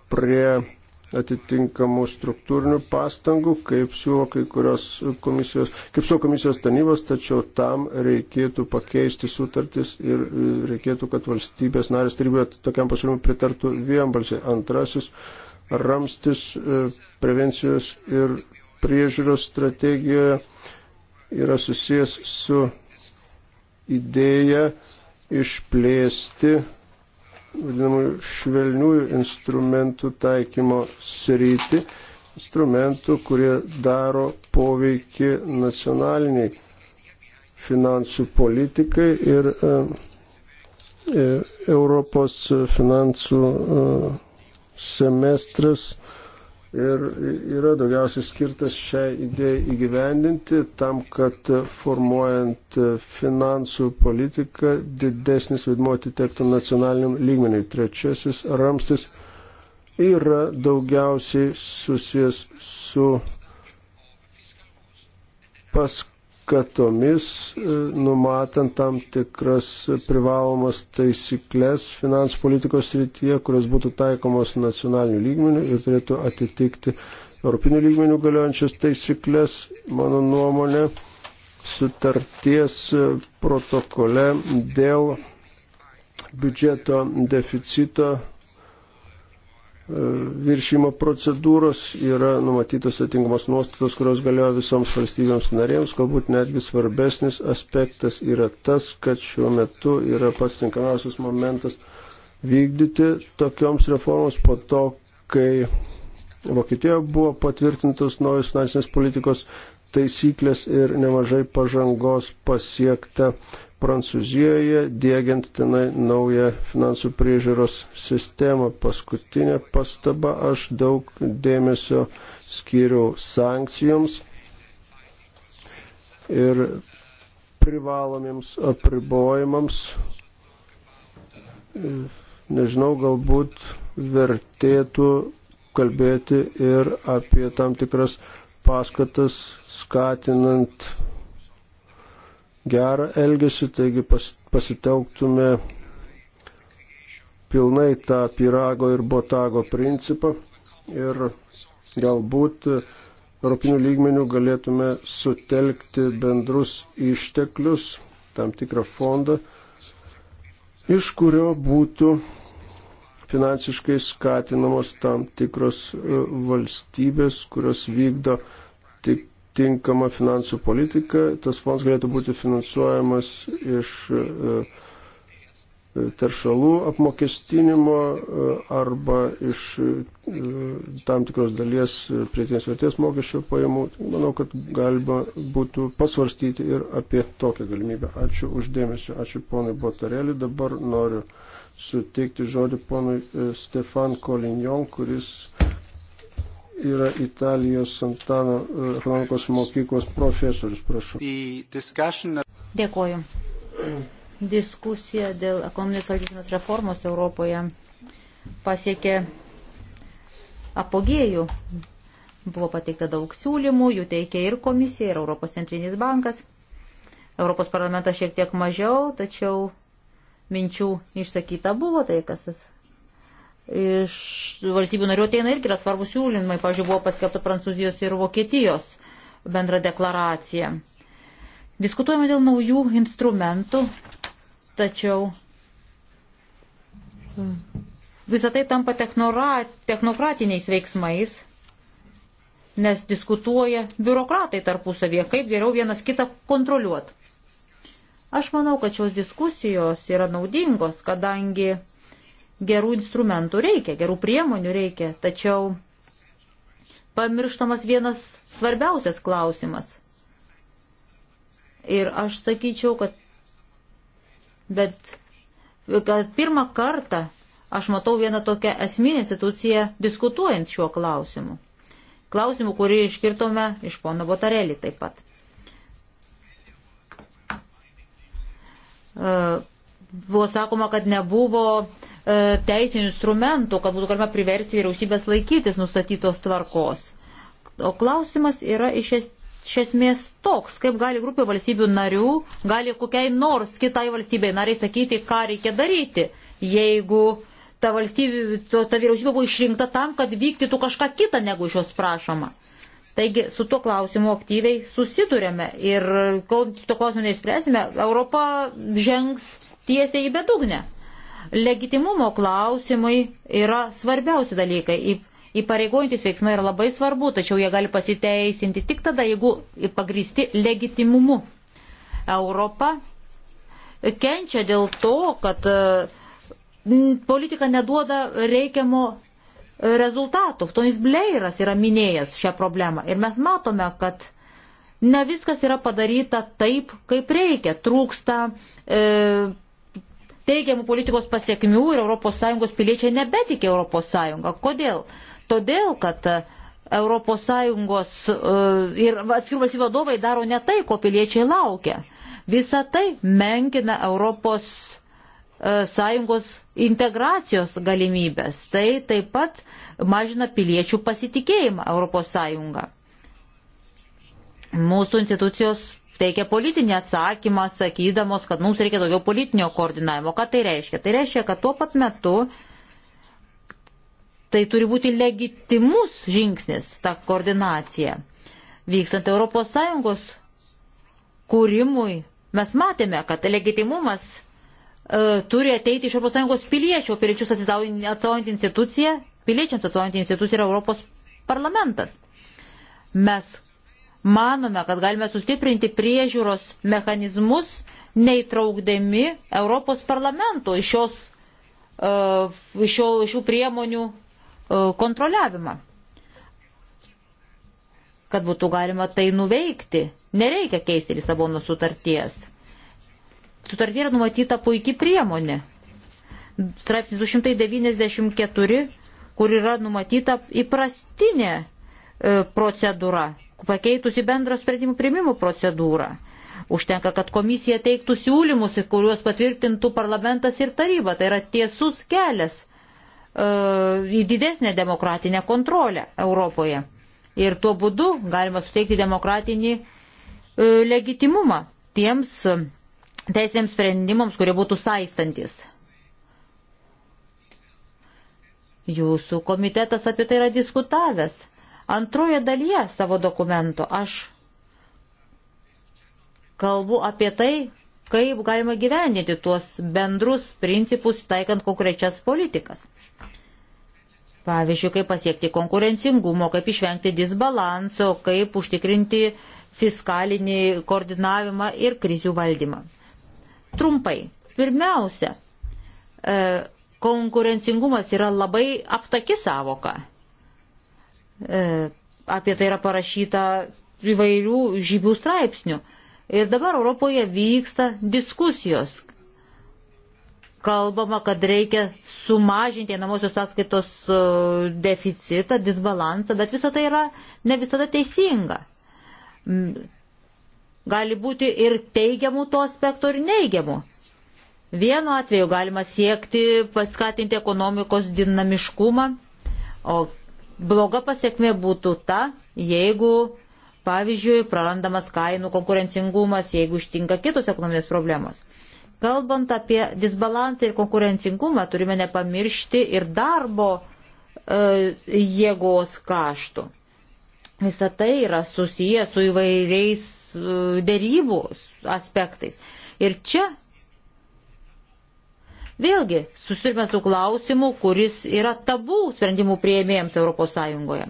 prie atitinkamų struktūrinių pastangų, kaip siūlo kai kurios komisijos, kaip siūlo komisijos tarnybos, tačiau tam reikėtų pakeisti sutartis ir reikėtų, kad valstybės narės taryboje tokiam pasiūlymui pritartų vienbalsiai. Antrasis ramstis e, prevencijos ir priežiūros strategijoje yra susijęs su idėja išplėsti vadinamųjų švelniųjų instrumentų taikymo sritį, instrumentų, kurie daro poveikį nacionaliniai finansų politikai ir e, e Europos finansų e, semestras e, ir yra daugiausiai skirtas šią idėją įgyvendinti tam, kad formuojant finansų politiką didesnis vaidmuo atitektų nacionaliniam lygmeniui. Trečiasis ramstis yra daugiausiai susijęs su paskatinimu paskatomis, e, numatant tam tikras privalomas taisyklės finansų politikos srityje, kurios būtų taikomos nacionaliniu lygmeniu ir turėtų atitikti europinių lygmenių galiojančias taisyklės, mano nuomonė, sutarties e, protokole dėl biudžeto deficito E, viršymo procedūros yra numatytos atitinkamos nuostatos, kurios galioja visoms valstybėms narėms. Galbūt netgi svarbesnis aspektas yra tas, kad šiuo metu yra pats tinkamiausias momentas vykdyti tokioms reformoms po to, kai Vokietijoje buvo patvirtintos naujos finansinės politikos taisyklės ir nemažai pažangos pasiekta Prancūzijoje, dėgiant tenai naują finansų priežiūros sistemą. Paskutinė pastaba, aš daug dėmesio skiriau sankcijoms ir privalomiems apribojimams. Nežinau, galbūt vertėtų kalbėti ir apie tam tikras paskatas skatinant gerą elgesį, taigi pas, pasitelktume pilnai tą pirago ir botago principą ir galbūt Europinių lygmenių galėtume sutelkti bendrus išteklius, tam tikrą fondą, iš kurio būtų finansiškai skatinamos tam tikros e, valstybės, kurios vykdo uh, tinkamą finansų politiką. Tas fondas galėtų būti finansuojamas iš e, e, teršalų apmokestinimo e, arba iš tam tikros dalies prietinės vertės mokesčio pajamų. Manau, kad galima būtų pasvarstyti ir apie tokią galimybę. Ačiū uždėmesiu, ačiū ponui Botarelį. Dabar noriu suteikti žodį ponui Stefan Kolinjon, kuris yra Italijos Santano ekonomikos mokyklos profesorius, prašau. Dėkoju. Diskusija dėl ekonominės valdysenos reformos Europoje pasiekė apogėjų. Buvo pateikta daug siūlymų, jų teikė ir komisija, ir Europos centrinis bankas. Europos parlamentas šiek tiek mažiau, tačiau minčių išsakyta buvo tai, kas iš valstybių narių ateina irgi yra svarbus siūlymai. Pavyzdžiui, buvo paskelbta Prancūzijos ir Vokietijos bendra deklaracija. Diskutuojame dėl naujų instrumentų, tačiau mm, visą tai tampa technokratiniais veiksmais, nes diskutuoja biurokratai tarpusavėje, kaip geriau vienas kitą kontroliuoti. Aš manau, kad šios diskusijos yra naudingos, kadangi gerų instrumentų reikia, gerų priemonių reikia, tačiau pamirštamas vienas svarbiausias klausimas. Ir aš sakyčiau, kad, bet, kad pirmą kartą aš matau vieną tokią esminę instituciją diskutuojant šiuo klausimu. Klausimu, kurį iškirtome iš pono Botarelį taip pat. E, buvo sakoma, kad nebuvo E, teisinių instrumentų, kad būtų galima priversti vyriausybės laikytis nustatytos tvarkos. O klausimas yra iš esmės iš esmės toks, kaip gali grupė valstybių narių, gali kokiai nors kitai valstybei nariai sakyti, ką reikia daryti, jeigu ta, valstybė, ta vyriausybė buvo išrinkta tam, kad vykdytų kažką kitą negu iš jos prašoma. Taigi su tuo klausimu aktyviai susidurėme ir kol to klausimo neišspręsime, Europa žengs tiesiai į bedugnę. Legitimumo klausimai yra svarbiausi dalykai. Įpareigojantis veiksmai yra labai svarbu, tačiau jie gali pasiteisinti tik tada, jeigu pagristi legitimumu. Europa kenčia dėl to, kad e, politika neduoda reikiamo e, rezultatų. Tonis Bleiras yra minėjęs šią problemą. Ir mes matome, kad ne viskas yra padaryta taip, kaip reikia. Trūksta e, teigiamų politikos pasiekmių ir ES piliečiai nebetikė ES. Kodėl? Todėl, kad ES e, ir atskirų valstybių vadovai daro ne tai, ko piliečiai laukia. Visa tai menkina ES e, integracijos galimybės. Tai taip pat mažina piliečių pasitikėjimą ES. Mūsų institucijos teikia politinį atsakymą, sakydamos, kad mums reikia daugiau politinio koordinavimo. Ką tai reiškia? Tai reiškia, kad tuo pat metu tai turi būti legitimus žingsnis, ta koordinacija. Vykstant ES kūrimui, mes matėme, kad legitimumas e, turi ateiti iš ES piliečių, piliečius atstovaujant instituciją, piliečiams atstovaujant instituciją yra Europos parlamentas. Mes manome, kad galime sustiprinti priežiūros mechanizmus, neįtraukdami Europos parlamento iš šios, e, šio, šių priemonių e, kontroliavimą. Kad būtų galima tai nuveikti, nereikia keisti Lisabono sutarties. Sutartė yra numatyta puikiai priemonė. Straipsnis 294, kur yra numatyta įprastinė e, procedūra pakeitusi bendrą sprendimų prieimimų procedūrą. Užtenka, kad komisija teiktų siūlymus, kuriuos patvirtintų parlamentas ir taryba. Tai yra tiesus kelias uh, į didesnę demokratinę kontrolę Europoje. Ir tuo būdu galima suteikti demokratinį uh, legitimumą tiems uh, e, teisėms sprendimams, kurie būtų saistantis. Jūsų komitetas apie tai yra diskutavęs. Antroje dalyje savo dokumento aš kalbu apie tai, kaip galima gyvendinti tuos bendrus principus, taikant konkrečias politikas. Pavyzdžiui, kaip pasiekti konkurencingumo, kaip išvengti disbalanso, kaip užtikrinti fiskalinį koordinavimą ir krizių valdymą. Trumpai. Pirmiausia, e, konkurencingumas yra labai aptaki savoka. E, apie tai yra parašyta įvairių žybių straipsnių. Ir dabar Europoje vyksta diskusijos. Kalbama, kad reikia sumažinti einamosios sąskaitos e, deficitą, disbalansą, bet visa tai yra ne visada teisinga. Gali būti ir teigiamų to aspektų, ir neigiamų. Vienu atveju galima siekti paskatinti ekonomikos dinamiškumą, o Bloga pasiekmė būtų ta, jeigu, pavyzdžiui, prarandamas kainų konkurencingumas, jeigu ištinka kitos ekonominės problemos. Kalbant apie disbalansą ir konkurencingumą, turime nepamiršti ir darbo e, jėgos kaštų. Visą tai yra susiję su įvairiais e, dėrybų aspektais. Ir čia Vėlgi, susidurime su klausimu, kuris yra tabų sprendimų prieimėjams ES.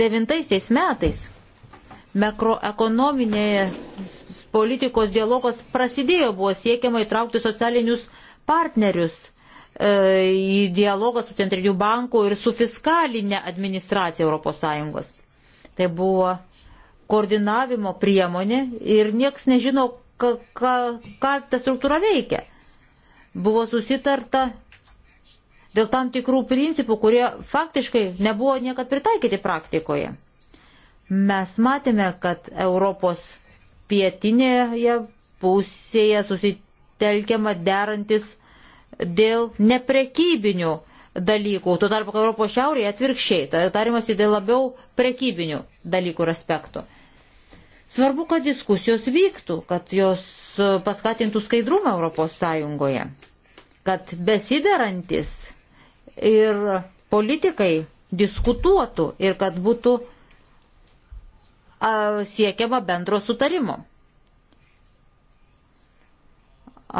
99 metais makroekonominėje politikos dialogas prasidėjo, buvo siekiama įtraukti socialinius partnerius e, į dialogą su Centriniu banku ir su fiskalinė administracija ES. Tai buvo koordinavimo priemonė ir nieks nežino, ką, ką, ką ta struktūra veikia. Buvo susitarta dėl tam tikrų principų, kurie faktiškai nebuvo niekad pritaikyti praktikoje. Mes matėme, kad Europos pietinėje pusėje susitelkiama derantis dėl neprekybinių dalykų, tuo tarpu Europos šiaurėje atvirkščiai, tarimasi dėl labiau prekybinių dalykų ir aspektų. Svarbu, kad diskusijos vyktų, kad jos e, paskatintų skaidrumą Europos Sąjungoje, kad besiderantis ir politikai diskutuotų ir kad būtų siekiama bendro sutarimo.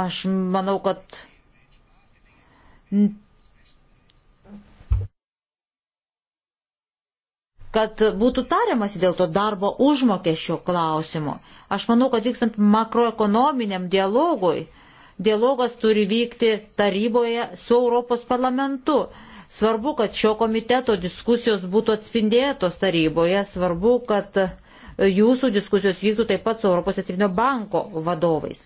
Aš manau, kad kad būtų tariamasi dėl to darbo užmokesčio klausimo. Aš manau, kad vykstant makroekonominiam dialogui, dialogas turi vykti taryboje su Europos parlamentu. Svarbu, kad šio komiteto diskusijos būtų atspindėtos taryboje, svarbu, kad jūsų diskusijos vyktų taip pat su Europos Centrinio banko vadovais.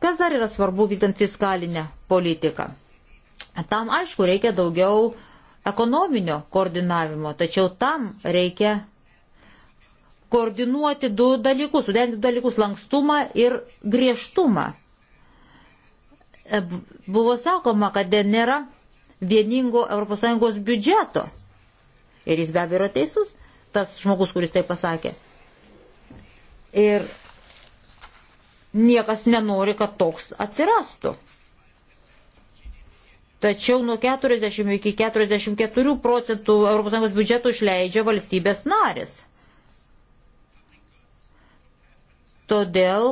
Kas dar yra svarbu vykdant fiskalinę politiką? Tam, aišku, reikia daugiau ekonominio koordinavimo, tačiau tam reikia koordinuoti du dalykus, suderinti du dalykus - lankstumą ir griežtumą. E, buvo sakoma, kad nėra vieningo ES biudžeto. Ir jis be abejo yra teisus, tas žmogus, kuris tai pasakė. Ir niekas nenori, kad toks atsirastų. Tačiau nuo 40 iki 44 procentų ES biudžeto išleidžia valstybės narės. Todėl,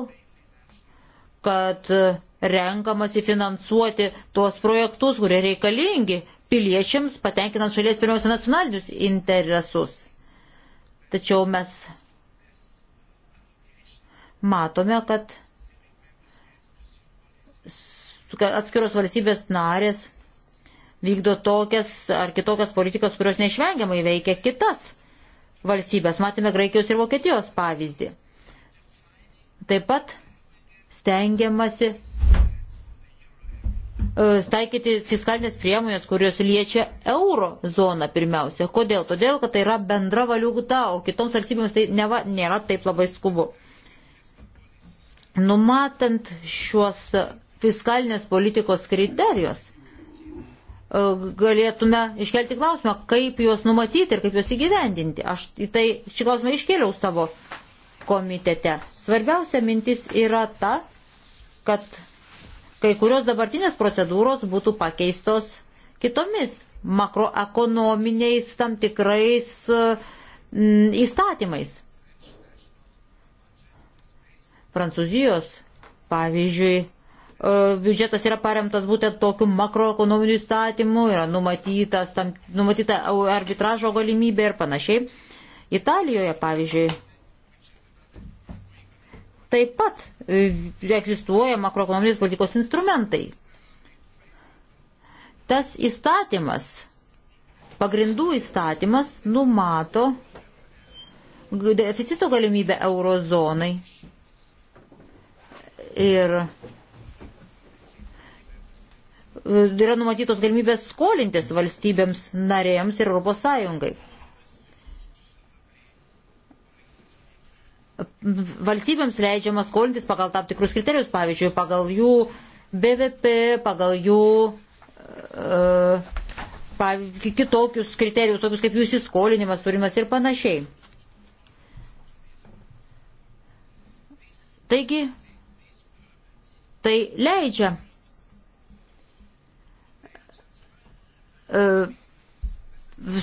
kad renkamasi finansuoti tuos projektus, kurie reikalingi piliečiams, patenkinant šalies pirmiausia nacionalinius interesus. Tačiau mes matome, kad atskiros valstybės narės vykdo tokias ar kitokias politikas, kurios neišvengiamai veikia kitas valstybės. Matėme Graikijos ir Vokietijos pavyzdį. Taip pat stengiamasi e, taikyti fiskalinės priemonės, kurios liečia euro zoną pirmiausia. Kodėl? Todėl, kad tai yra bendra valiuta, o kitoms valstybėms tai neva, nėra taip labai skubu. Numatant šiuos fiskalinės politikos kriterijus, E, galėtume iškelti klausimą, kaip juos numatyti ir kaip juos įgyvendinti. Aš į tai šį klausimą iškėliau savo komitete. Svarbiausia mintis yra ta, kad kai kurios dabartinės procedūros būtų pakeistos kitomis makroekonominiais tam tikrais e, m, įstatymais. Prancūzijos, pavyzdžiui, E, biudžetas yra paremtas būtent tokiu makroekonominiu įstatymu, yra numatytas, tam, numatyta arbitražo galimybė ir panašiai. Italijoje, pavyzdžiui, taip pat e, egzistuoja makroekonominės politikos instrumentai. Tas įstatymas, pagrindų įstatymas numato deficito galimybę eurozonai ir E, yra numatytos galimybės skolintis valstybėms narėms ir Europos Sąjungai. Valstybėms leidžiama skolintis pagal tam tikrus kriterijus, pavyzdžiui, pagal jų BVP, pagal jų uh, pavyzdžiui, kitokius kriterijus, tokius kaip jų įsiskolinimas, turimas ir panašiai. Taigi, tai leidžia E,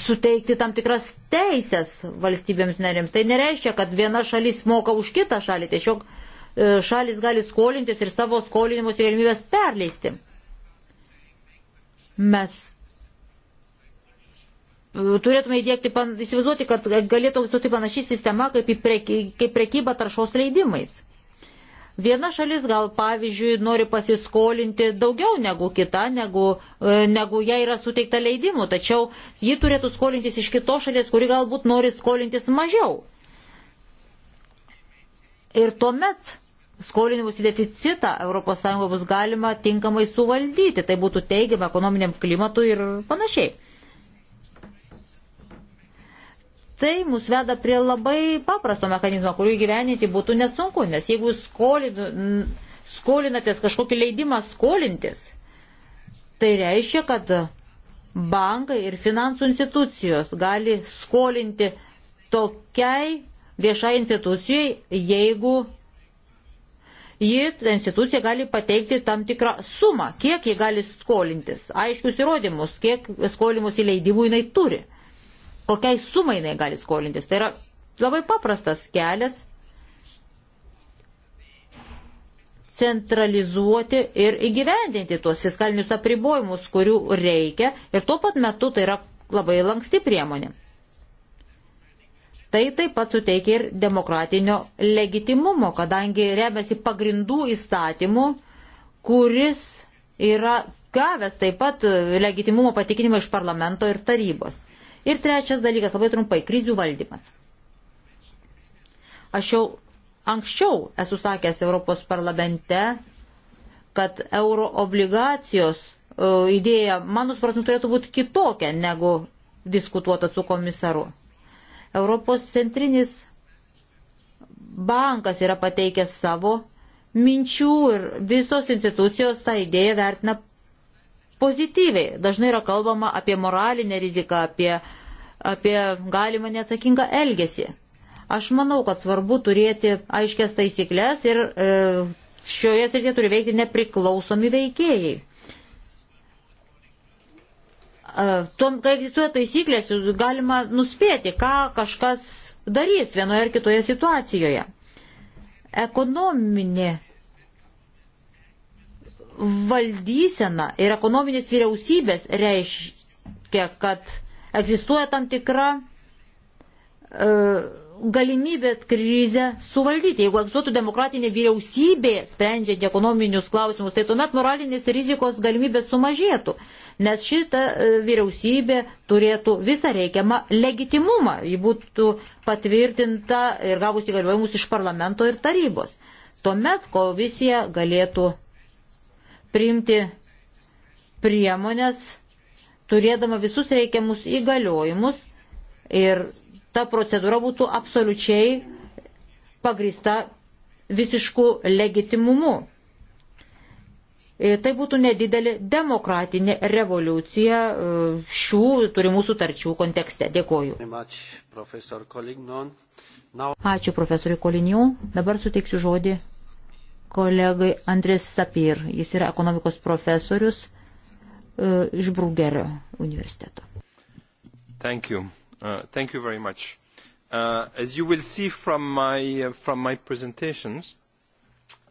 suteikti tam tikras teisės valstybėms narėms. Tai nereiškia, kad viena šalis moka už kitą šalį, tiesiog e, šalis gali skolintis ir savo skolinimus ir galimybės perleisti. Mes e, turėtume įdėkti, įsivaizduoti, kad galėtų egzistuoti panaši sistema kaip, preki, kaip prekyba taršos leidimais. Viena šalis gal pavyzdžiui nori pasiskolinti daugiau negu kita, negu, e, negu jai yra suteikta leidimų, tačiau ji turėtų skolintis iš kitos šalies, kuri galbūt nori skolintis mažiau. Ir tuomet skolinimus į deficitą ES bus galima tinkamai suvaldyti, tai būtų teigiama ekonominiam klimatui ir panašiai tai mus veda prie labai paprasto mechanizmo, kurį gyveninti būtų nesunku, nes jeigu jūs skolin, skolinatės kažkokį leidimą skolintis, tai reiškia, kad bankai ir finansų institucijos gali skolinti tokiai viešai institucijai, jeigu ji, institucija gali pateikti tam tikrą sumą, kiek ji gali skolintis, aiškius įrodymus, kiek skolimus įleidimų jinai turi kokiai sumai jinai gali skolintis. Tai yra labai paprastas kelias centralizuoti ir įgyvendinti tuos fiskalinius apribojimus, kurių reikia ir tuo pat metu tai yra labai lanksti priemonė. Tai taip pat suteikia ir demokratinio legitimumo, kadangi remiasi pagrindų įstatymu, kuris yra gavęs taip pat legitimumo patikinimą iš parlamento ir tarybos. Ir trečias dalykas, labai trumpai, krizių valdymas. Aš jau anksčiau esu sakęs Europos parlamente, kad euro obligacijos e, idėja, mano supratimu, turėtų būti kitokia negu diskutuota su komisaru. Europos centrinis bankas yra pateikęs savo minčių ir visos institucijos tą idėją vertina pozityviai. Dažnai yra kalbama apie moralinę riziką, apie, apie galimą neatsakingą elgesį. Aš manau, kad svarbu turėti aiškias taisyklės ir e, šioje srityje turi veikti nepriklausomi veikėjai. E, Tom, kai egzistuoja taisyklės, galima nuspėti, ką kažkas darys vienoje ar kitoje situacijoje. Ekonominė valdysena ir ekonominės vyriausybės reiškia, kad egzistuoja tam tikra e, galimybė krizę suvaldyti. Jeigu egzistuotų demokratinė vyriausybė sprendžiant ekonominius klausimus, tai tuomet moralinės rizikos galimybės sumažėtų, nes šita e, vyriausybė turėtų visą reikiamą legitimumą, ji būtų patvirtinta ir gavusi galiojimus iš parlamento ir tarybos. Tuomet komisija galėtų priimti priemonės, turėdama visus reikiamus įgaliojimus ir ta procedūra būtų absoliučiai pagrįsta visišku legitimumu. Ir tai būtų nedidelė demokratinė revoliucija e, šių turimų sutarčių kontekste. Dėkoju. Ačiū profesoriui Kolinijų. Dabar suteiksiu žodį kolegai Andrės Sapir. Jis yra ekonomikos profesorius uh, iš Brugerio universiteto. Thank you. Uh, thank you very much. Uh, as you will see from my, uh, from my presentations,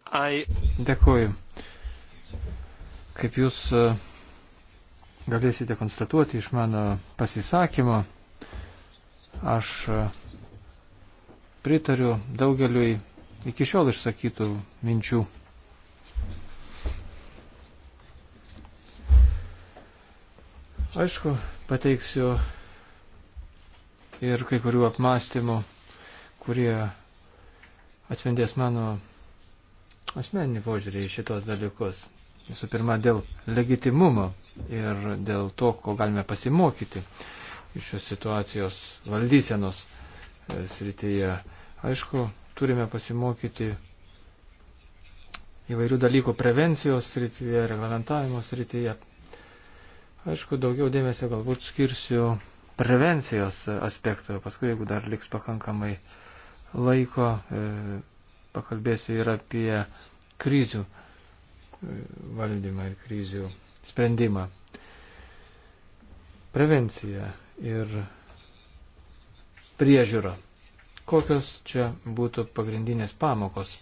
I... Dėkuoju. Kaip jūs uh, galėsite konstatuoti iš mano pasisakymo, aš uh, pritariu daugeliui iki šiol išsakytų minčių. Aišku, pateiksiu ir kai kurių apmąstymų, kurie atspindės mano asmeninį požiūrį į šitos dalykus. Visų pirma, dėl legitimumo ir dėl to, ko galime pasimokyti iš šios situacijos valdysenos e, srityje. Aišku, turime pasimokyti įvairių dalykų prevencijos srityje, reglamentavimo srityje. Aišku, daugiau dėmesio galbūt skirsiu prevencijos aspektui, paskui jeigu dar liks pakankamai laiko, e, pakalbėsiu ir apie krizių e, valdymą ir krizių sprendimą. Prevencija ir priežiūra. Kokios čia būtų pagrindinės pamokos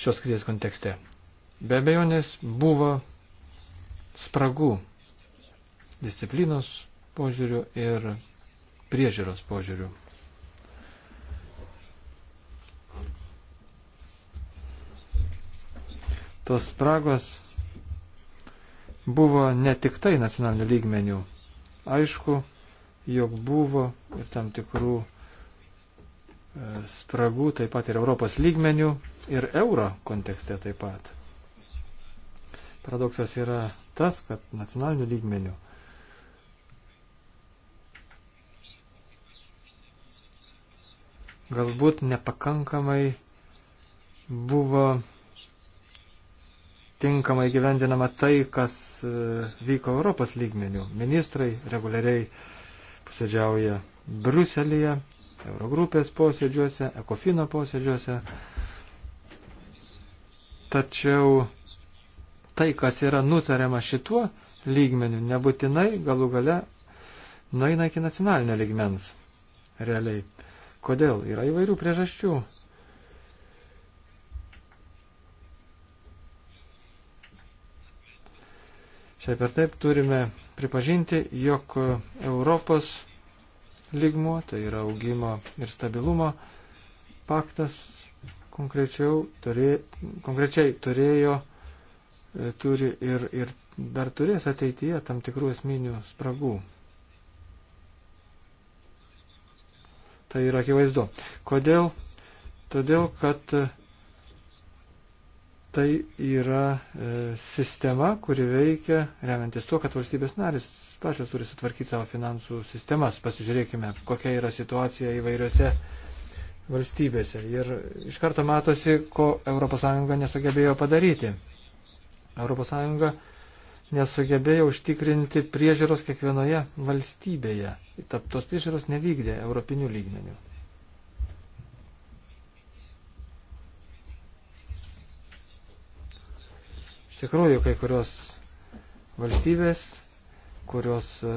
šios krizės kontekste? Be abejonės buvo spragų disciplinos požiūrių ir priežiūros požiūrių. Tos spragos buvo ne tik tai nacionalinių lygmenių. Aišku, jog buvo ir tam tikrų spragų taip pat ir Europos lygmenių ir euro kontekste taip pat. Paradoksas yra tas, kad nacionalinių lygmenių galbūt nepakankamai buvo tinkamai gyvendinama tai, kas e, vyko Europos lygmenių. Ministrai reguliariai pusėdžiauja Bruselėje, Eurogrupės posėdžiuose, Ekofino posėdžiuose. Tačiau tai, kas yra nutariama šituo lygmeniu, nebūtinai galų gale nueina iki nacionalinio lygmens. Realiai. Kodėl? Yra įvairių priežasčių. Šiaip ir taip turime pripažinti, jog Europos ligmuo, tai yra augimo ir stabilumo paktas turė, konkrečiai turėjo, e, turi ir, ir dar turės ateityje tam tikrų esminių spragų. Tai yra akivaizdu. Kodėl? Todėl, kad Tai yra e, sistema, kuri veikia remiantis tuo, kad valstybės narys pačios turi sutvarkyti savo finansų sistemas. Pasižiūrėkime, kokia yra situacija įvairiose valstybėse. Ir iš karto matosi, ko ES nesugebėjo padaryti. ES nesugebėjo užtikrinti priežiūros kiekvienoje valstybėje. Tap, tos priežiūros nevykdė europinių lygmenių. Iš tikrųjų, kai kurios valstybės, kurios e,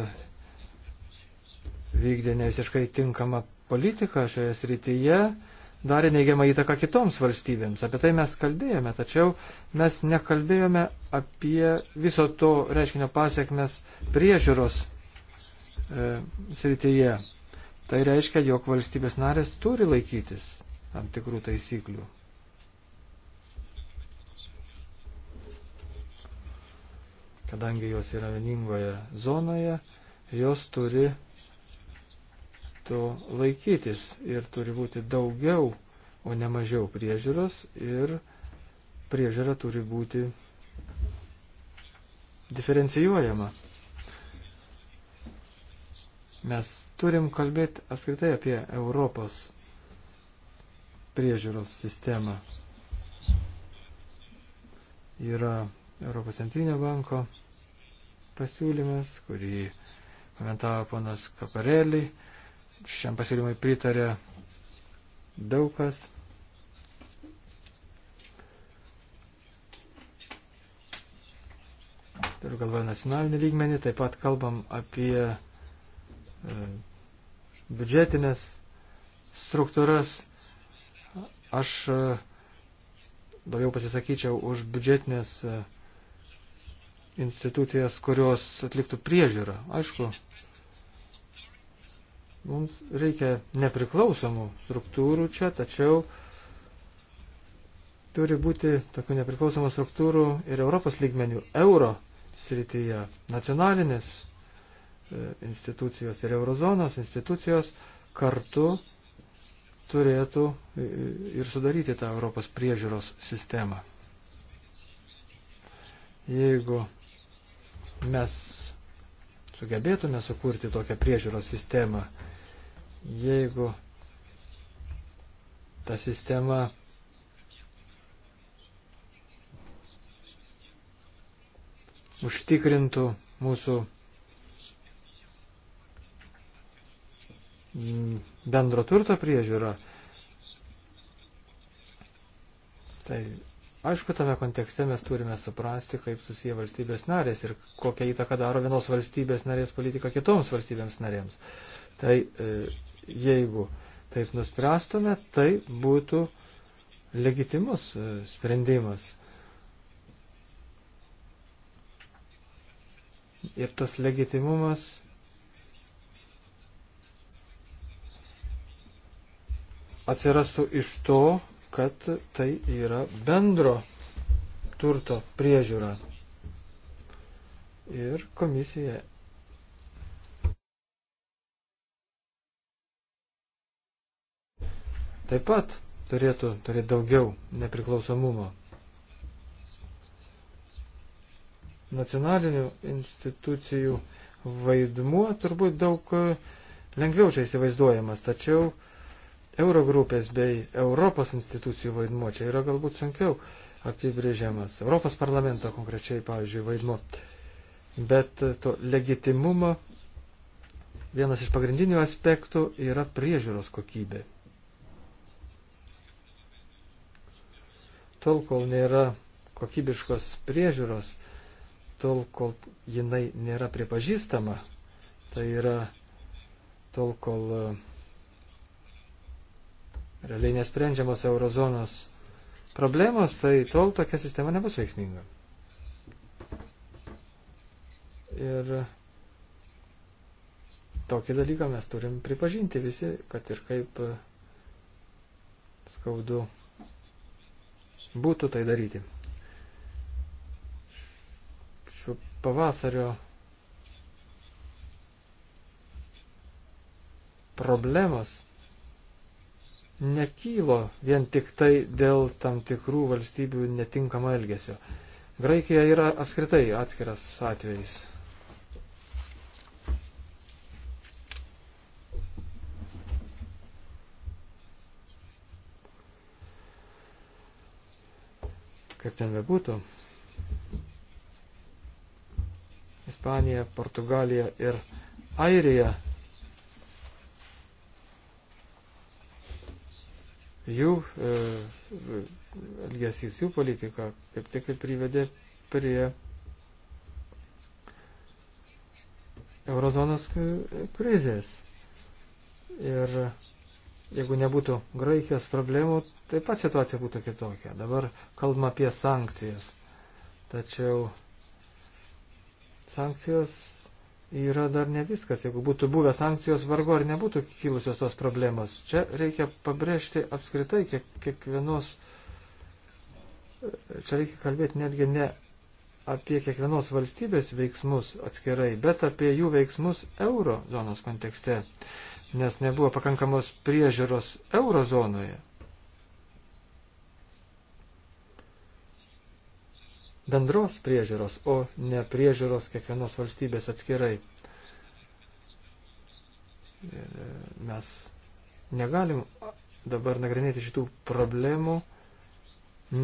vykdė nevisiškai tinkamą politiką šioje srityje, darė neigiamą įtaką kitoms valstybėms. Apie tai mes kalbėjome, tačiau mes nekalbėjome apie viso to reiškinio pasiekmes priežiūros e, srityje. Tai reiškia, jog valstybės narės turi laikytis tam tikrų taisyklių. kadangi jos yra vieningoje zonoje, jos turi to laikytis ir turi būti daugiau, o ne mažiau priežiūros ir priežiūra turi būti diferencijuojama. Mes turim kalbėti apskritai apie Europos priežiūros sistemą. Yra Europos centrinio banko pasiūlymas, kurį komentavo ponas Kaparelį. Šiam pasiūlymui pritarė daug kas. Turiu galvoje nacionalinį lygmenį, taip pat kalbam apie e, biudžetinės struktūras. Aš e, labiau pasisakyčiau už biudžetinės e, institucijas, kurios atliktų priežiūrą. Aišku, mums reikia nepriklausomų struktūrų čia, tačiau turi būti tokių nepriklausomų struktūrų ir Europos lygmenių euro srityje nacionalinės e, institucijos ir eurozonos institucijos kartu turėtų e, ir sudaryti tą Europos priežiūros sistemą. Jeigu mes sugebėtume sukurti tokią priežiūros sistemą, jeigu ta sistema užtikrintų mūsų bendro turto priežiūrą, tai Aišku, tame kontekste mes turime suprasti, kaip susiję valstybės narės ir kokią įtaką daro vienos valstybės narės politika kitoms valstybėms narėms. Tai e, jeigu taip nuspręstume, tai būtų legitimus e, sprendimas. Ir tas legitimumas atsirastų iš to, kad tai yra bendro turto priežiūra. Ir komisija. Taip pat turėtų turėti daugiau nepriklausomumo. Nacionalinių institucijų vaidmuo turbūt daug lengviau čia įsivaizduojamas, tačiau Eurogrupės bei Europos institucijų vaidmuo čia yra galbūt sunkiau apibrėžiamas. Europos parlamento konkrečiai, pavyzdžiui, vaidmuo. Bet to legitimumo vienas iš pagrindinių aspektų yra priežiūros kokybė. Tol, kol nėra kokybiškos priežiūros, tol, kol jinai nėra pripažįstama, tai yra tol, kol uh, realiai nesprendžiamos eurozonos problemos, tai tol tokia sistema nebus veiksminga. Ir tokį dalyką mes turim pripažinti visi, kad ir kaip skaudu būtų tai daryti. Šiuo pavasario problemos nekylo vien tik tai dėl tam tikrų valstybių netinkamo elgesio. Graikija yra apskritai atskiras atvejis. Kaip ten bebūtų, Ispanija, Portugalija ir Airija jų e, elgesys, jų politika kaip tik ir privedė prie eurozonos krizės. Ir jeigu nebūtų Graikijos problemų, taip pat situacija būtų kitokia. Dabar kalbam apie sankcijas. Tačiau sankcijos yra dar ne viskas. Jeigu būtų buvę sankcijos, vargu ar nebūtų kilusios tos problemos. Čia reikia pabrėžti apskritai kiek, kiekvienos, čia reikia kalbėti netgi ne apie kiekvienos valstybės veiksmus atskirai, bet apie jų veiksmus euro zonos kontekste, nes nebuvo pakankamos priežiūros euro zonoje. bendros priežiūros, o ne priežiūros kiekvienos valstybės atskirai. Ir e, mes negalim dabar nagrinėti šitų problemų,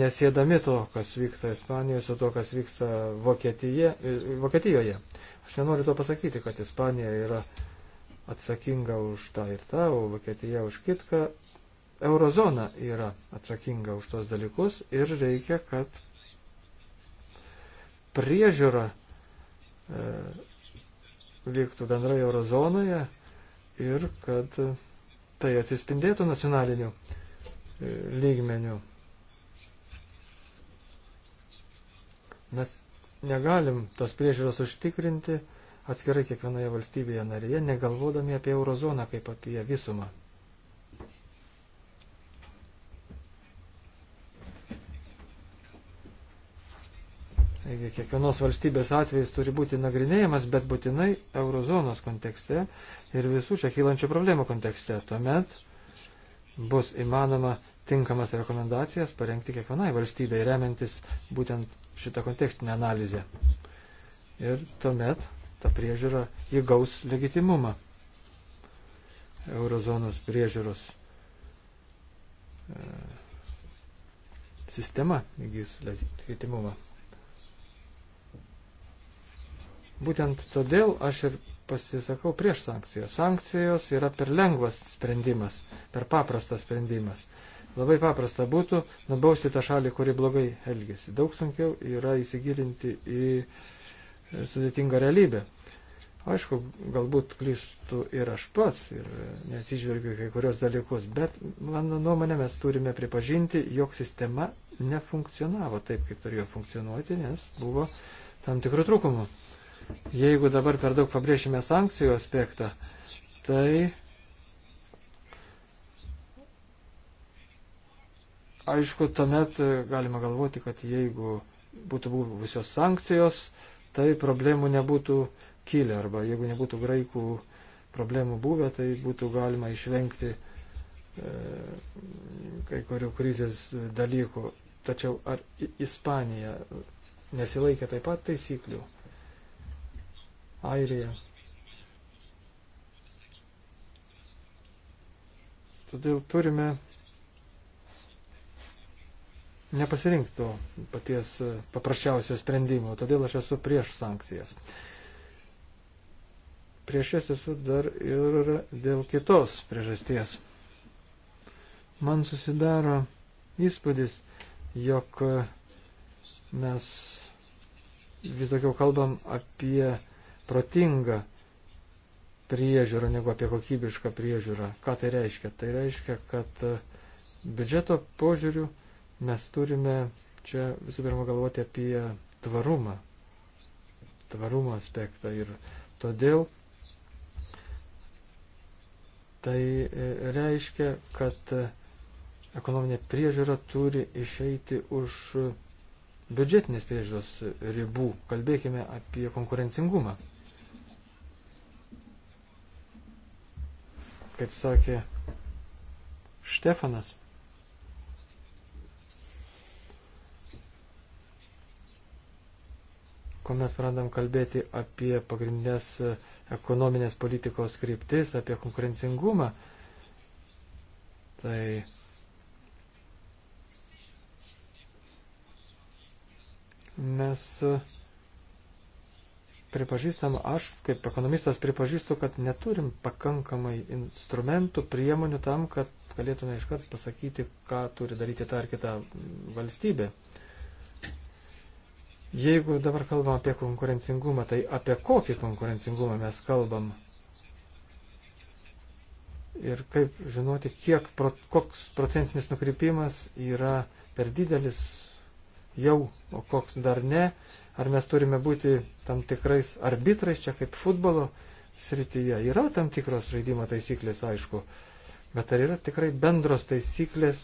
nesėdami to, kas vyksta Ispanijoje, su to, kas vyksta Vokietije, e, Vokietijoje. Aš nenoriu to pasakyti, kad Ispanija yra atsakinga už tą ir tą, o Vokietija už kitką. Eurozona yra atsakinga už tos dalykus ir reikia, kad priežiūra e, vyktų bendrai eurozonoje ir kad tai atsispindėtų nacionaliniu e, lygmeniu. Mes negalim tos priežiūros užtikrinti atskirai kiekvienoje valstybėje narėje, negalvodami apie eurozoną kaip apie visumą. Taigi kiekvienos valstybės atvejs turi būti nagrinėjamas, bet būtinai eurozonos kontekste ir visų čia kylančių problemų kontekste. Tuomet bus įmanoma tinkamas rekomendacijas parengti kiekvienai valstybei, remiantis būtent šitą kontekstinę analizę. Ir tuomet ta priežiūra įgaus legitimumą eurozonos priežiūros e, sistema įgys legitimumą. Būtent todėl aš ir pasisakau prieš sankcijas. Sankcijos yra per lengvas sprendimas, per paprastas sprendimas. Labai paprasta būtų nubausti tą šalį, kuri blogai elgesi. Daug sunkiau yra įsigilinti į sudėtingą realybę. Aišku, galbūt klystu ir aš pats, ir nesižvelgiu kai kurios dalykus, bet mano nuomonė mes turime pripažinti, jog sistema nefunkcionavo taip, kaip turėjo funkcionuoti, nes buvo tam tikrų trūkumų. Jeigu dabar per daug pabrėšime sankcijų aspektą, tai aišku, tuomet galima galvoti, kad jeigu būtų buvusios sankcijos, tai problemų nebūtų kilę arba jeigu nebūtų graikų problemų buvę, tai būtų galima išvengti e, kai kurių krizės dalykų. Tačiau ar Ispanija nesilaikė taip pat taisyklių? Airija. Todėl turime nepasirinktų paties paprasčiausio sprendimo, todėl aš esu prieš sankcijas. Prieš jas esu dar ir dėl kitos priežasties. Man susidaro įspūdis, jog mes vis daugiau kalbam apie protingą priežiūrą negu apie kokybišką priežiūrą. Ką tai reiškia? Tai reiškia, kad e, biudžeto požiūrių mes turime čia visų pirma galvoti apie tvarumą, tvarumo aspektą ir todėl tai e, reiškia, kad e, ekonominė priežiūra turi išeiti už biudžetinės priežiūros ribų. Kalbėkime apie konkurencingumą. kaip sakė Štefanas. Kuomet pradam kalbėti apie pagrindinės ekonominės politikos kryptis, apie konkurencingumą, tai mes uh, pripažįstam, aš kaip ekonomistas pripažįstu, kad neturim pakankamai instrumentų, priemonių tam, kad galėtume iškart pasakyti, ką turi daryti ta ar kita valstybė. Jeigu dabar kalbam apie konkurencingumą, tai apie kokį konkurencingumą mes kalbam? Ir kaip žinoti, kiek, koks procentinis nukrypimas yra per didelis jau, o koks dar ne, Ar mes turime būti tam tikrais arbitrais čia kaip futbolo srityje? Yra tam tikros žaidimo taisyklės, aišku, bet ar yra tikrai bendros taisyklės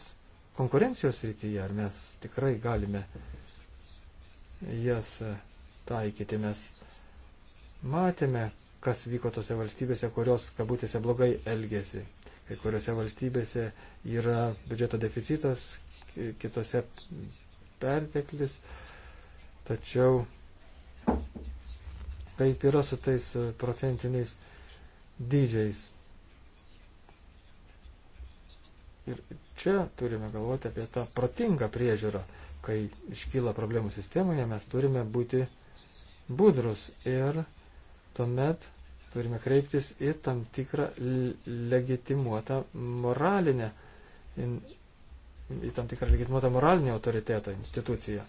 konkurencijos srityje? Ar mes tikrai galime jas e, taikyti? Mes matėme, kas vyko tose valstybėse, kurios, kabutėse, blogai elgėsi. Kai kuriuose valstybėse yra biudžeto deficitas, kitose perteklis. Uh, Tačiau kaip yra su tais e, procentiniais dydžiais. Ir čia turime galvoti apie tą protingą priežiūrą. Kai iškyla problemų sistemoje, mes turime būti budrus ir tuomet turime kreiptis į tam tikrą legitimuotą moralinę, į tam tikrą legitimuotą moralinę autoritetą instituciją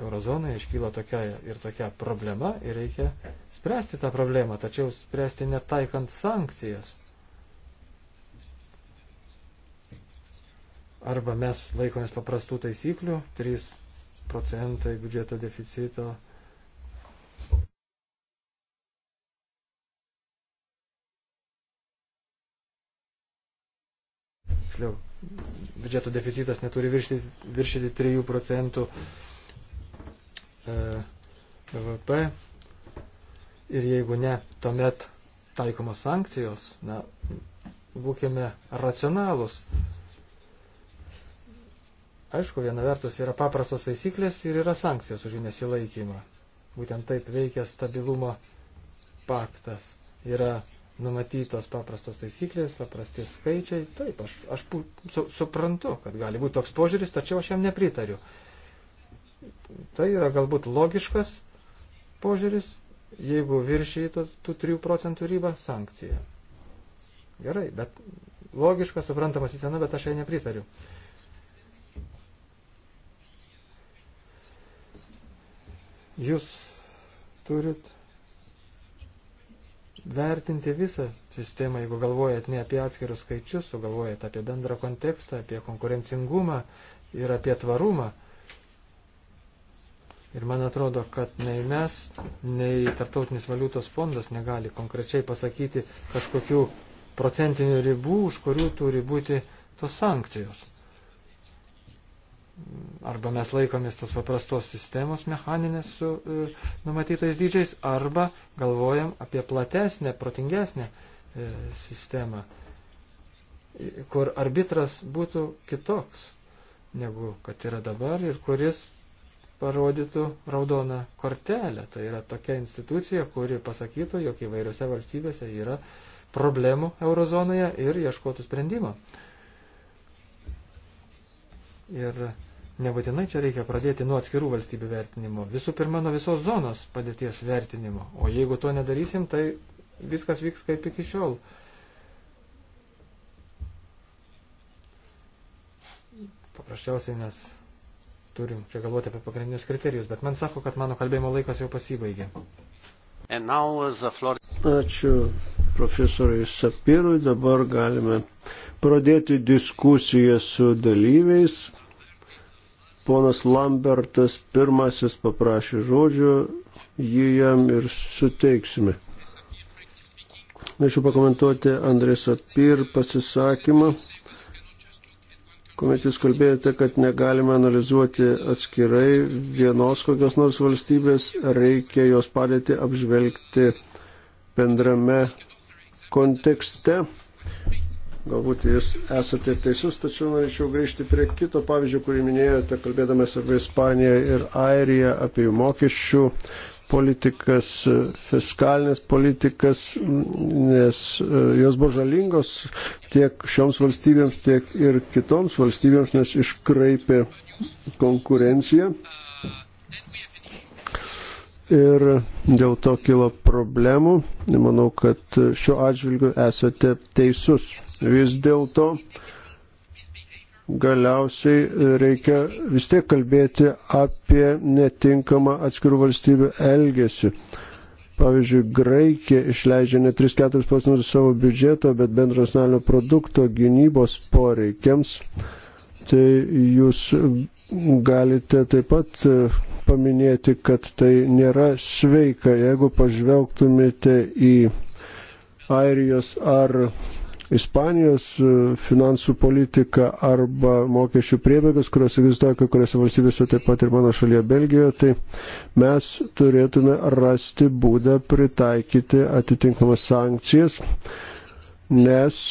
eurozonoje iškyla tokia ir tokia problema ir reikia spręsti tą problemą, tačiau spręsti netaikant sankcijas. Arba mes laikomės paprastų taisyklių, 3 procentai biudžeto deficito. Tiksliau, biudžeto deficitas neturi viršyti, viršyti 3 procentų BVP e, ir jeigu ne, tuomet taikomos sankcijos. Na, būkime racionalūs. Aišku, viena vertus yra paprastos taisyklės ir yra sankcijos už jų nesilaikymą. Būtent taip veikia stabilumo paktas. Yra numatytos paprastos taisyklės, paprasti skaičiai. Taip, aš, aš su, suprantu, kad gali būti toks požiūris, tačiau aš jam nepritariu. Uh, Tai yra galbūt logiškas požiūris, jeigu viršytų tų 3 procentų rybą sankciją. Gerai, bet logiška, suprantama sistema, bet aš jai nepritariu. Jūs turit vertinti visą sistemą, jeigu galvojat ne apie atskirus skaičius, o galvojat apie bendrą kontekstą, apie konkurencingumą ir apie tvarumą. Ir man atrodo, kad nei mes, nei Tartautinis valiutos fondas negali konkrečiai pasakyti kažkokių procentinių ribų, už kurių turi būti tos sankcijos. Arba mes laikomės tos paprastos sistemos mechaninės su e, numatytais dydžiais, arba galvojam apie platesnę, protingesnę e, sistemą, kur arbitras būtų kitoks negu kad yra dabar ir kuris parodytų raudoną kortelę. Tai yra tokia institucija, kuri pasakytų, jog įvairiose valstybėse yra problemų eurozonoje ir ieškotų sprendimo. Ir nebūtinai čia reikia pradėti nuo atskirų valstybių vertinimo. Visų pirma, nuo visos zonos padėties vertinimo. O jeigu to nedarysim, tai viskas vyks kaip iki šiol. Paprasčiausiai, nes turim čia galvoti apie pagrindinius kriterijus, bet man sako, kad mano kalbėjimo laikas jau pasibaigė. Uh, Ačiū profesoriai Sapirui, dabar galime pradėti diskusiją su dalyviais. Ponas Lambertas pirmasis paprašė žodžio, jį jam ir suteiksime. Norėčiau pakomentuoti Andrės Apir pasisakymą kuomet jūs kalbėjote, kad negalime analizuoti atskirai vienos kokios nors valstybės, reikia jos padėti apžvelgti bendrame kontekste. Galbūt jūs esate teisus, tačiau norėčiau grįžti prie kito pavyzdžio, kurį minėjote, kalbėdamas apie Ispaniją ir Airiją, apie jų mokesčių politikas, fiskalinės politikas, nes e, jos buvo žalingos tiek šioms valstybėms, tiek ir kitoms valstybėms, nes iškraipė konkurenciją. Ir dėl to kilo problemų. Manau, kad šiuo atžvilgiu esate teisus. Vis dėlto uh, galiausiai reikia vis tiek kalbėti apie netinkamą atskirų valstybių elgesį. Pavyzdžiui, Graikija išleidžia ne 3-4 procentus savo biudžeto, bet bendro nacionalinio produkto gynybos poreikiams. Tai jūs galite taip pat e, paminėti, kad tai nėra sveika. Jeigu pažvelgtumėte į Airijos ar Ispanijos e, finansų politika arba mokesčių priebėgas, kurios egzistuoja kai kuriuose valstybėse, taip pat ir mano šalyje Belgijoje, tai mes turėtume rasti būdą pritaikyti atitinkamas sankcijas, nes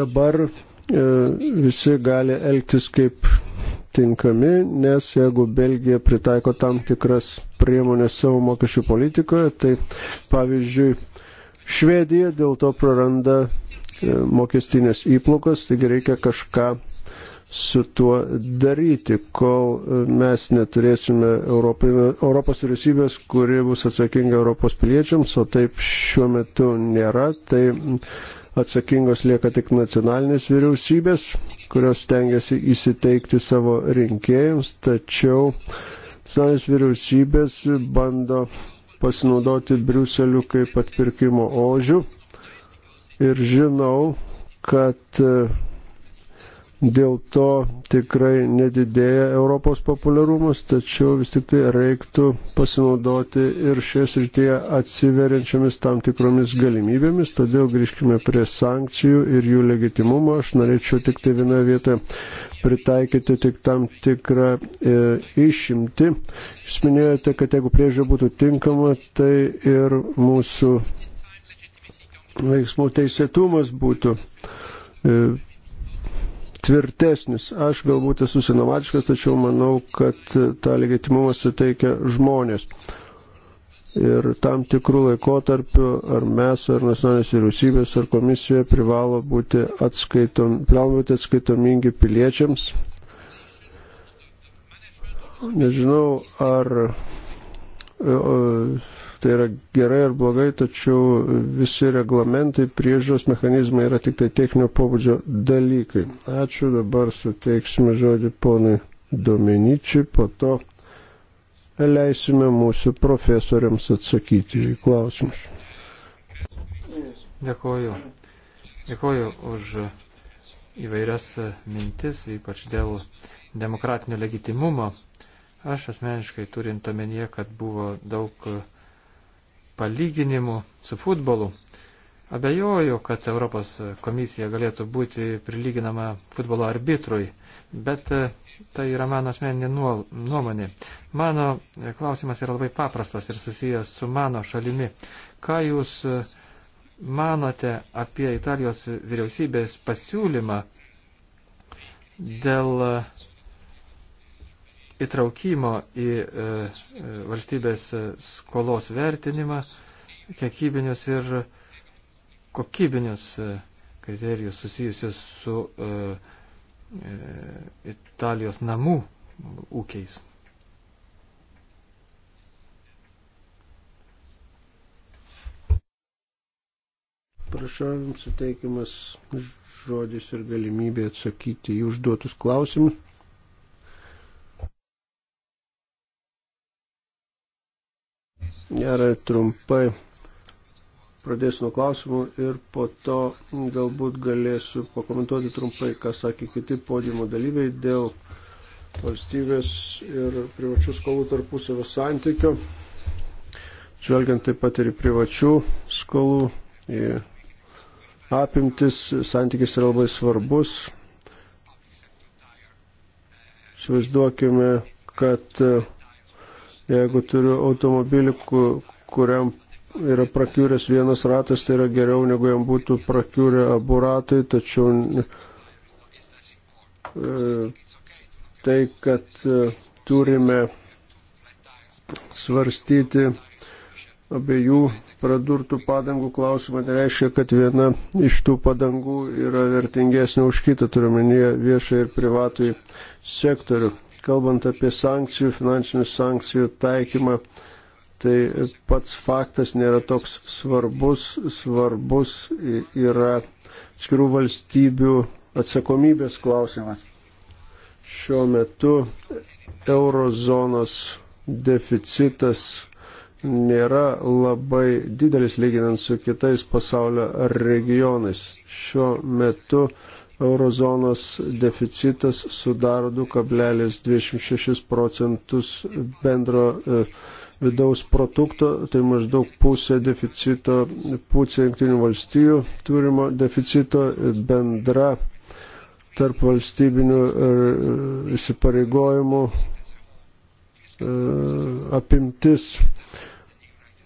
dabar e, visi gali elgtis kaip tinkami, nes jeigu Belgija pritaiko tam tikras priemonės savo mokesčių politikoje, tai pavyzdžiui, Švedija dėl to praranda e, mokestinės įplaukas, taigi reikia kažką su tuo daryti, kol e, mes neturėsime Europos vyriausybės, kuri bus atsakinga Europos piliečiams, o taip šiuo metu nėra, tai atsakingos lieka tik nacionalinės vyriausybės, kurios tengiasi įsiteikti savo rinkėjams, tačiau nacionalinės vyriausybės bando pasinaudoti Briuseliu kaip atpirkimo ožių. Ir žinau, kad e, dėl to tikrai nedidėja Europos populiarumas, tačiau vis tik tai reiktų pasinaudoti ir šies rytyje atsiveriančiamis tam tikromis galimybėmis, todėl grįžkime prie sankcijų ir jų legitimumo. Aš norėčiau tik tai vieną vietą pritaikyti tik tam tikrą e, išimti. Jūs minėjote, kad jeigu priežiūra būtų tinkama, tai ir mūsų veiksmų teisėtumas būtų e, tvirtesnis. Aš galbūt esu sinomatiškas, tačiau manau, kad tą legitimumą suteikia žmonės. E, ir tam tikrų laikotarpių ar mes, ar nacionalinės vyriausybės, ar komisija privalo būti, atskaitom, privalo būti atskaitomingi piliečiams. Nežinau, ar e, tai yra gerai ar blogai, tačiau visi reglamentai, priežiūros mechanizmai yra tik tai techninio pobūdžio dalykai. Ačiū, dabar suteiksime žodį ponui Domeničiui, po to leisime mūsų profesoriams atsakyti į klausimus. Dėkuoju. Dėkuoju už įvairias mintis, ypač dėl demokratinio legitimumo. Aš asmeniškai turint omenyje, kad buvo daug palyginimų su futbolu, abejoju, kad Europos komisija galėtų būti prilyginama futbolo arbitrui, bet Tai yra mano asmeninė nuomonė. Mano klausimas yra labai paprastas ir susijęs su mano šalimi. Ką jūs e, manote apie Italijos vyriausybės pasiūlymą dėl e, įtraukimo į e, valstybės skolos vertinimą, kiekybinius ir kokybinius kriterijus susijusius su uh, E, Italijos namų ūkiais. Prašau, jums suteikiamas žodis ir galimybė atsakyti į užduotus klausimus. Gerai, trumpai Pradėsiu nuo klausimų ir po to galbūt galėsiu pakomentuoti trumpai, ką sakė kiti podiumo dalyviai dėl valstybės ir privačių skolų tarpusavio santykio, žvelgiant taip pat ir į privačių skolų, į apimtis, santykis yra labai svarbus. Įsivaizduokime, kad e, jeigu turiu automobilį, kuriam yra prakiūręs vienas ratas, tai yra geriau negu jam būtų prakiūrę abu ratai, tačiau e, tai, kad e, turime svarstyti abiejų pradurtų padangų klausimą, tai reiškia, kad viena iš tų padangų yra vertingesnė už kitą, turiuomenyje viešą ir privatų sektorių. Kalbant apie sankcijų, finansinių sankcijų taikymą, tai pats faktas nėra toks svarbus, svarbus yra skirų valstybių atsakomybės klausimas. Šiuo metu eurozonos deficitas nėra labai didelis lyginant su kitais pasaulio regionais. Šiuo metu eurozonos deficitas sudaro 2,26 procentus bendro e, vidaus produkto, tai maždaug pusė deficito, pusė jungtinių valstijų turimo deficito bendra tarp valstybinių e, įsipareigojimų e, apimtis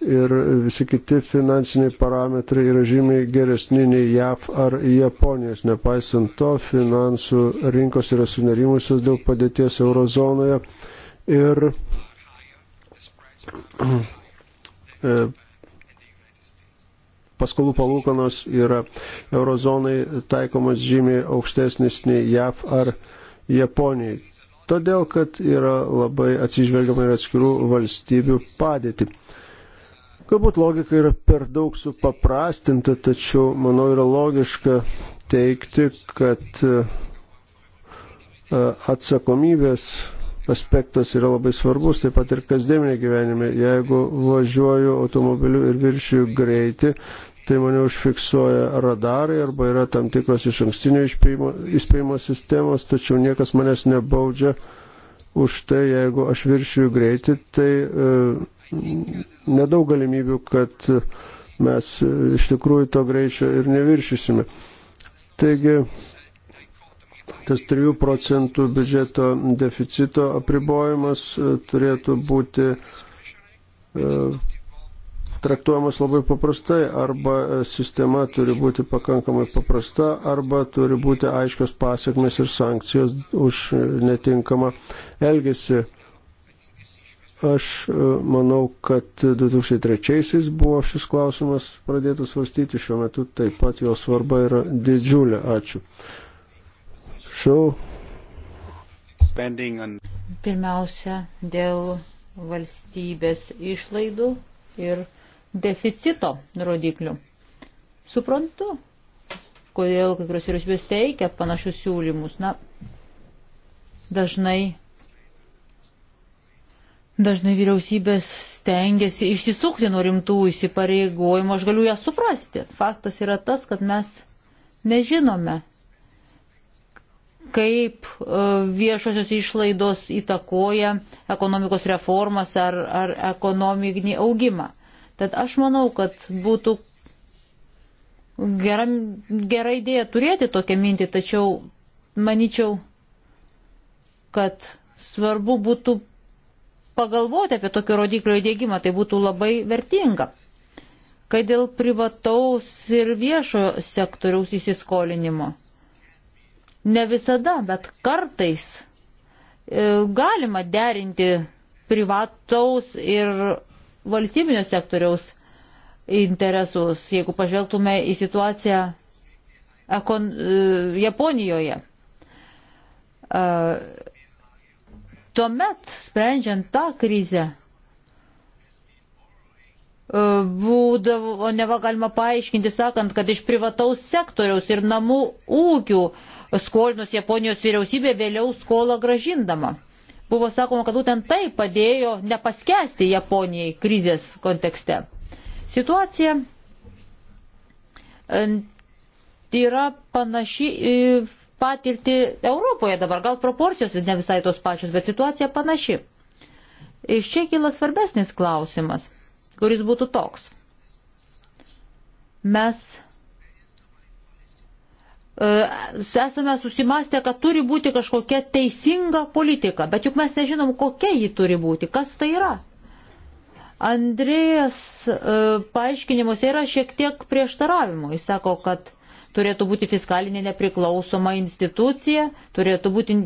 ir visi kiti finansiniai parametrai yra žymiai geresni nei JAV ar Japonijos. Nepaisant to, finansų rinkos yra sunerimusios dėl padėties eurozonoje ir E, paskolų palūkanos yra eurozonai taikomas žymiai aukštesnis nei JAV ar Japonijai. Todėl, kad yra labai atsižvelgiama ir atskirų valstybių padėti. Galbūt logika yra per daug supaprastinta, tačiau manau yra logiška teikti, kad e, atsakomybės aspektas yra labai svarbus, taip pat ir kasdieninė gyvenime. Jeigu važiuoju automobiliu ir viršiju greitį, tai mane užfiksuoja radarai arba yra tam tikros iš ankstinio įspėjimo, įspėjimo sistemos, tačiau niekas manęs nebaudžia už tai, jeigu aš viršiju greitį, tai e, nedaug galimybių, kad mes e, iš tikrųjų to greičio ir neviršysime. Taigi, tas 3 procentų biudžeto deficito apribojimas e, turėtų būti e, traktuojamas labai paprastai, arba e, sistema turi būti pakankamai paprasta, arba turi būti aiškios pasiekmes ir sankcijos už netinkamą elgesį. Aš manau, kad 2003-aisiais buvo šis klausimas pradėtas svarstyti, šiuo metu taip pat jo svarba yra didžiulė. Ačiū. Prašau. Pirmiausia, dėl valstybės išlaidų ir deficito rodiklių. Suprantu, kodėl kai kurios vyriausybės teikia panašius siūlymus. Na, dažnai, dažnai vyriausybės stengiasi išsisukti nuo rimtų įsipareigojimų, aš galiu ją suprasti. Faktas yra tas, kad mes nežinome, kaip e, viešosios išlaidos įtakoja ekonomikos reformas ar, ar ekonominį augimą. Tad aš manau, kad būtų gera, gera idėja turėti tokią mintį, tačiau manyčiau, kad svarbu būtų pagalvoti apie tokio rodiklio įdėgymą, tai būtų labai vertinga. Kai dėl privataus ir viešo sektoriaus įsiskolinimo Ne visada, bet kartais e, galima derinti privataus ir valstybinio sektoriaus interesus, jeigu pažvelgtume į situaciją ekon, e, Japonijoje. E, tuomet, sprendžiant tą krizę, būdavo, o neva galima paaiškinti, sakant, kad iš privataus sektoriaus ir namų ūkių uh, skolinus Japonijos vyriausybė vėliau skolą gražindama. Buvo sakoma, kad būtent tai padėjo nepaskesti Japonijai krizės kontekste. Situacija e, yra panaši į patirtį Europoje dabar, gal proporcijos ne visai tos pačios, bet situacija panaši. Iš čia kyla svarbesnis klausimas, kuris būtų toks. Mes E, esame susimastę, kad turi būti kažkokia teisinga politika, bet juk mes nežinom, kokia ji turi būti, kas tai yra. Andrėjas e, paaiškinimuose yra šiek tiek prieštaravimų. Jis sako, kad turėtų būti fiskalinė nepriklausoma institucija, turėtų būti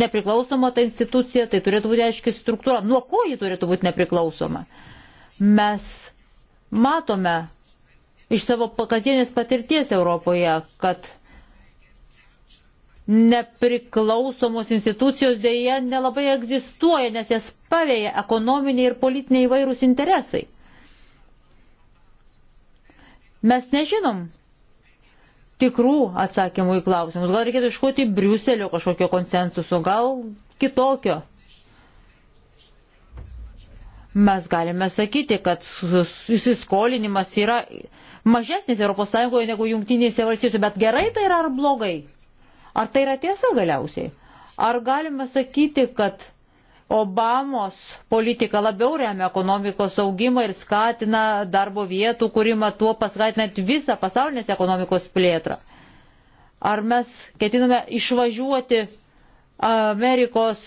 nepriklausoma ta institucija, tai turėtų būti aiški struktūra. Nuo ko ji turėtų būti nepriklausoma? Mes matome, iš savo kasdienės patirties Europoje, kad nepriklausomos institucijos dėja nelabai egzistuoja, nes jas pavėja ekonominiai ir politiniai įvairūs interesai. Mes nežinom tikrų atsakymų į klausimus. Gal reikėtų iškoti Briuselio kažkokio konsensuso, gal kitokio. Mes galime sakyti, kad įsiskolinimas yra mažesnis ES negu jungtinėse valstyje, bet gerai tai yra ar blogai? Ar tai yra tiesa galiausiai? Ar galima sakyti, kad Obamos politika labiau remia ekonomikos augimą ir skatina darbo vietų kūrimą, tuo paskatinant visą pasaulinės ekonomikos plėtrą? Ar mes ketiname išvažiuoti Amerikos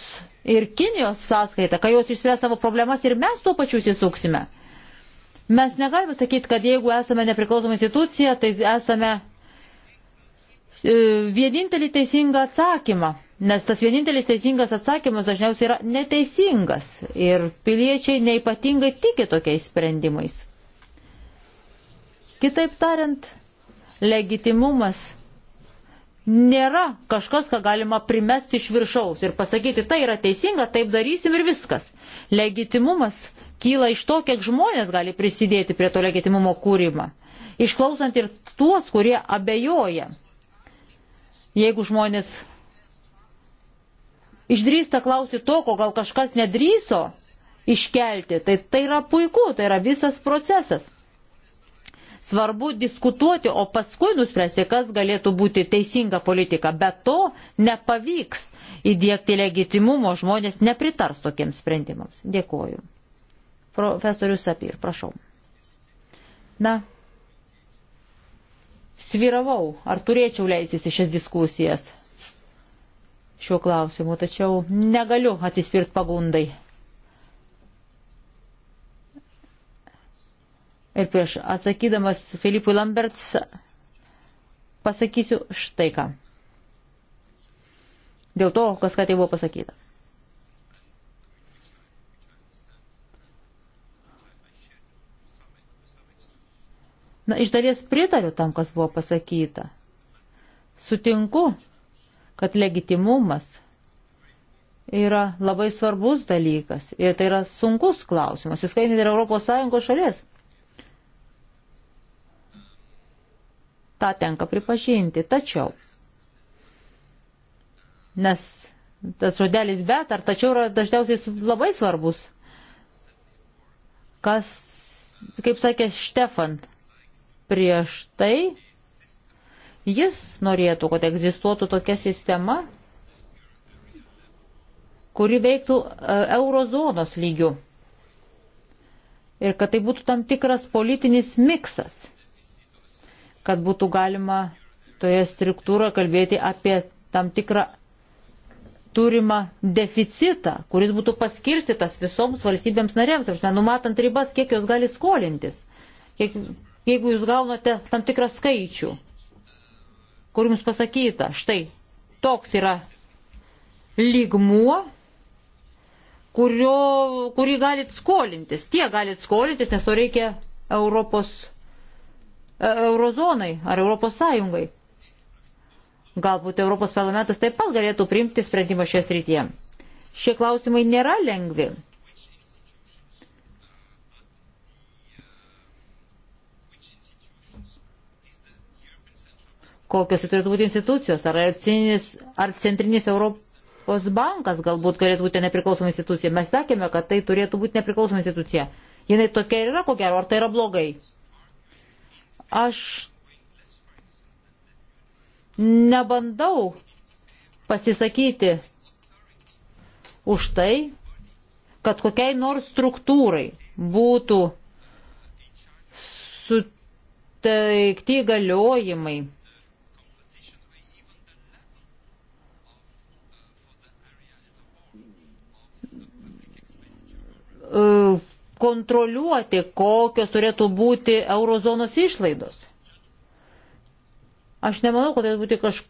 ir Kinijos sąskaitą, kai jos išspręs savo problemas ir mes tuo pačiu įsisuksime? Mes negalime sakyti, kad jeigu esame nepriklausoma institucija, tai esame e, vienintelį teisingą atsakymą, nes tas vienintelis teisingas atsakymas dažniausiai yra neteisingas ir piliečiai neipatingai tiki tokiais sprendimais. Kitaip tariant, legitimumas nėra kažkas, ką galima primesti iš viršaus ir pasakyti, tai yra teisinga, taip darysim ir viskas. Legitimumas kyla iš to, kiek žmonės gali prisidėti prie to legitimumo kūrimą, išklausant ir tuos, kurie abejoja. Jeigu žmonės išdrįsta klausyti to, ko gal kažkas nedrįso iškelti, tai tai yra puiku, tai yra visas procesas. Svarbu diskutuoti, o paskui nuspręsti, kas galėtų būti teisinga politika. Be to nepavyks įdėkti legitimumo, žmonės nepritars tokiems sprendimams. Dėkuoju. Profesorius Sapir, prašau. Na, sviravau, ar turėčiau leistis į šias diskusijas šiuo klausimu, tačiau negaliu atsispirti pagundai. Ir prieš atsakydamas Filipui Lamberts pasakysiu štai ką. Dėl to, kas ką tai buvo pasakyta. Na, iš dalies pritariu tam, kas buvo pasakyta. Sutinku, kad legitimumas yra labai svarbus dalykas ir tai yra sunkus klausimas, įskaitant ir ES šalies. Ta tenka pripažinti, tačiau, nes tas žodelis bet ar tačiau yra dažniausiai labai svarbus, kas, kaip sakė Štefan, prieš tai, jis norėtų, kad egzistuotų tokia sistema, kuri veiktų e, eurozonos lygių. Ir kad tai būtų tam tikras politinis miksas, kad būtų galima toje struktūroje kalbėti apie tam tikrą turimą deficitą, kuris būtų paskirstytas visoms valstybėms narėms, numatant ribas, kiek jos gali skolintis, kiek jeigu jūs gaunate tam tikrą skaičių, kur jums pasakyta, štai toks yra lygmuo, kurio, kurį galit skolintis, tie galit skolintis, nes to reikia Europos, e, eurozonai ar Europos Sąjungai. Galbūt Europos parlamentas taip pat galėtų priimti sprendimą šią srityje. Šie klausimai nėra lengvi. kokios tai turėtų būti institucijos, ar, cinis, ar centrinis Europos bankas galbūt galėtų būti nepriklausoma institucija. Mes sakėme, kad tai turėtų būti nepriklausoma institucija. Jinai tokia ir yra, ko gero, ar tai yra blogai. Aš nebandau pasisakyti už tai, kad kokiai nors struktūrai būtų suteikti galiojimai E, kontroliuoti, kokios turėtų būti eurozonos išlaidos. Aš nemanau, kad turėtų tai būti kaž,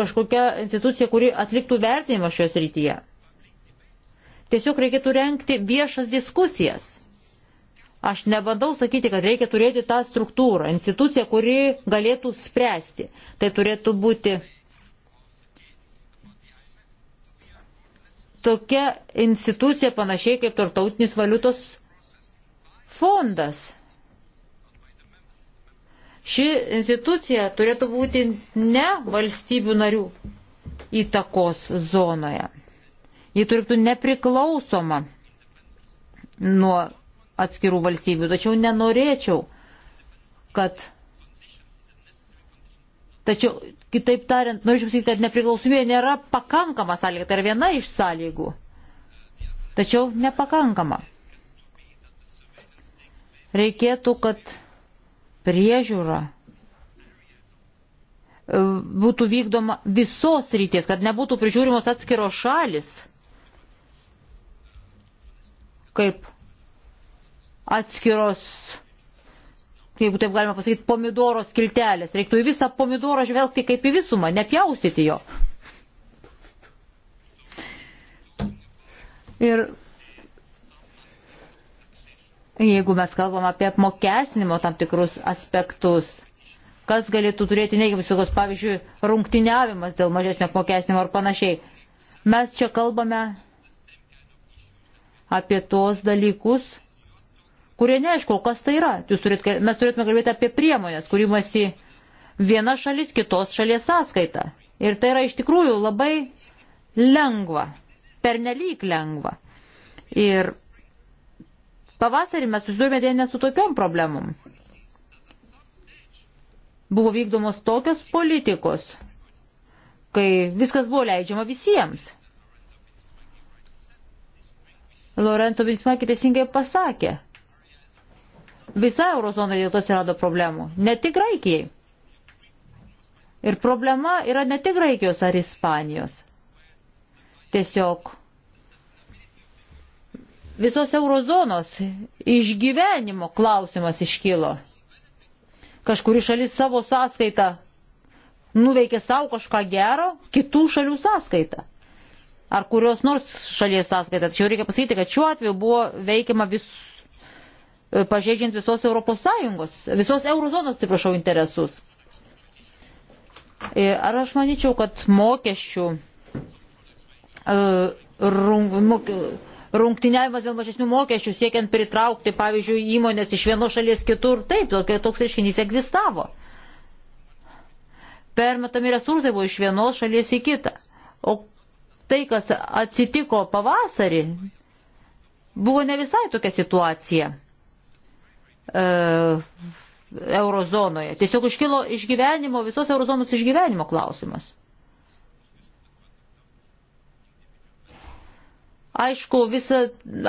kažkokia institucija, kuri atliktų vertinimą šioje srityje. Tiesiog reikėtų renkti viešas diskusijas. Aš nebandau sakyti, kad reikia turėti tą struktūrą, instituciją, kuri galėtų spręsti. Tai turėtų būti tokia institucija panašiai kaip Tartautinis valiutos fondas. Ši institucija turėtų būti ne valstybių narių įtakos zonoje. Ji turėtų nepriklausoma nuo atskirų valstybių. Tačiau nenorėčiau, kad Tačiau, kitaip tariant, norėčiau nu, sakyti, kad nepriklausomybė nėra pakankama sąlyga, tai yra viena iš sąlygų. Tačiau nepakankama. Reikėtų, kad priežiūra e, būtų vykdoma visos ryties, kad nebūtų prižiūrimos atskiros šalis, kaip atskiros jeigu taip galima pasakyti, pomidoro skiltelės. Reiktų į visą pomidorą žvelgti kaip į visumą, nepjaustyti jo. Ir jeigu mes kalbam apie apmokestinimo tam tikrus aspektus, kas galėtų turėti neigiamus įgos, pavyzdžiui, rungtiniavimas dėl mažesnio apmokestinimo ar panašiai. Mes čia kalbame apie tos dalykus, kurie neaišku, kas tai yra. Turit, mes turėtume kalbėti apie priemonės, kūrimasi viena šalis kitos šalies sąskaita. Ir tai yra iš tikrųjų labai lengva, pernelyg lengva. Ir pavasarį mes susidūrėme dienę su tokiom problemom. Buvo vykdomos tokios politikos, kai viskas buvo leidžiama visiems. Lorenzo Binsmakė teisingai pasakė, Visa eurozona dėl to atsirado problemų, ne tik Graikijai. Ir problema yra ne tik Graikijos ar Ispanijos. Tiesiog visos eurozonos išgyvenimo klausimas iškilo. Kažkuri šalis savo sąskaitą nuveikė savo kažką gero kitų šalių sąskaitą. Ar kurios nors šalies sąskaitą. Tačiau reikia pasakyti, kad šiuo atveju buvo veikiama visų E, pažeidžiant visos Europos Sąjungos, visos eurozonos, atsiprašau, interesus. E, ar aš manyčiau, kad mokesčių e, rungtyniavimas dėl mažesnių mokesčių siekiant pritraukti, pavyzdžiui, įmonės iš vienos šalies kitur, taip, toks reiškinys egzistavo. Permetami resursai buvo iš vienos šalies į kitą. O tai, kas atsitiko pavasarį, buvo ne visai tokia situacija. E, eurozonoje. Tiesiog iškilo išgyvenimo, visos eurozonos išgyvenimo klausimas. Aišku, visa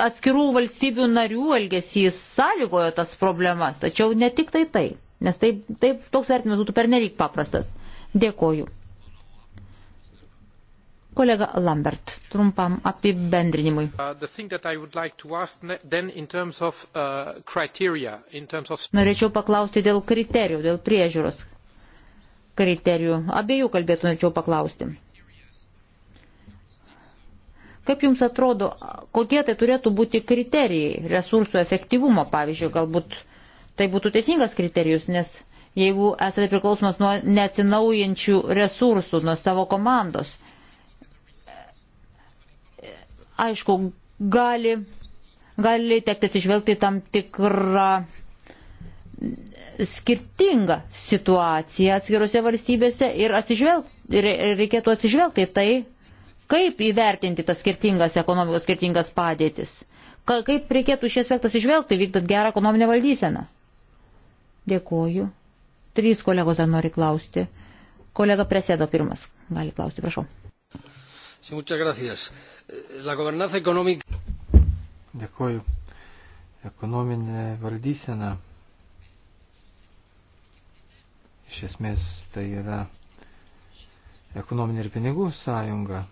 atskirų valstybių narių elgesys sąlygojo tas problemas, tačiau ne tik tai tai, nes taip, taip toks vertinimas būtų pernelyg paprastas. Dėkoju. Kolega Lambert, trumpam apibendrinimui. Uh, uh, norėčiau paklausti dėl kriterijų, dėl priežiūros kriterijų. Abiejų kalbėtų norėčiau paklausti. Kaip Jums atrodo, kokie tai turėtų būti kriterijai resursų efektyvumo, pavyzdžiui, galbūt tai būtų teisingas kriterijus, nes jeigu esate priklausomas nuo neatsinaujančių resursų, nuo savo komandos, aišku, gali, gali tekti atsižvelgti tam tikrą skirtingą situaciją atskirose valstybėse ir atsižvelg, reikėtų atsižvelgti tai, kaip įvertinti tas skirtingas ekonomikos skirtingas padėtis. Ka, kaip reikėtų šį aspektą atsižvelgti, vykdant gerą ekonominę valdyseną. Dėkuoju. Trys kolegos dar nori klausti. Kolega Presėdo pirmas gali klausti, prašau. Sí, muchas gracias. La gobernanza económica. Dėkuoju. Ekonominė valdysena. Iš esmės tai yra ekonominė ir pinigų sąjunga.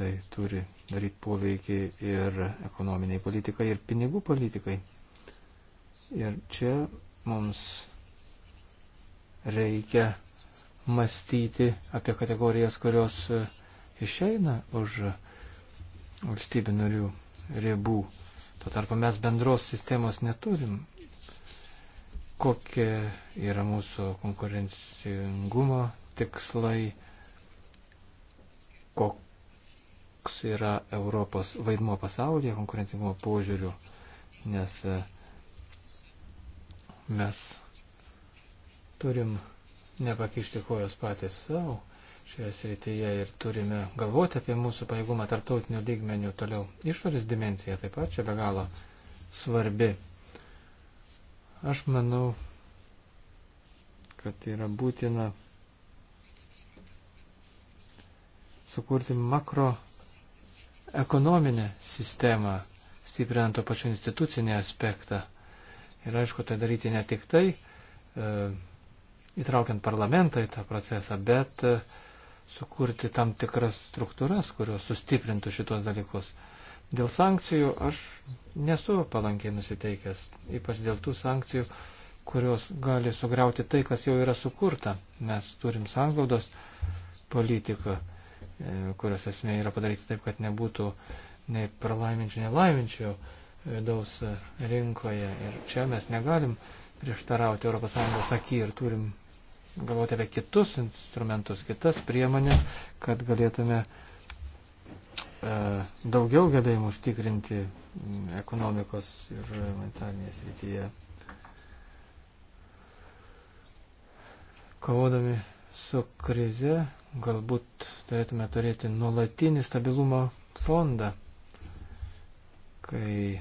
Tai turi daryti poveikį ir ekonominiai politikai, ir pinigų politikai. Ir čia mums reikia mąstyti apie kategorijas, kurios uh, išeina už valstybių narių ribų. Tuo tarpu mes bendros sistemos neturim. Kokie yra mūsų konkurencingumo tikslai, koks yra Europos vaidmo pasaulyje konkurencingumo požiūrių, nes e, mes turim nepakišti kojos patys savo šioje srityje ir turime galvoti apie mūsų pajėgumą tarptautinių lygmenių toliau. Išorės dimencija taip pat čia be galo svarbi. Aš manau, kad yra būtina sukurti makro ekonominę sistemą, stiprinant to pačiu institucinį aspektą. Ir aišku, tai daryti ne tik tai, e, įtraukiant parlamentą į tą procesą, bet e, sukurti tam tikras struktūras, kurios sustiprintų šitos dalykus. Dėl sankcijų aš nesu palankiai nusiteikęs, ypač dėl tų sankcijų, kurios gali sugriauti tai, kas jau yra sukurta. Mes turim sanglaudos politiką, e, kurios esmė yra padaryti taip, kad nebūtų nei pralaiminčių, nei laiminčių vidaus rinkoje. Ir čia mes negalim prieštarauti ES akį ir turim galvoti apie kitus instrumentus, kitas priemonės, kad galėtume e, daugiau gebėjimų užtikrinti ekonomikos ir humanitarnėje srityje. Kovodami su krize galbūt turėtume turėti nuolatinį stabilumo fondą. Kai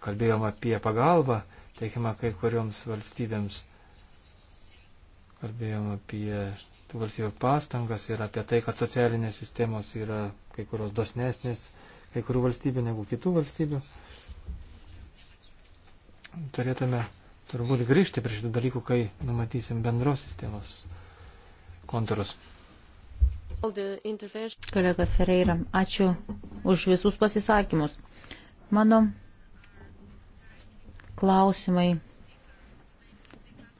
kalbėjom apie pagalbą, teikimą kai kurioms valstybėms Kalbėjom apie tų valstybių pastangas ir apie tai, kad socialinės sistemos yra kai kurios dosnesnės, kai kurių valstybių negu kitų valstybių. Turėtume turbūt grįžti prie šitų dalykų, kai numatysim bendros sistemos kontūrus. Kolega Ferreira, ačiū už visus pasisakymus. Mano klausimai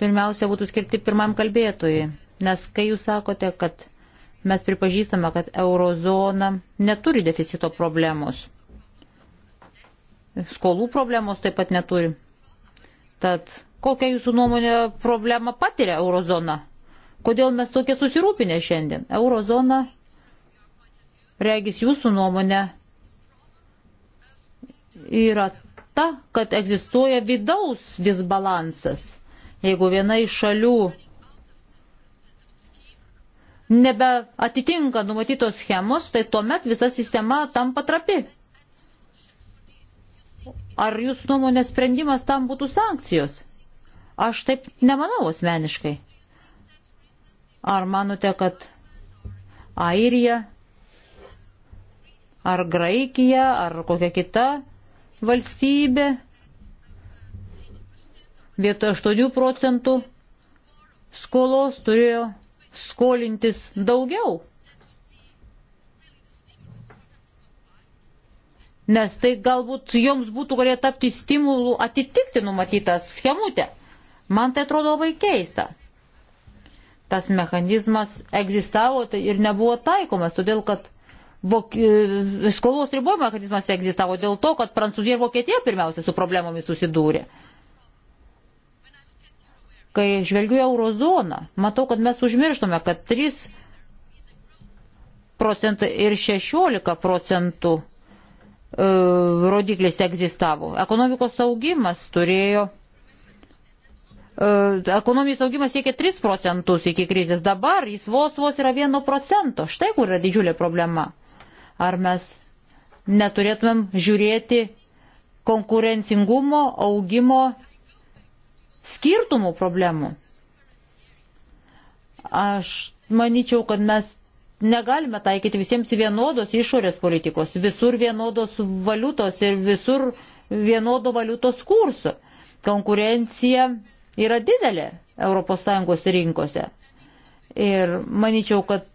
pirmiausia būtų skirti pirmam kalbėtojui. Nes kai jūs sakote, kad mes pripažįstame, kad eurozona neturi deficito problemos, skolų problemos taip pat neturi. Tad kokią jūsų nuomonę problemą patiria eurozona? Kodėl mes tokie susirūpinę šiandien? Eurozona, regis jūsų nuomonė, yra ta, kad egzistuoja vidaus disbalansas Jeigu viena iš šalių nebeatitinka numatytos schemos, tai tuomet visa sistema tam patrapi. Ar jūsų nuomonės sprendimas tam būtų sankcijos? Aš taip nemanau asmeniškai. Ar manote, kad Airija, ar Graikija, ar kokia kita valstybė vietoj 8 procentų skolos turėjo skolintis daugiau. Nes tai galbūt joms būtų galėję tapti stimulų atitikti numatytą schemutę. Man tai atrodo labai keista. Tas mechanizmas egzistavo tai ir nebuvo taikomas, todėl kad Vok... skolos ribojimo mechanizmas egzistavo dėl to, kad Prancūzija ir Vokietija pirmiausia su problemomis susidūrė. Kai žvelgiu eurozoną, matau, kad mes užmirštame, kad 3 procentai ir 16 procentų e, rodiklis egzistavo. Ekonomikos augimas turėjo. E, ekonominis augimas siekia 3 procentus iki krizės, dabar jis vos vos yra 1 procento. Štai kur yra didžiulė problema. Ar mes neturėtumėm žiūrėti konkurencingumo, augimo skirtumų problemų. Aš manyčiau, kad mes negalime taikyti visiems vienodos išorės politikos, visur vienodos valiutos ir visur vienodo valiutos kurso. Konkurencija yra didelė ES rinkose. Ir manyčiau, kad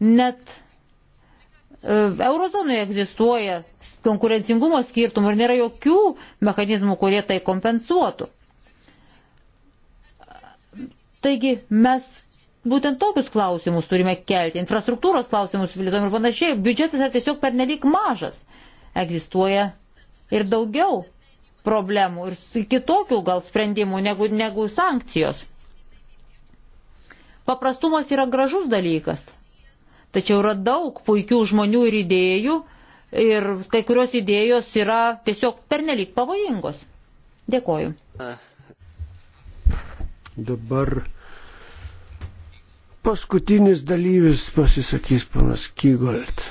net E, Eurozonoje egzistuoja konkurencingumo skirtumų ir nėra jokių mechanizmų, kurie tai kompensuotų. Taigi mes būtent tokius klausimus turime kelti, infrastruktūros klausimus vilidom ir panašiai. Biudžetas yra tiesiog pernelik mažas. Egzistuoja ir daugiau problemų ir kitokių gal sprendimų negu, negu sankcijos. Paprastumas yra gražus dalykas, Tačiau yra daug puikių žmonių ir idėjų ir kai kurios idėjos yra tiesiog pernelyg pavojingos. Dėkoju. Dabar paskutinis dalyvis pasisakys panas Kygolt.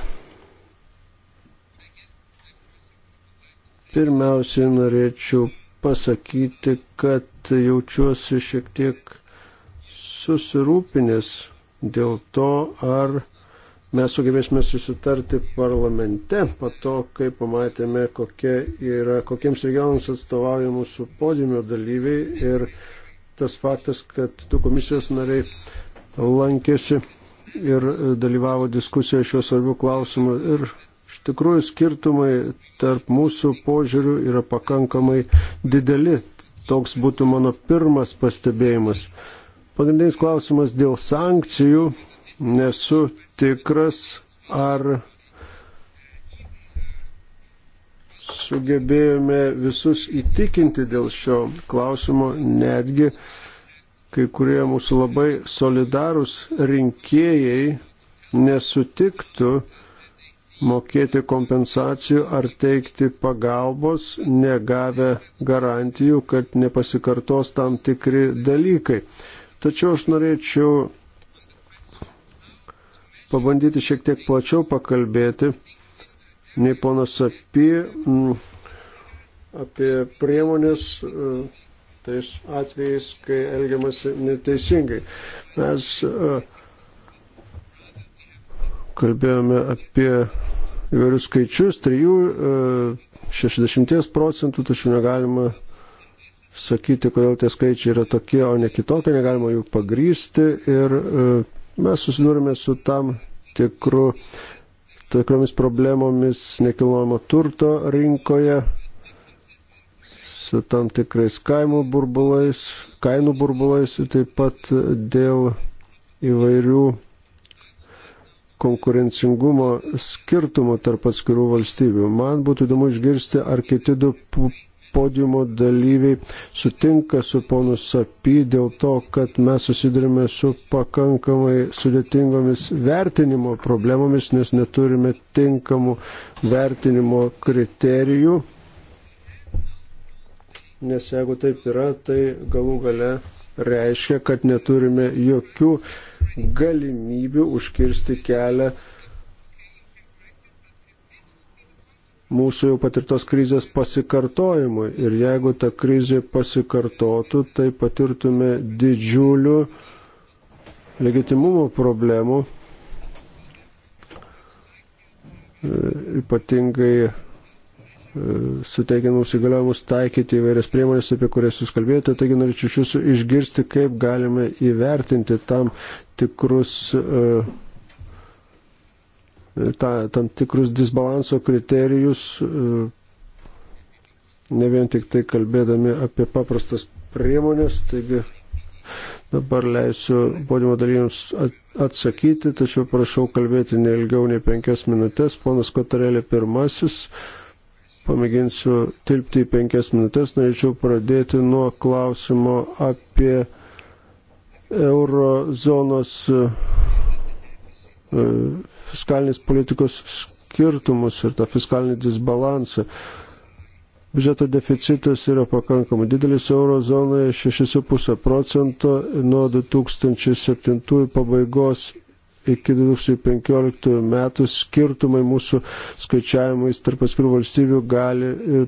Pirmiausiai norėčiau pasakyti, kad jaučiuosi šiek tiek susirūpinęs dėl to, ar mes sugebėsime susitarti parlamente po to, kai pamatėme, kokie yra, kokiems regionams atstovauja mūsų podimio dalyviai ir tas faktas, kad du komisijos nariai lankėsi ir dalyvavo diskusijoje šiuo svarbiu klausimu. Ir iš tikrųjų skirtumai tarp mūsų požiūrių yra pakankamai dideli. Toks būtų mano pirmas pastebėjimas. Pagrindinis klausimas dėl sankcijų nesu tikras, ar sugebėjome visus įtikinti dėl šio klausimo, netgi kai kurie mūsų labai solidarūs rinkėjai nesutiktų mokėti kompensacijų ar teikti pagalbos, negavę garantijų, kad nepasikartos tam tikri dalykai. Tačiau aš norėčiau pabandyti šiek tiek plačiau pakalbėti nei ponas apie, mm, apie priemonės e, tais atvejais, kai elgiamasi neteisingai. Mes e, kalbėjome apie įvairius skaičius, 3-60 e, procentų, tačiau negalima sakyti, kodėl tie skaičiai yra tokie, o ne kitokie, negalima jų pagrysti ir Mes susidūrėme su tam tikru, tikromis problemomis nekilnojamo turto rinkoje, su tam tikrais kaimų burbulais, kainų burbulais ir taip pat dėl įvairių konkurencingumo skirtumų tarp atskirų valstybių. Man būtų įdomu išgirsti, ar kiti du podiumo dalyviai sutinka su ponu Sapy dėl to, kad mes susidurime su pakankamai sudėtingomis vertinimo problemomis, nes neturime tinkamų vertinimo kriterijų. Nes jeigu taip yra, tai galų gale reiškia, kad neturime jokių galimybių užkirsti kelią mūsų jau patirtos krizės pasikartojimui. Ir jeigu ta krizė pasikartotų, tai patirtume didžiulių legitimumo problemų, e, ypatingai e, suteikiant mums įgaliojimus taikyti įvairias priemonės, apie kurias jūs kalbėjote. Taigi norėčiau iš jūsų išgirsti, kaip galime įvertinti tam tikrus uh, ta, tam tikrus disbalanso kriterijus, e, ne vien tik tai kalbėdami apie paprastas priemonės, taigi dabar leisiu podimo dalyviams atsakyti, tačiau prašau kalbėti ne ilgiau nei penkias minutės. Ponas Kotarelė pirmasis, pamėginsiu tilpti į penkias minutės, norėčiau pradėti nuo klausimo apie eurozonos E, fiskalinės politikos skirtumus ir tą fiskalinį disbalansą. Biudžeto deficitas yra pakankamai didelis eurozonoje 6,5 procento nuo 2007 pabaigos iki 2015 metų skirtumai mūsų skaičiavimais tarp atskirų valstybių gali e,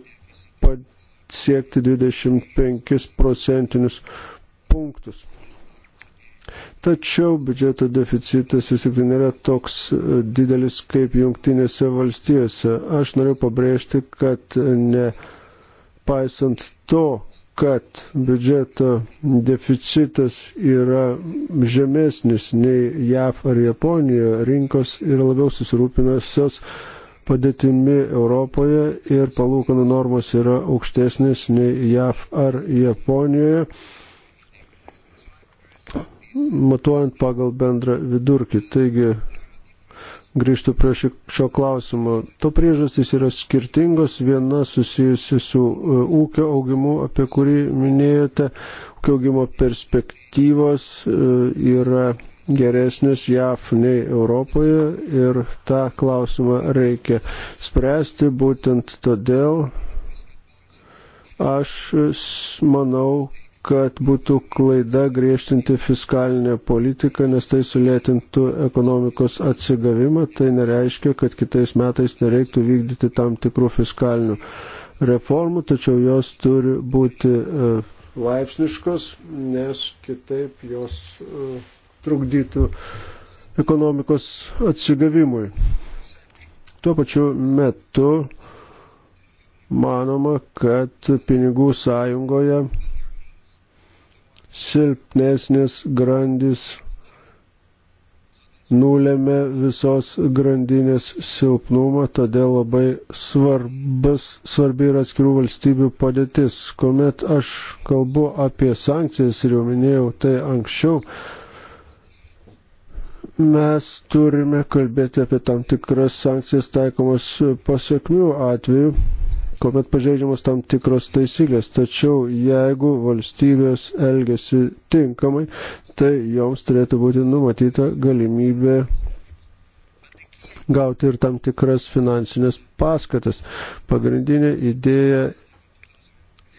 pasiekti 25 procentinius punktus. Tačiau biudžeto deficitas vis tik tai nėra toks e, didelis kaip jungtinėse valstijose. Aš noriu pabrėžti, kad ne paisant to, kad biudžeto deficitas yra žemesnis nei JAF ar Japonijoje, rinkos yra labiau susirūpinusios padėtimi Europoje ir palūkanų normos yra aukštesnis nei JAF ar Japonijoje matuojant pagal bendrą vidurkį. Taigi, grįžtų prie šio klausimo. To priežastys yra skirtingos. Viena susijusi su e, ūkio augimu, apie kurį minėjote. Ūkio augimo perspektyvos e, yra geresnis JAF nei Europoje ir tą klausimą reikia spręsti. Būtent todėl aš manau, kad būtų klaida griežtinti fiskalinę politiką, nes tai sulėtintų ekonomikos atsigavimą, tai nereiškia, kad kitais metais nereiktų vykdyti tam tikrų fiskalinių reformų, tačiau jos turi būti e, laipsniškos, nes kitaip jos e, trukdytų ekonomikos atsigavimui. Tuo pačiu metu manoma, kad pinigų sąjungoje silpnesnės grandys nulėmė visos grandinės silpnumą, todėl labai svarbas, svarbi yra atskirų valstybių padėtis. Komet aš kalbu apie sankcijas ir jau minėjau tai anksčiau, mes turime kalbėti apie tam tikras sankcijas taikomas pasiekmių atveju, kuomet pažeidžiamas tam tikros taisyklės. Tačiau jeigu valstybės elgesi tinkamai, tai joms turėtų būti numatyta galimybė gauti ir tam tikras finansinės paskatas. Pagrindinė idėja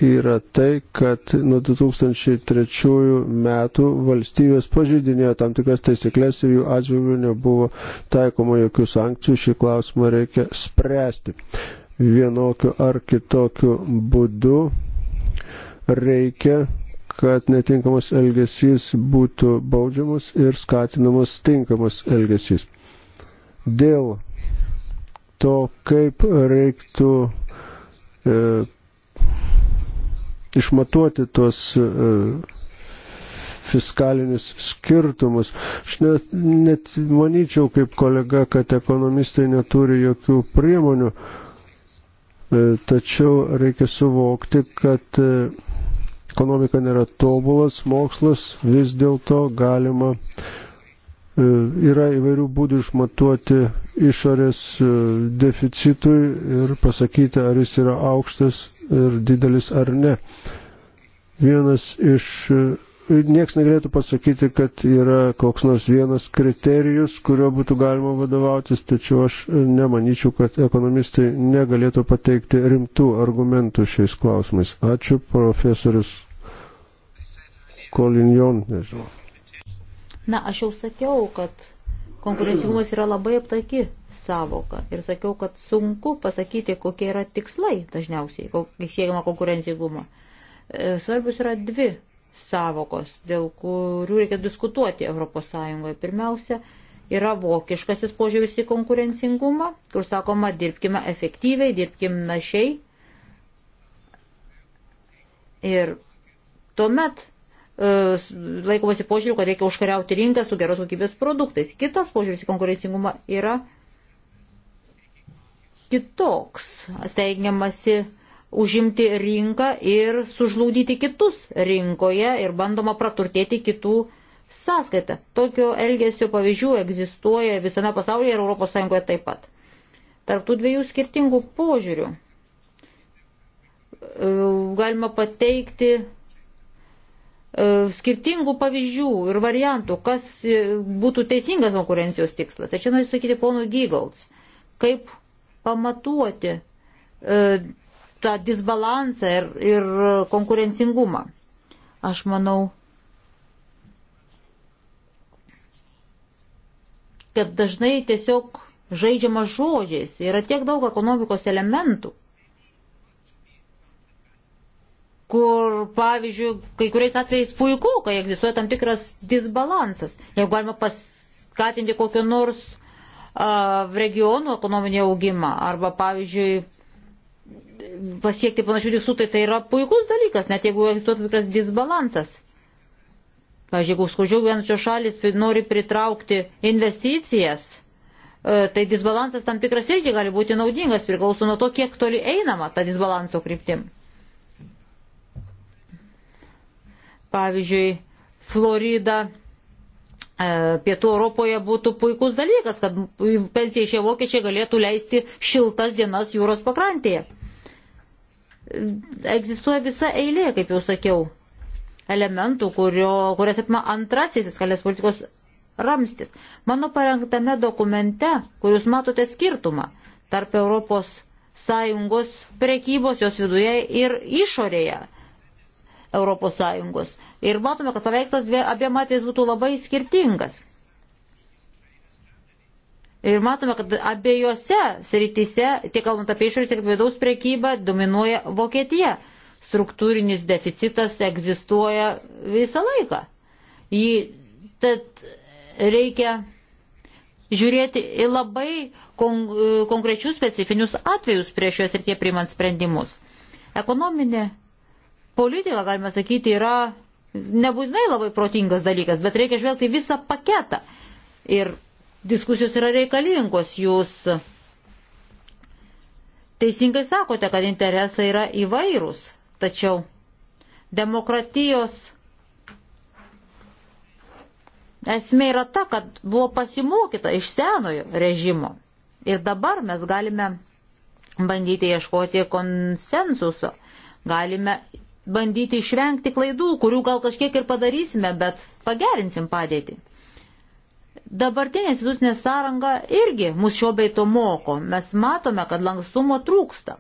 yra tai, kad nuo 2003 metų valstybės pažeidinėjo tam tikras taisyklės ir jų atžvilgių nebuvo taikoma jokių sankcijų. Šį klausimą reikia spręsti vienokiu ar kitokiu būdu. Reikia, kad netinkamas elgesys būtų baudžiamas ir skatinamas tinkamas elgesys. Dėl to, kaip reiktų e, išmatuoti tuos e, fiskalinius skirtumus. Aš net, net manyčiau, kaip kolega, kad ekonomistai neturi jokių priemonių, e, E, tačiau reikia suvokti, kad e, ekonomika nėra tobulas mokslas, vis dėlto galima, e, yra įvairių būdų išmatuoti išorės deficitui ir pasakyti, ar jis yra aukštas ir didelis ar ne. Vienas iš nieks negalėtų pasakyti, kad yra koks nors vienas kriterijus, kuriuo būtų galima vadovautis, tačiau aš e, nemanyčiau, kad ekonomistai negalėtų pateikti rimtų argumentų šiais klausimais. Ačiū, profesorius Kolinjon, nežinau. Na, aš jau sakiau, kad konkurencingumas yra labai aptaki savoka ir sakiau, kad sunku pasakyti, kokie yra tikslai dažniausiai, siekiama konkurencingumo. E, Svarbius yra dvi savokos, dėl kurių reikia diskutuoti ES. Pirmiausia, yra vokiškasis požiūris į konkurencingumą, kur sakoma, dirbkime efektyviai, dirbkime našiai. Ir tuomet e, laikomasi požiūriu, kad reikia užkariauti rinką su geros kokybės produktais. Kitas požiūris į konkurencingumą yra kitoks, steigiamasi užimti rinką ir sužlugdyti kitus rinkoje ir bandoma praturtėti kitų sąskaitą. Tokio elgesio pavyzdžių egzistuoja visame pasaulyje ir ES taip pat. Tarptų dviejų skirtingų požiūrių e, galima pateikti e, skirtingų pavyzdžių ir variantų, kas e, būtų teisingas konkurencijos tikslas. Aš tai čia noriu sakyti ponui Gygalds, kaip pamatuoti tą disbalansą ir, ir konkurencingumą. Aš manau, kad dažnai tiesiog žaidžiama žodžiais, yra tiek daug ekonomikos elementų, kur, pavyzdžiui, kai kuriais atvejais puiku, kai egzistuoja tam tikras disbalansas. Jeigu galima paskatinti kokio nors uh, regionų ekonominį augimą arba, pavyzdžiui, pasiekti panašių tikslų, tai tai yra puikus dalykas, net jeigu egzistuotų tikras disbalansas. Pavyzdžiui, jeigu skurdžiau gyvenančios šalis nori pritraukti investicijas, e, tai disbalansas tam tikras irgi gali būti naudingas, priklauso nuo to, kiek toli einama tą disbalanso kryptim. Pavyzdžiui, Florida e, pietų Europoje būtų puikus dalykas, kad pensijai šie vokiečiai galėtų leisti šiltas dienas jūros pakrantėje egzistuoja visa eilė, kaip jau sakiau, elementų, kurio, kurias atma antrasis fiskalės politikos ramstis. Mano parengtame dokumente, kur jūs matote skirtumą tarp Europos Sąjungos prekybos jos viduje ir išorėje Europos Sąjungos. Ir matome, kad paveikslas abiem atvejais būtų labai skirtingas. Ir matome, kad abiejose srityse, tiek kalbant apie išorės, tiek vidaus priekybą, dominuoja Vokietija. Struktūrinis deficitas egzistuoja visą laiką. Jį tad reikia žiūrėti į labai kon, konkrečius specifinius atvejus prieš juos ir tie priimant sprendimus. Ekonominė politika, galima sakyti, yra nebūtinai labai protingas dalykas, bet reikia žvelgti visą paketą. Ir diskusijos yra reikalingos. Jūs teisingai sakote, kad interesai yra įvairūs, tačiau demokratijos esmė yra ta, kad buvo pasimokyta iš senojo režimo. Ir dabar mes galime bandyti ieškoti konsensuso, galime bandyti išvengti klaidų, kurių gal kažkiek ir padarysime, bet pagerinsim padėtį dabartinė institucinė sąranga irgi mus šio beito moko. Mes matome, kad lankstumo trūksta.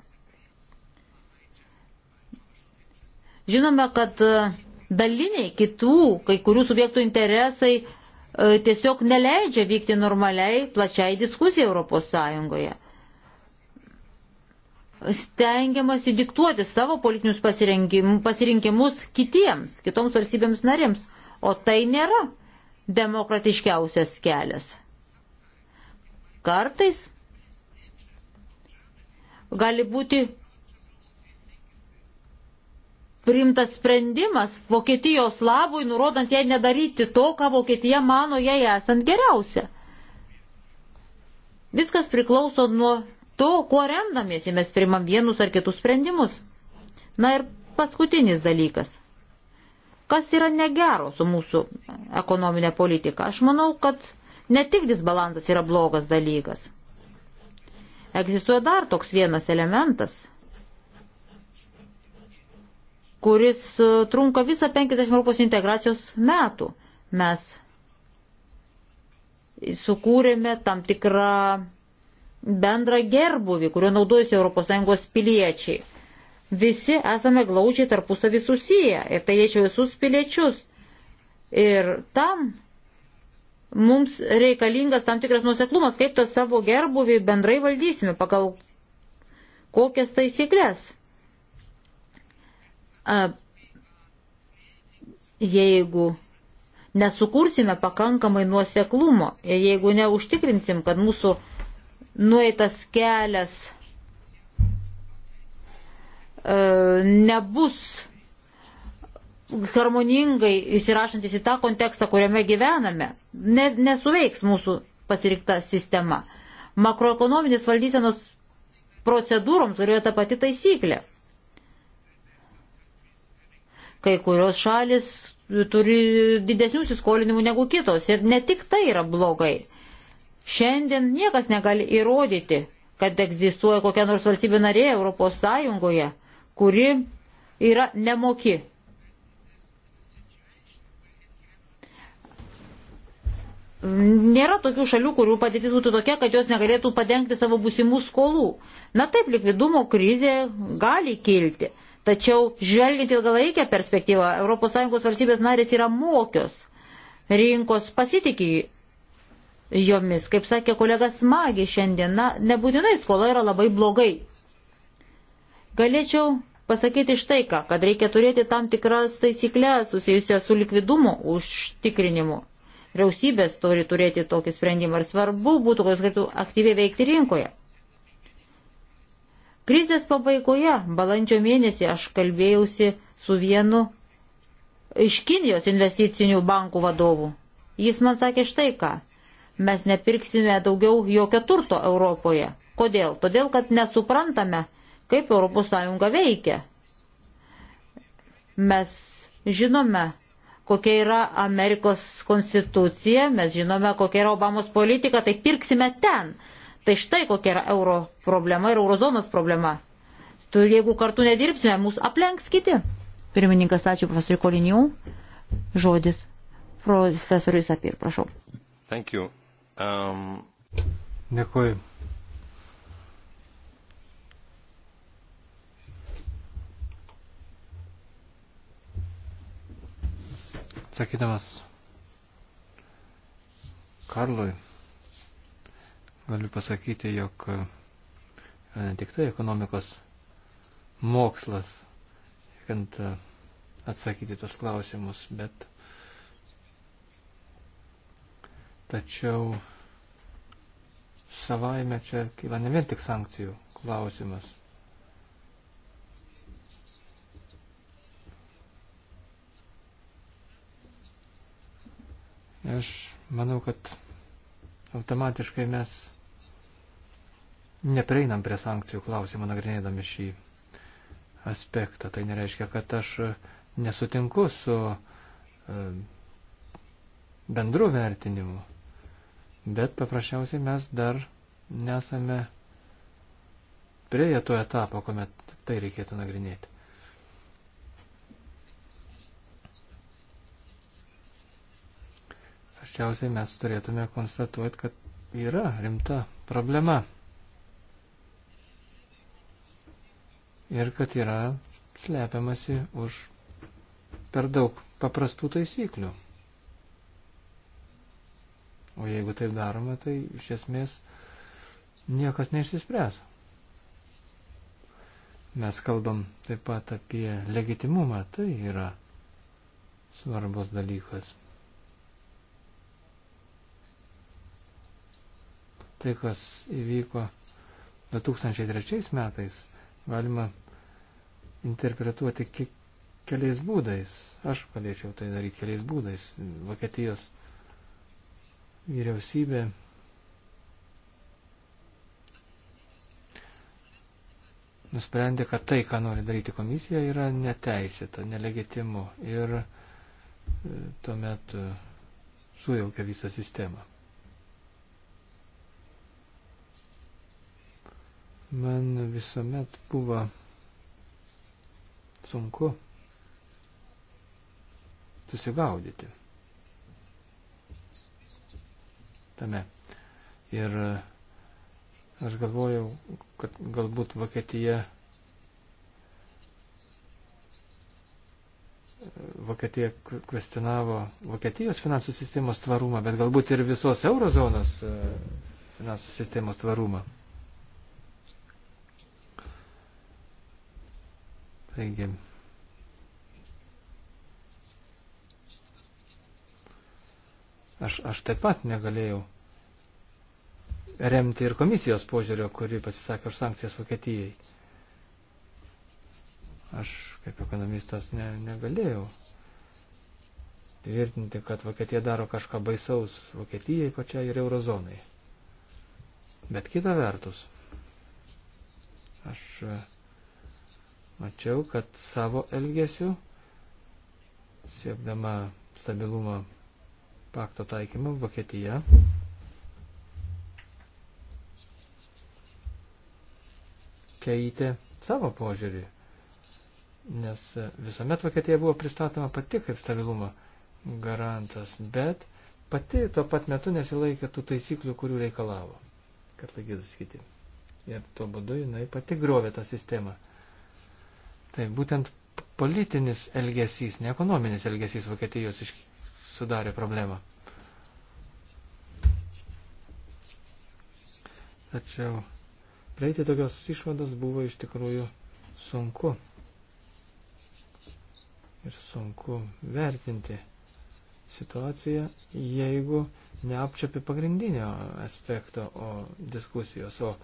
Žinome, kad e, daliniai kitų kai kurių subjektų interesai e, tiesiog neleidžia vykti normaliai plačiai diskusijai Europos Sąjungoje. Stengiamasi diktuoti savo politinius pasirinkimus kitiems, kitoms valstybėms narims, o tai nėra demokratiškiausias kelias. Kartais gali būti priimtas sprendimas Vokietijos labui, nurodant jai nedaryti to, ką Vokietija mano jai esant geriausia. Viskas priklauso nuo to, kuo remdamiesi mes primam vienus ar kitus sprendimus. Na ir paskutinis dalykas. Kas yra negero su mūsų ekonominė politika? Aš manau, kad ne tik disbalansas yra blogas dalykas. Egzistuoja dar toks vienas elementas, kuris e, trunka visą 50 Europos integracijos metų. Mes sukūrėme tam tikrą bendrą gerbuvį, kurio naudojasi ES piliečiai. Visi esame glaučiai tarpusavį susiję ir tai liečia visus piliečius. Ir tam mums reikalingas tam tikras nuseklumas, kaip tą savo gerbuvį bendrai valdysime, pagal kokias taisyklės. Jeigu nesukursime pakankamai nuoseklumo, jeigu neužtikrinsim, kad mūsų nueitas kelias E, nebus harmoningai įsirašantis į tą kontekstą, kuriame gyvename, ne, nesuveiks mūsų pasirinkta sistema. Makroekonominės valdysenos procedūroms turėjo tą patį taisyklę. Kai kurios šalis turi didesnių įsiskolinimų negu kitos ir ne tik tai yra blogai. Šiandien niekas negali įrodyti, kad egzistuoja kokia nors valstybė narė Europos Sąjungoje, kuri yra nemoki. Nėra tokių šalių, kurių padėtis būtų tokia, kad jos negalėtų padengti savo būsimų skolų. Na taip, likvidumo krizė gali kilti. Tačiau, žvelgiant ilgalaikę perspektyvą, ES valstybės narės yra mokios. Rinkos pasitikė jomis. Kaip sakė kolega Smagi šiandien, na, nebūtinai skola yra labai blogai. Galėčiau pasakyti štai ką, kad reikia turėti tam tikras taisyklės susijusias su likvidumo užtikrinimu. Vyriausybės turi turėti tokį sprendimą ir svarbu būtų, kad galėtų aktyviai veikti rinkoje. Krizės pabaigoje, balandžio mėnesį, aš kalbėjausi su vienu iš Kinijos investicinių bankų vadovų. Jis man sakė štai ką. Mes nepirksime daugiau jokio turto Europoje. Kodėl? Todėl, kad nesuprantame, kaip ES veikia. Mes žinome, kokia yra Amerikos konstitucija, mes žinome, kokia yra Obamos politika, tai pirksime ten. Tai štai kokia yra euro problema ir eurozonos problema. Tu, jeigu kartu nedirbsime, mūsų aplenks kiti. Pirmininkas, ačiū profesoriui Kolinių. Žodis profesoriui Sapir, prašau. Thank you. Um... Dėkuoju. Atsakydamas Karlui, galiu pasakyti, jog yra e, ne tik tai ekonomikos mokslas, kad e, atsakyti tos klausimus, bet tačiau savaime čia kyla ne vien tik sankcijų klausimas. Aš manau, kad automatiškai mes neprieinam prie sankcijų klausimų nagrinėdami šį aspektą. Tai nereiškia, kad aš nesutinku su e, bendru vertinimu, bet paprasčiausiai mes dar nesame prie to etapo, kuomet tai reikėtų nagrinėti. paprasčiausiai mes turėtume konstatuoti, kad yra rimta problema. Ir kad yra slepiamasi už per daug paprastų taisyklių. O jeigu taip darome, tai iš esmės niekas neišsispręs. Mes kalbam taip pat apie legitimumą, tai yra svarbus dalykas. tai, kas įvyko 2003 metais, galima interpretuoti keliais būdais. Aš galėčiau tai daryti keliais būdais. Vokietijos vyriausybė nusprendė, kad tai, ką nori daryti komisija, yra neteisėta, nelegitimu ir e, tuomet e, sujaukė visą sistemą. man visuomet buvo sunku susigaudyti tame. Ir aš galvojau, kad galbūt Vokietija Vokietija kvestionavo Vokietijos finansų sistemos tvarumą, bet galbūt ir visos eurozonos e, finansų sistemos tvarumą. Taigi. Aš, aš taip pat negalėjau remti ir komisijos požiūrio, kuri pasisakė už sankcijas Vokietijai. Aš kaip ekonomistas ne, negalėjau tvirtinti, kad Vokietija daro kažką baisaus Vokietijai pačiai ir eurozonai. Bet kita vertus, aš mačiau, kad savo elgesiu, siekdama stabilumo pakto taikymą, Vokietija keitė savo požiūrį, nes visuomet Vokietija buvo pristatoma pati kaip stabilumo garantas, bet pati tuo pat metu nesilaikė tų taisyklių, kurių reikalavo, kad laikytųsi kiti. Ir tuo būdu jinai pati grovė tą sistemą. Tai būtent politinis elgesys, ne ekonominis elgesys Vokietijos iš... sudarė problemą. Tačiau prieiti tokios išvados buvo iš tikrųjų sunku. Ir sunku vertinti situaciją, jeigu neapčiapi pagrindinio aspekto o diskusijos. O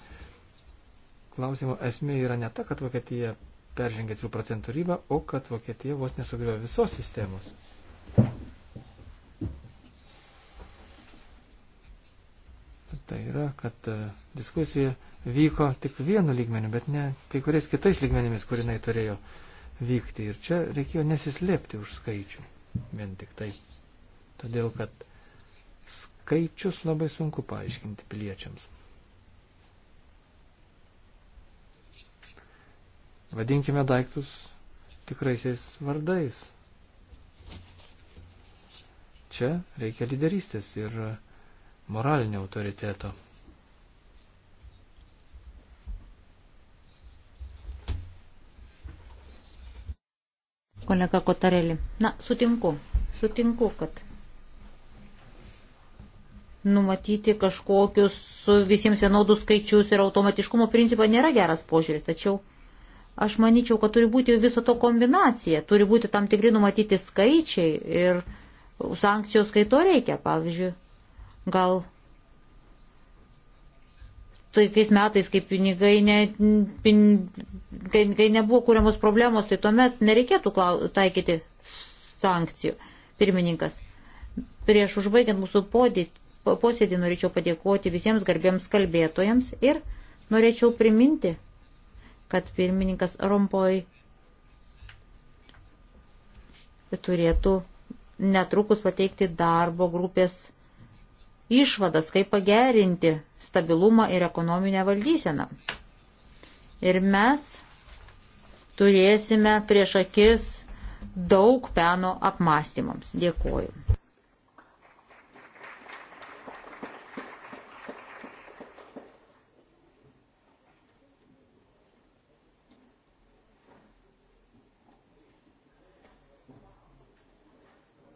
klausimo esmė yra ne ta, kad Vokietija peržengė 3 procentų ribą, o kad Vokietija vos nesugriuvo visos sistemos. Tai yra, kad e, diskusija vyko tik vienu lygmeniu, bet ne kai kuriais kitais lygmenimis, kur jinai turėjo vykti. Ir čia reikėjo nesislėpti už skaičių. Vien tik tai. Todėl, kad skaičius labai sunku paaiškinti piliečiams. Vadinkime daiktus tikraisiais vardais. Čia reikia lyderystės ir moralinio autoriteto. kolega Kotarelį. Na, sutinku, sutinku, kad numatyti kažkokius visiems vienodus skaičius ir automatiškumo principą nėra geras požiūris, tačiau Aš manyčiau, kad turi būti viso to kombinacija, turi būti tam tikri numatyti skaičiai ir sankcijos, kai to reikia. Pavyzdžiui, gal tokiais metais, kai pinigai ne, pin, kai, kai nebuvo kūriamos problemos, tai tuomet nereikėtų klau, taikyti sankcijų. Pirmininkas, prieš užbaigiant mūsų posėdį norėčiau padėkoti visiems garbiems kalbėtojams ir norėčiau priminti, kad pirmininkas Rompoj turėtų netrukus pateikti darbo grupės išvadas, kaip pagerinti stabilumą ir ekonominę valdyseną. Ir mes turėsime prieš akis daug peno apmąstymams. Dėkuoju.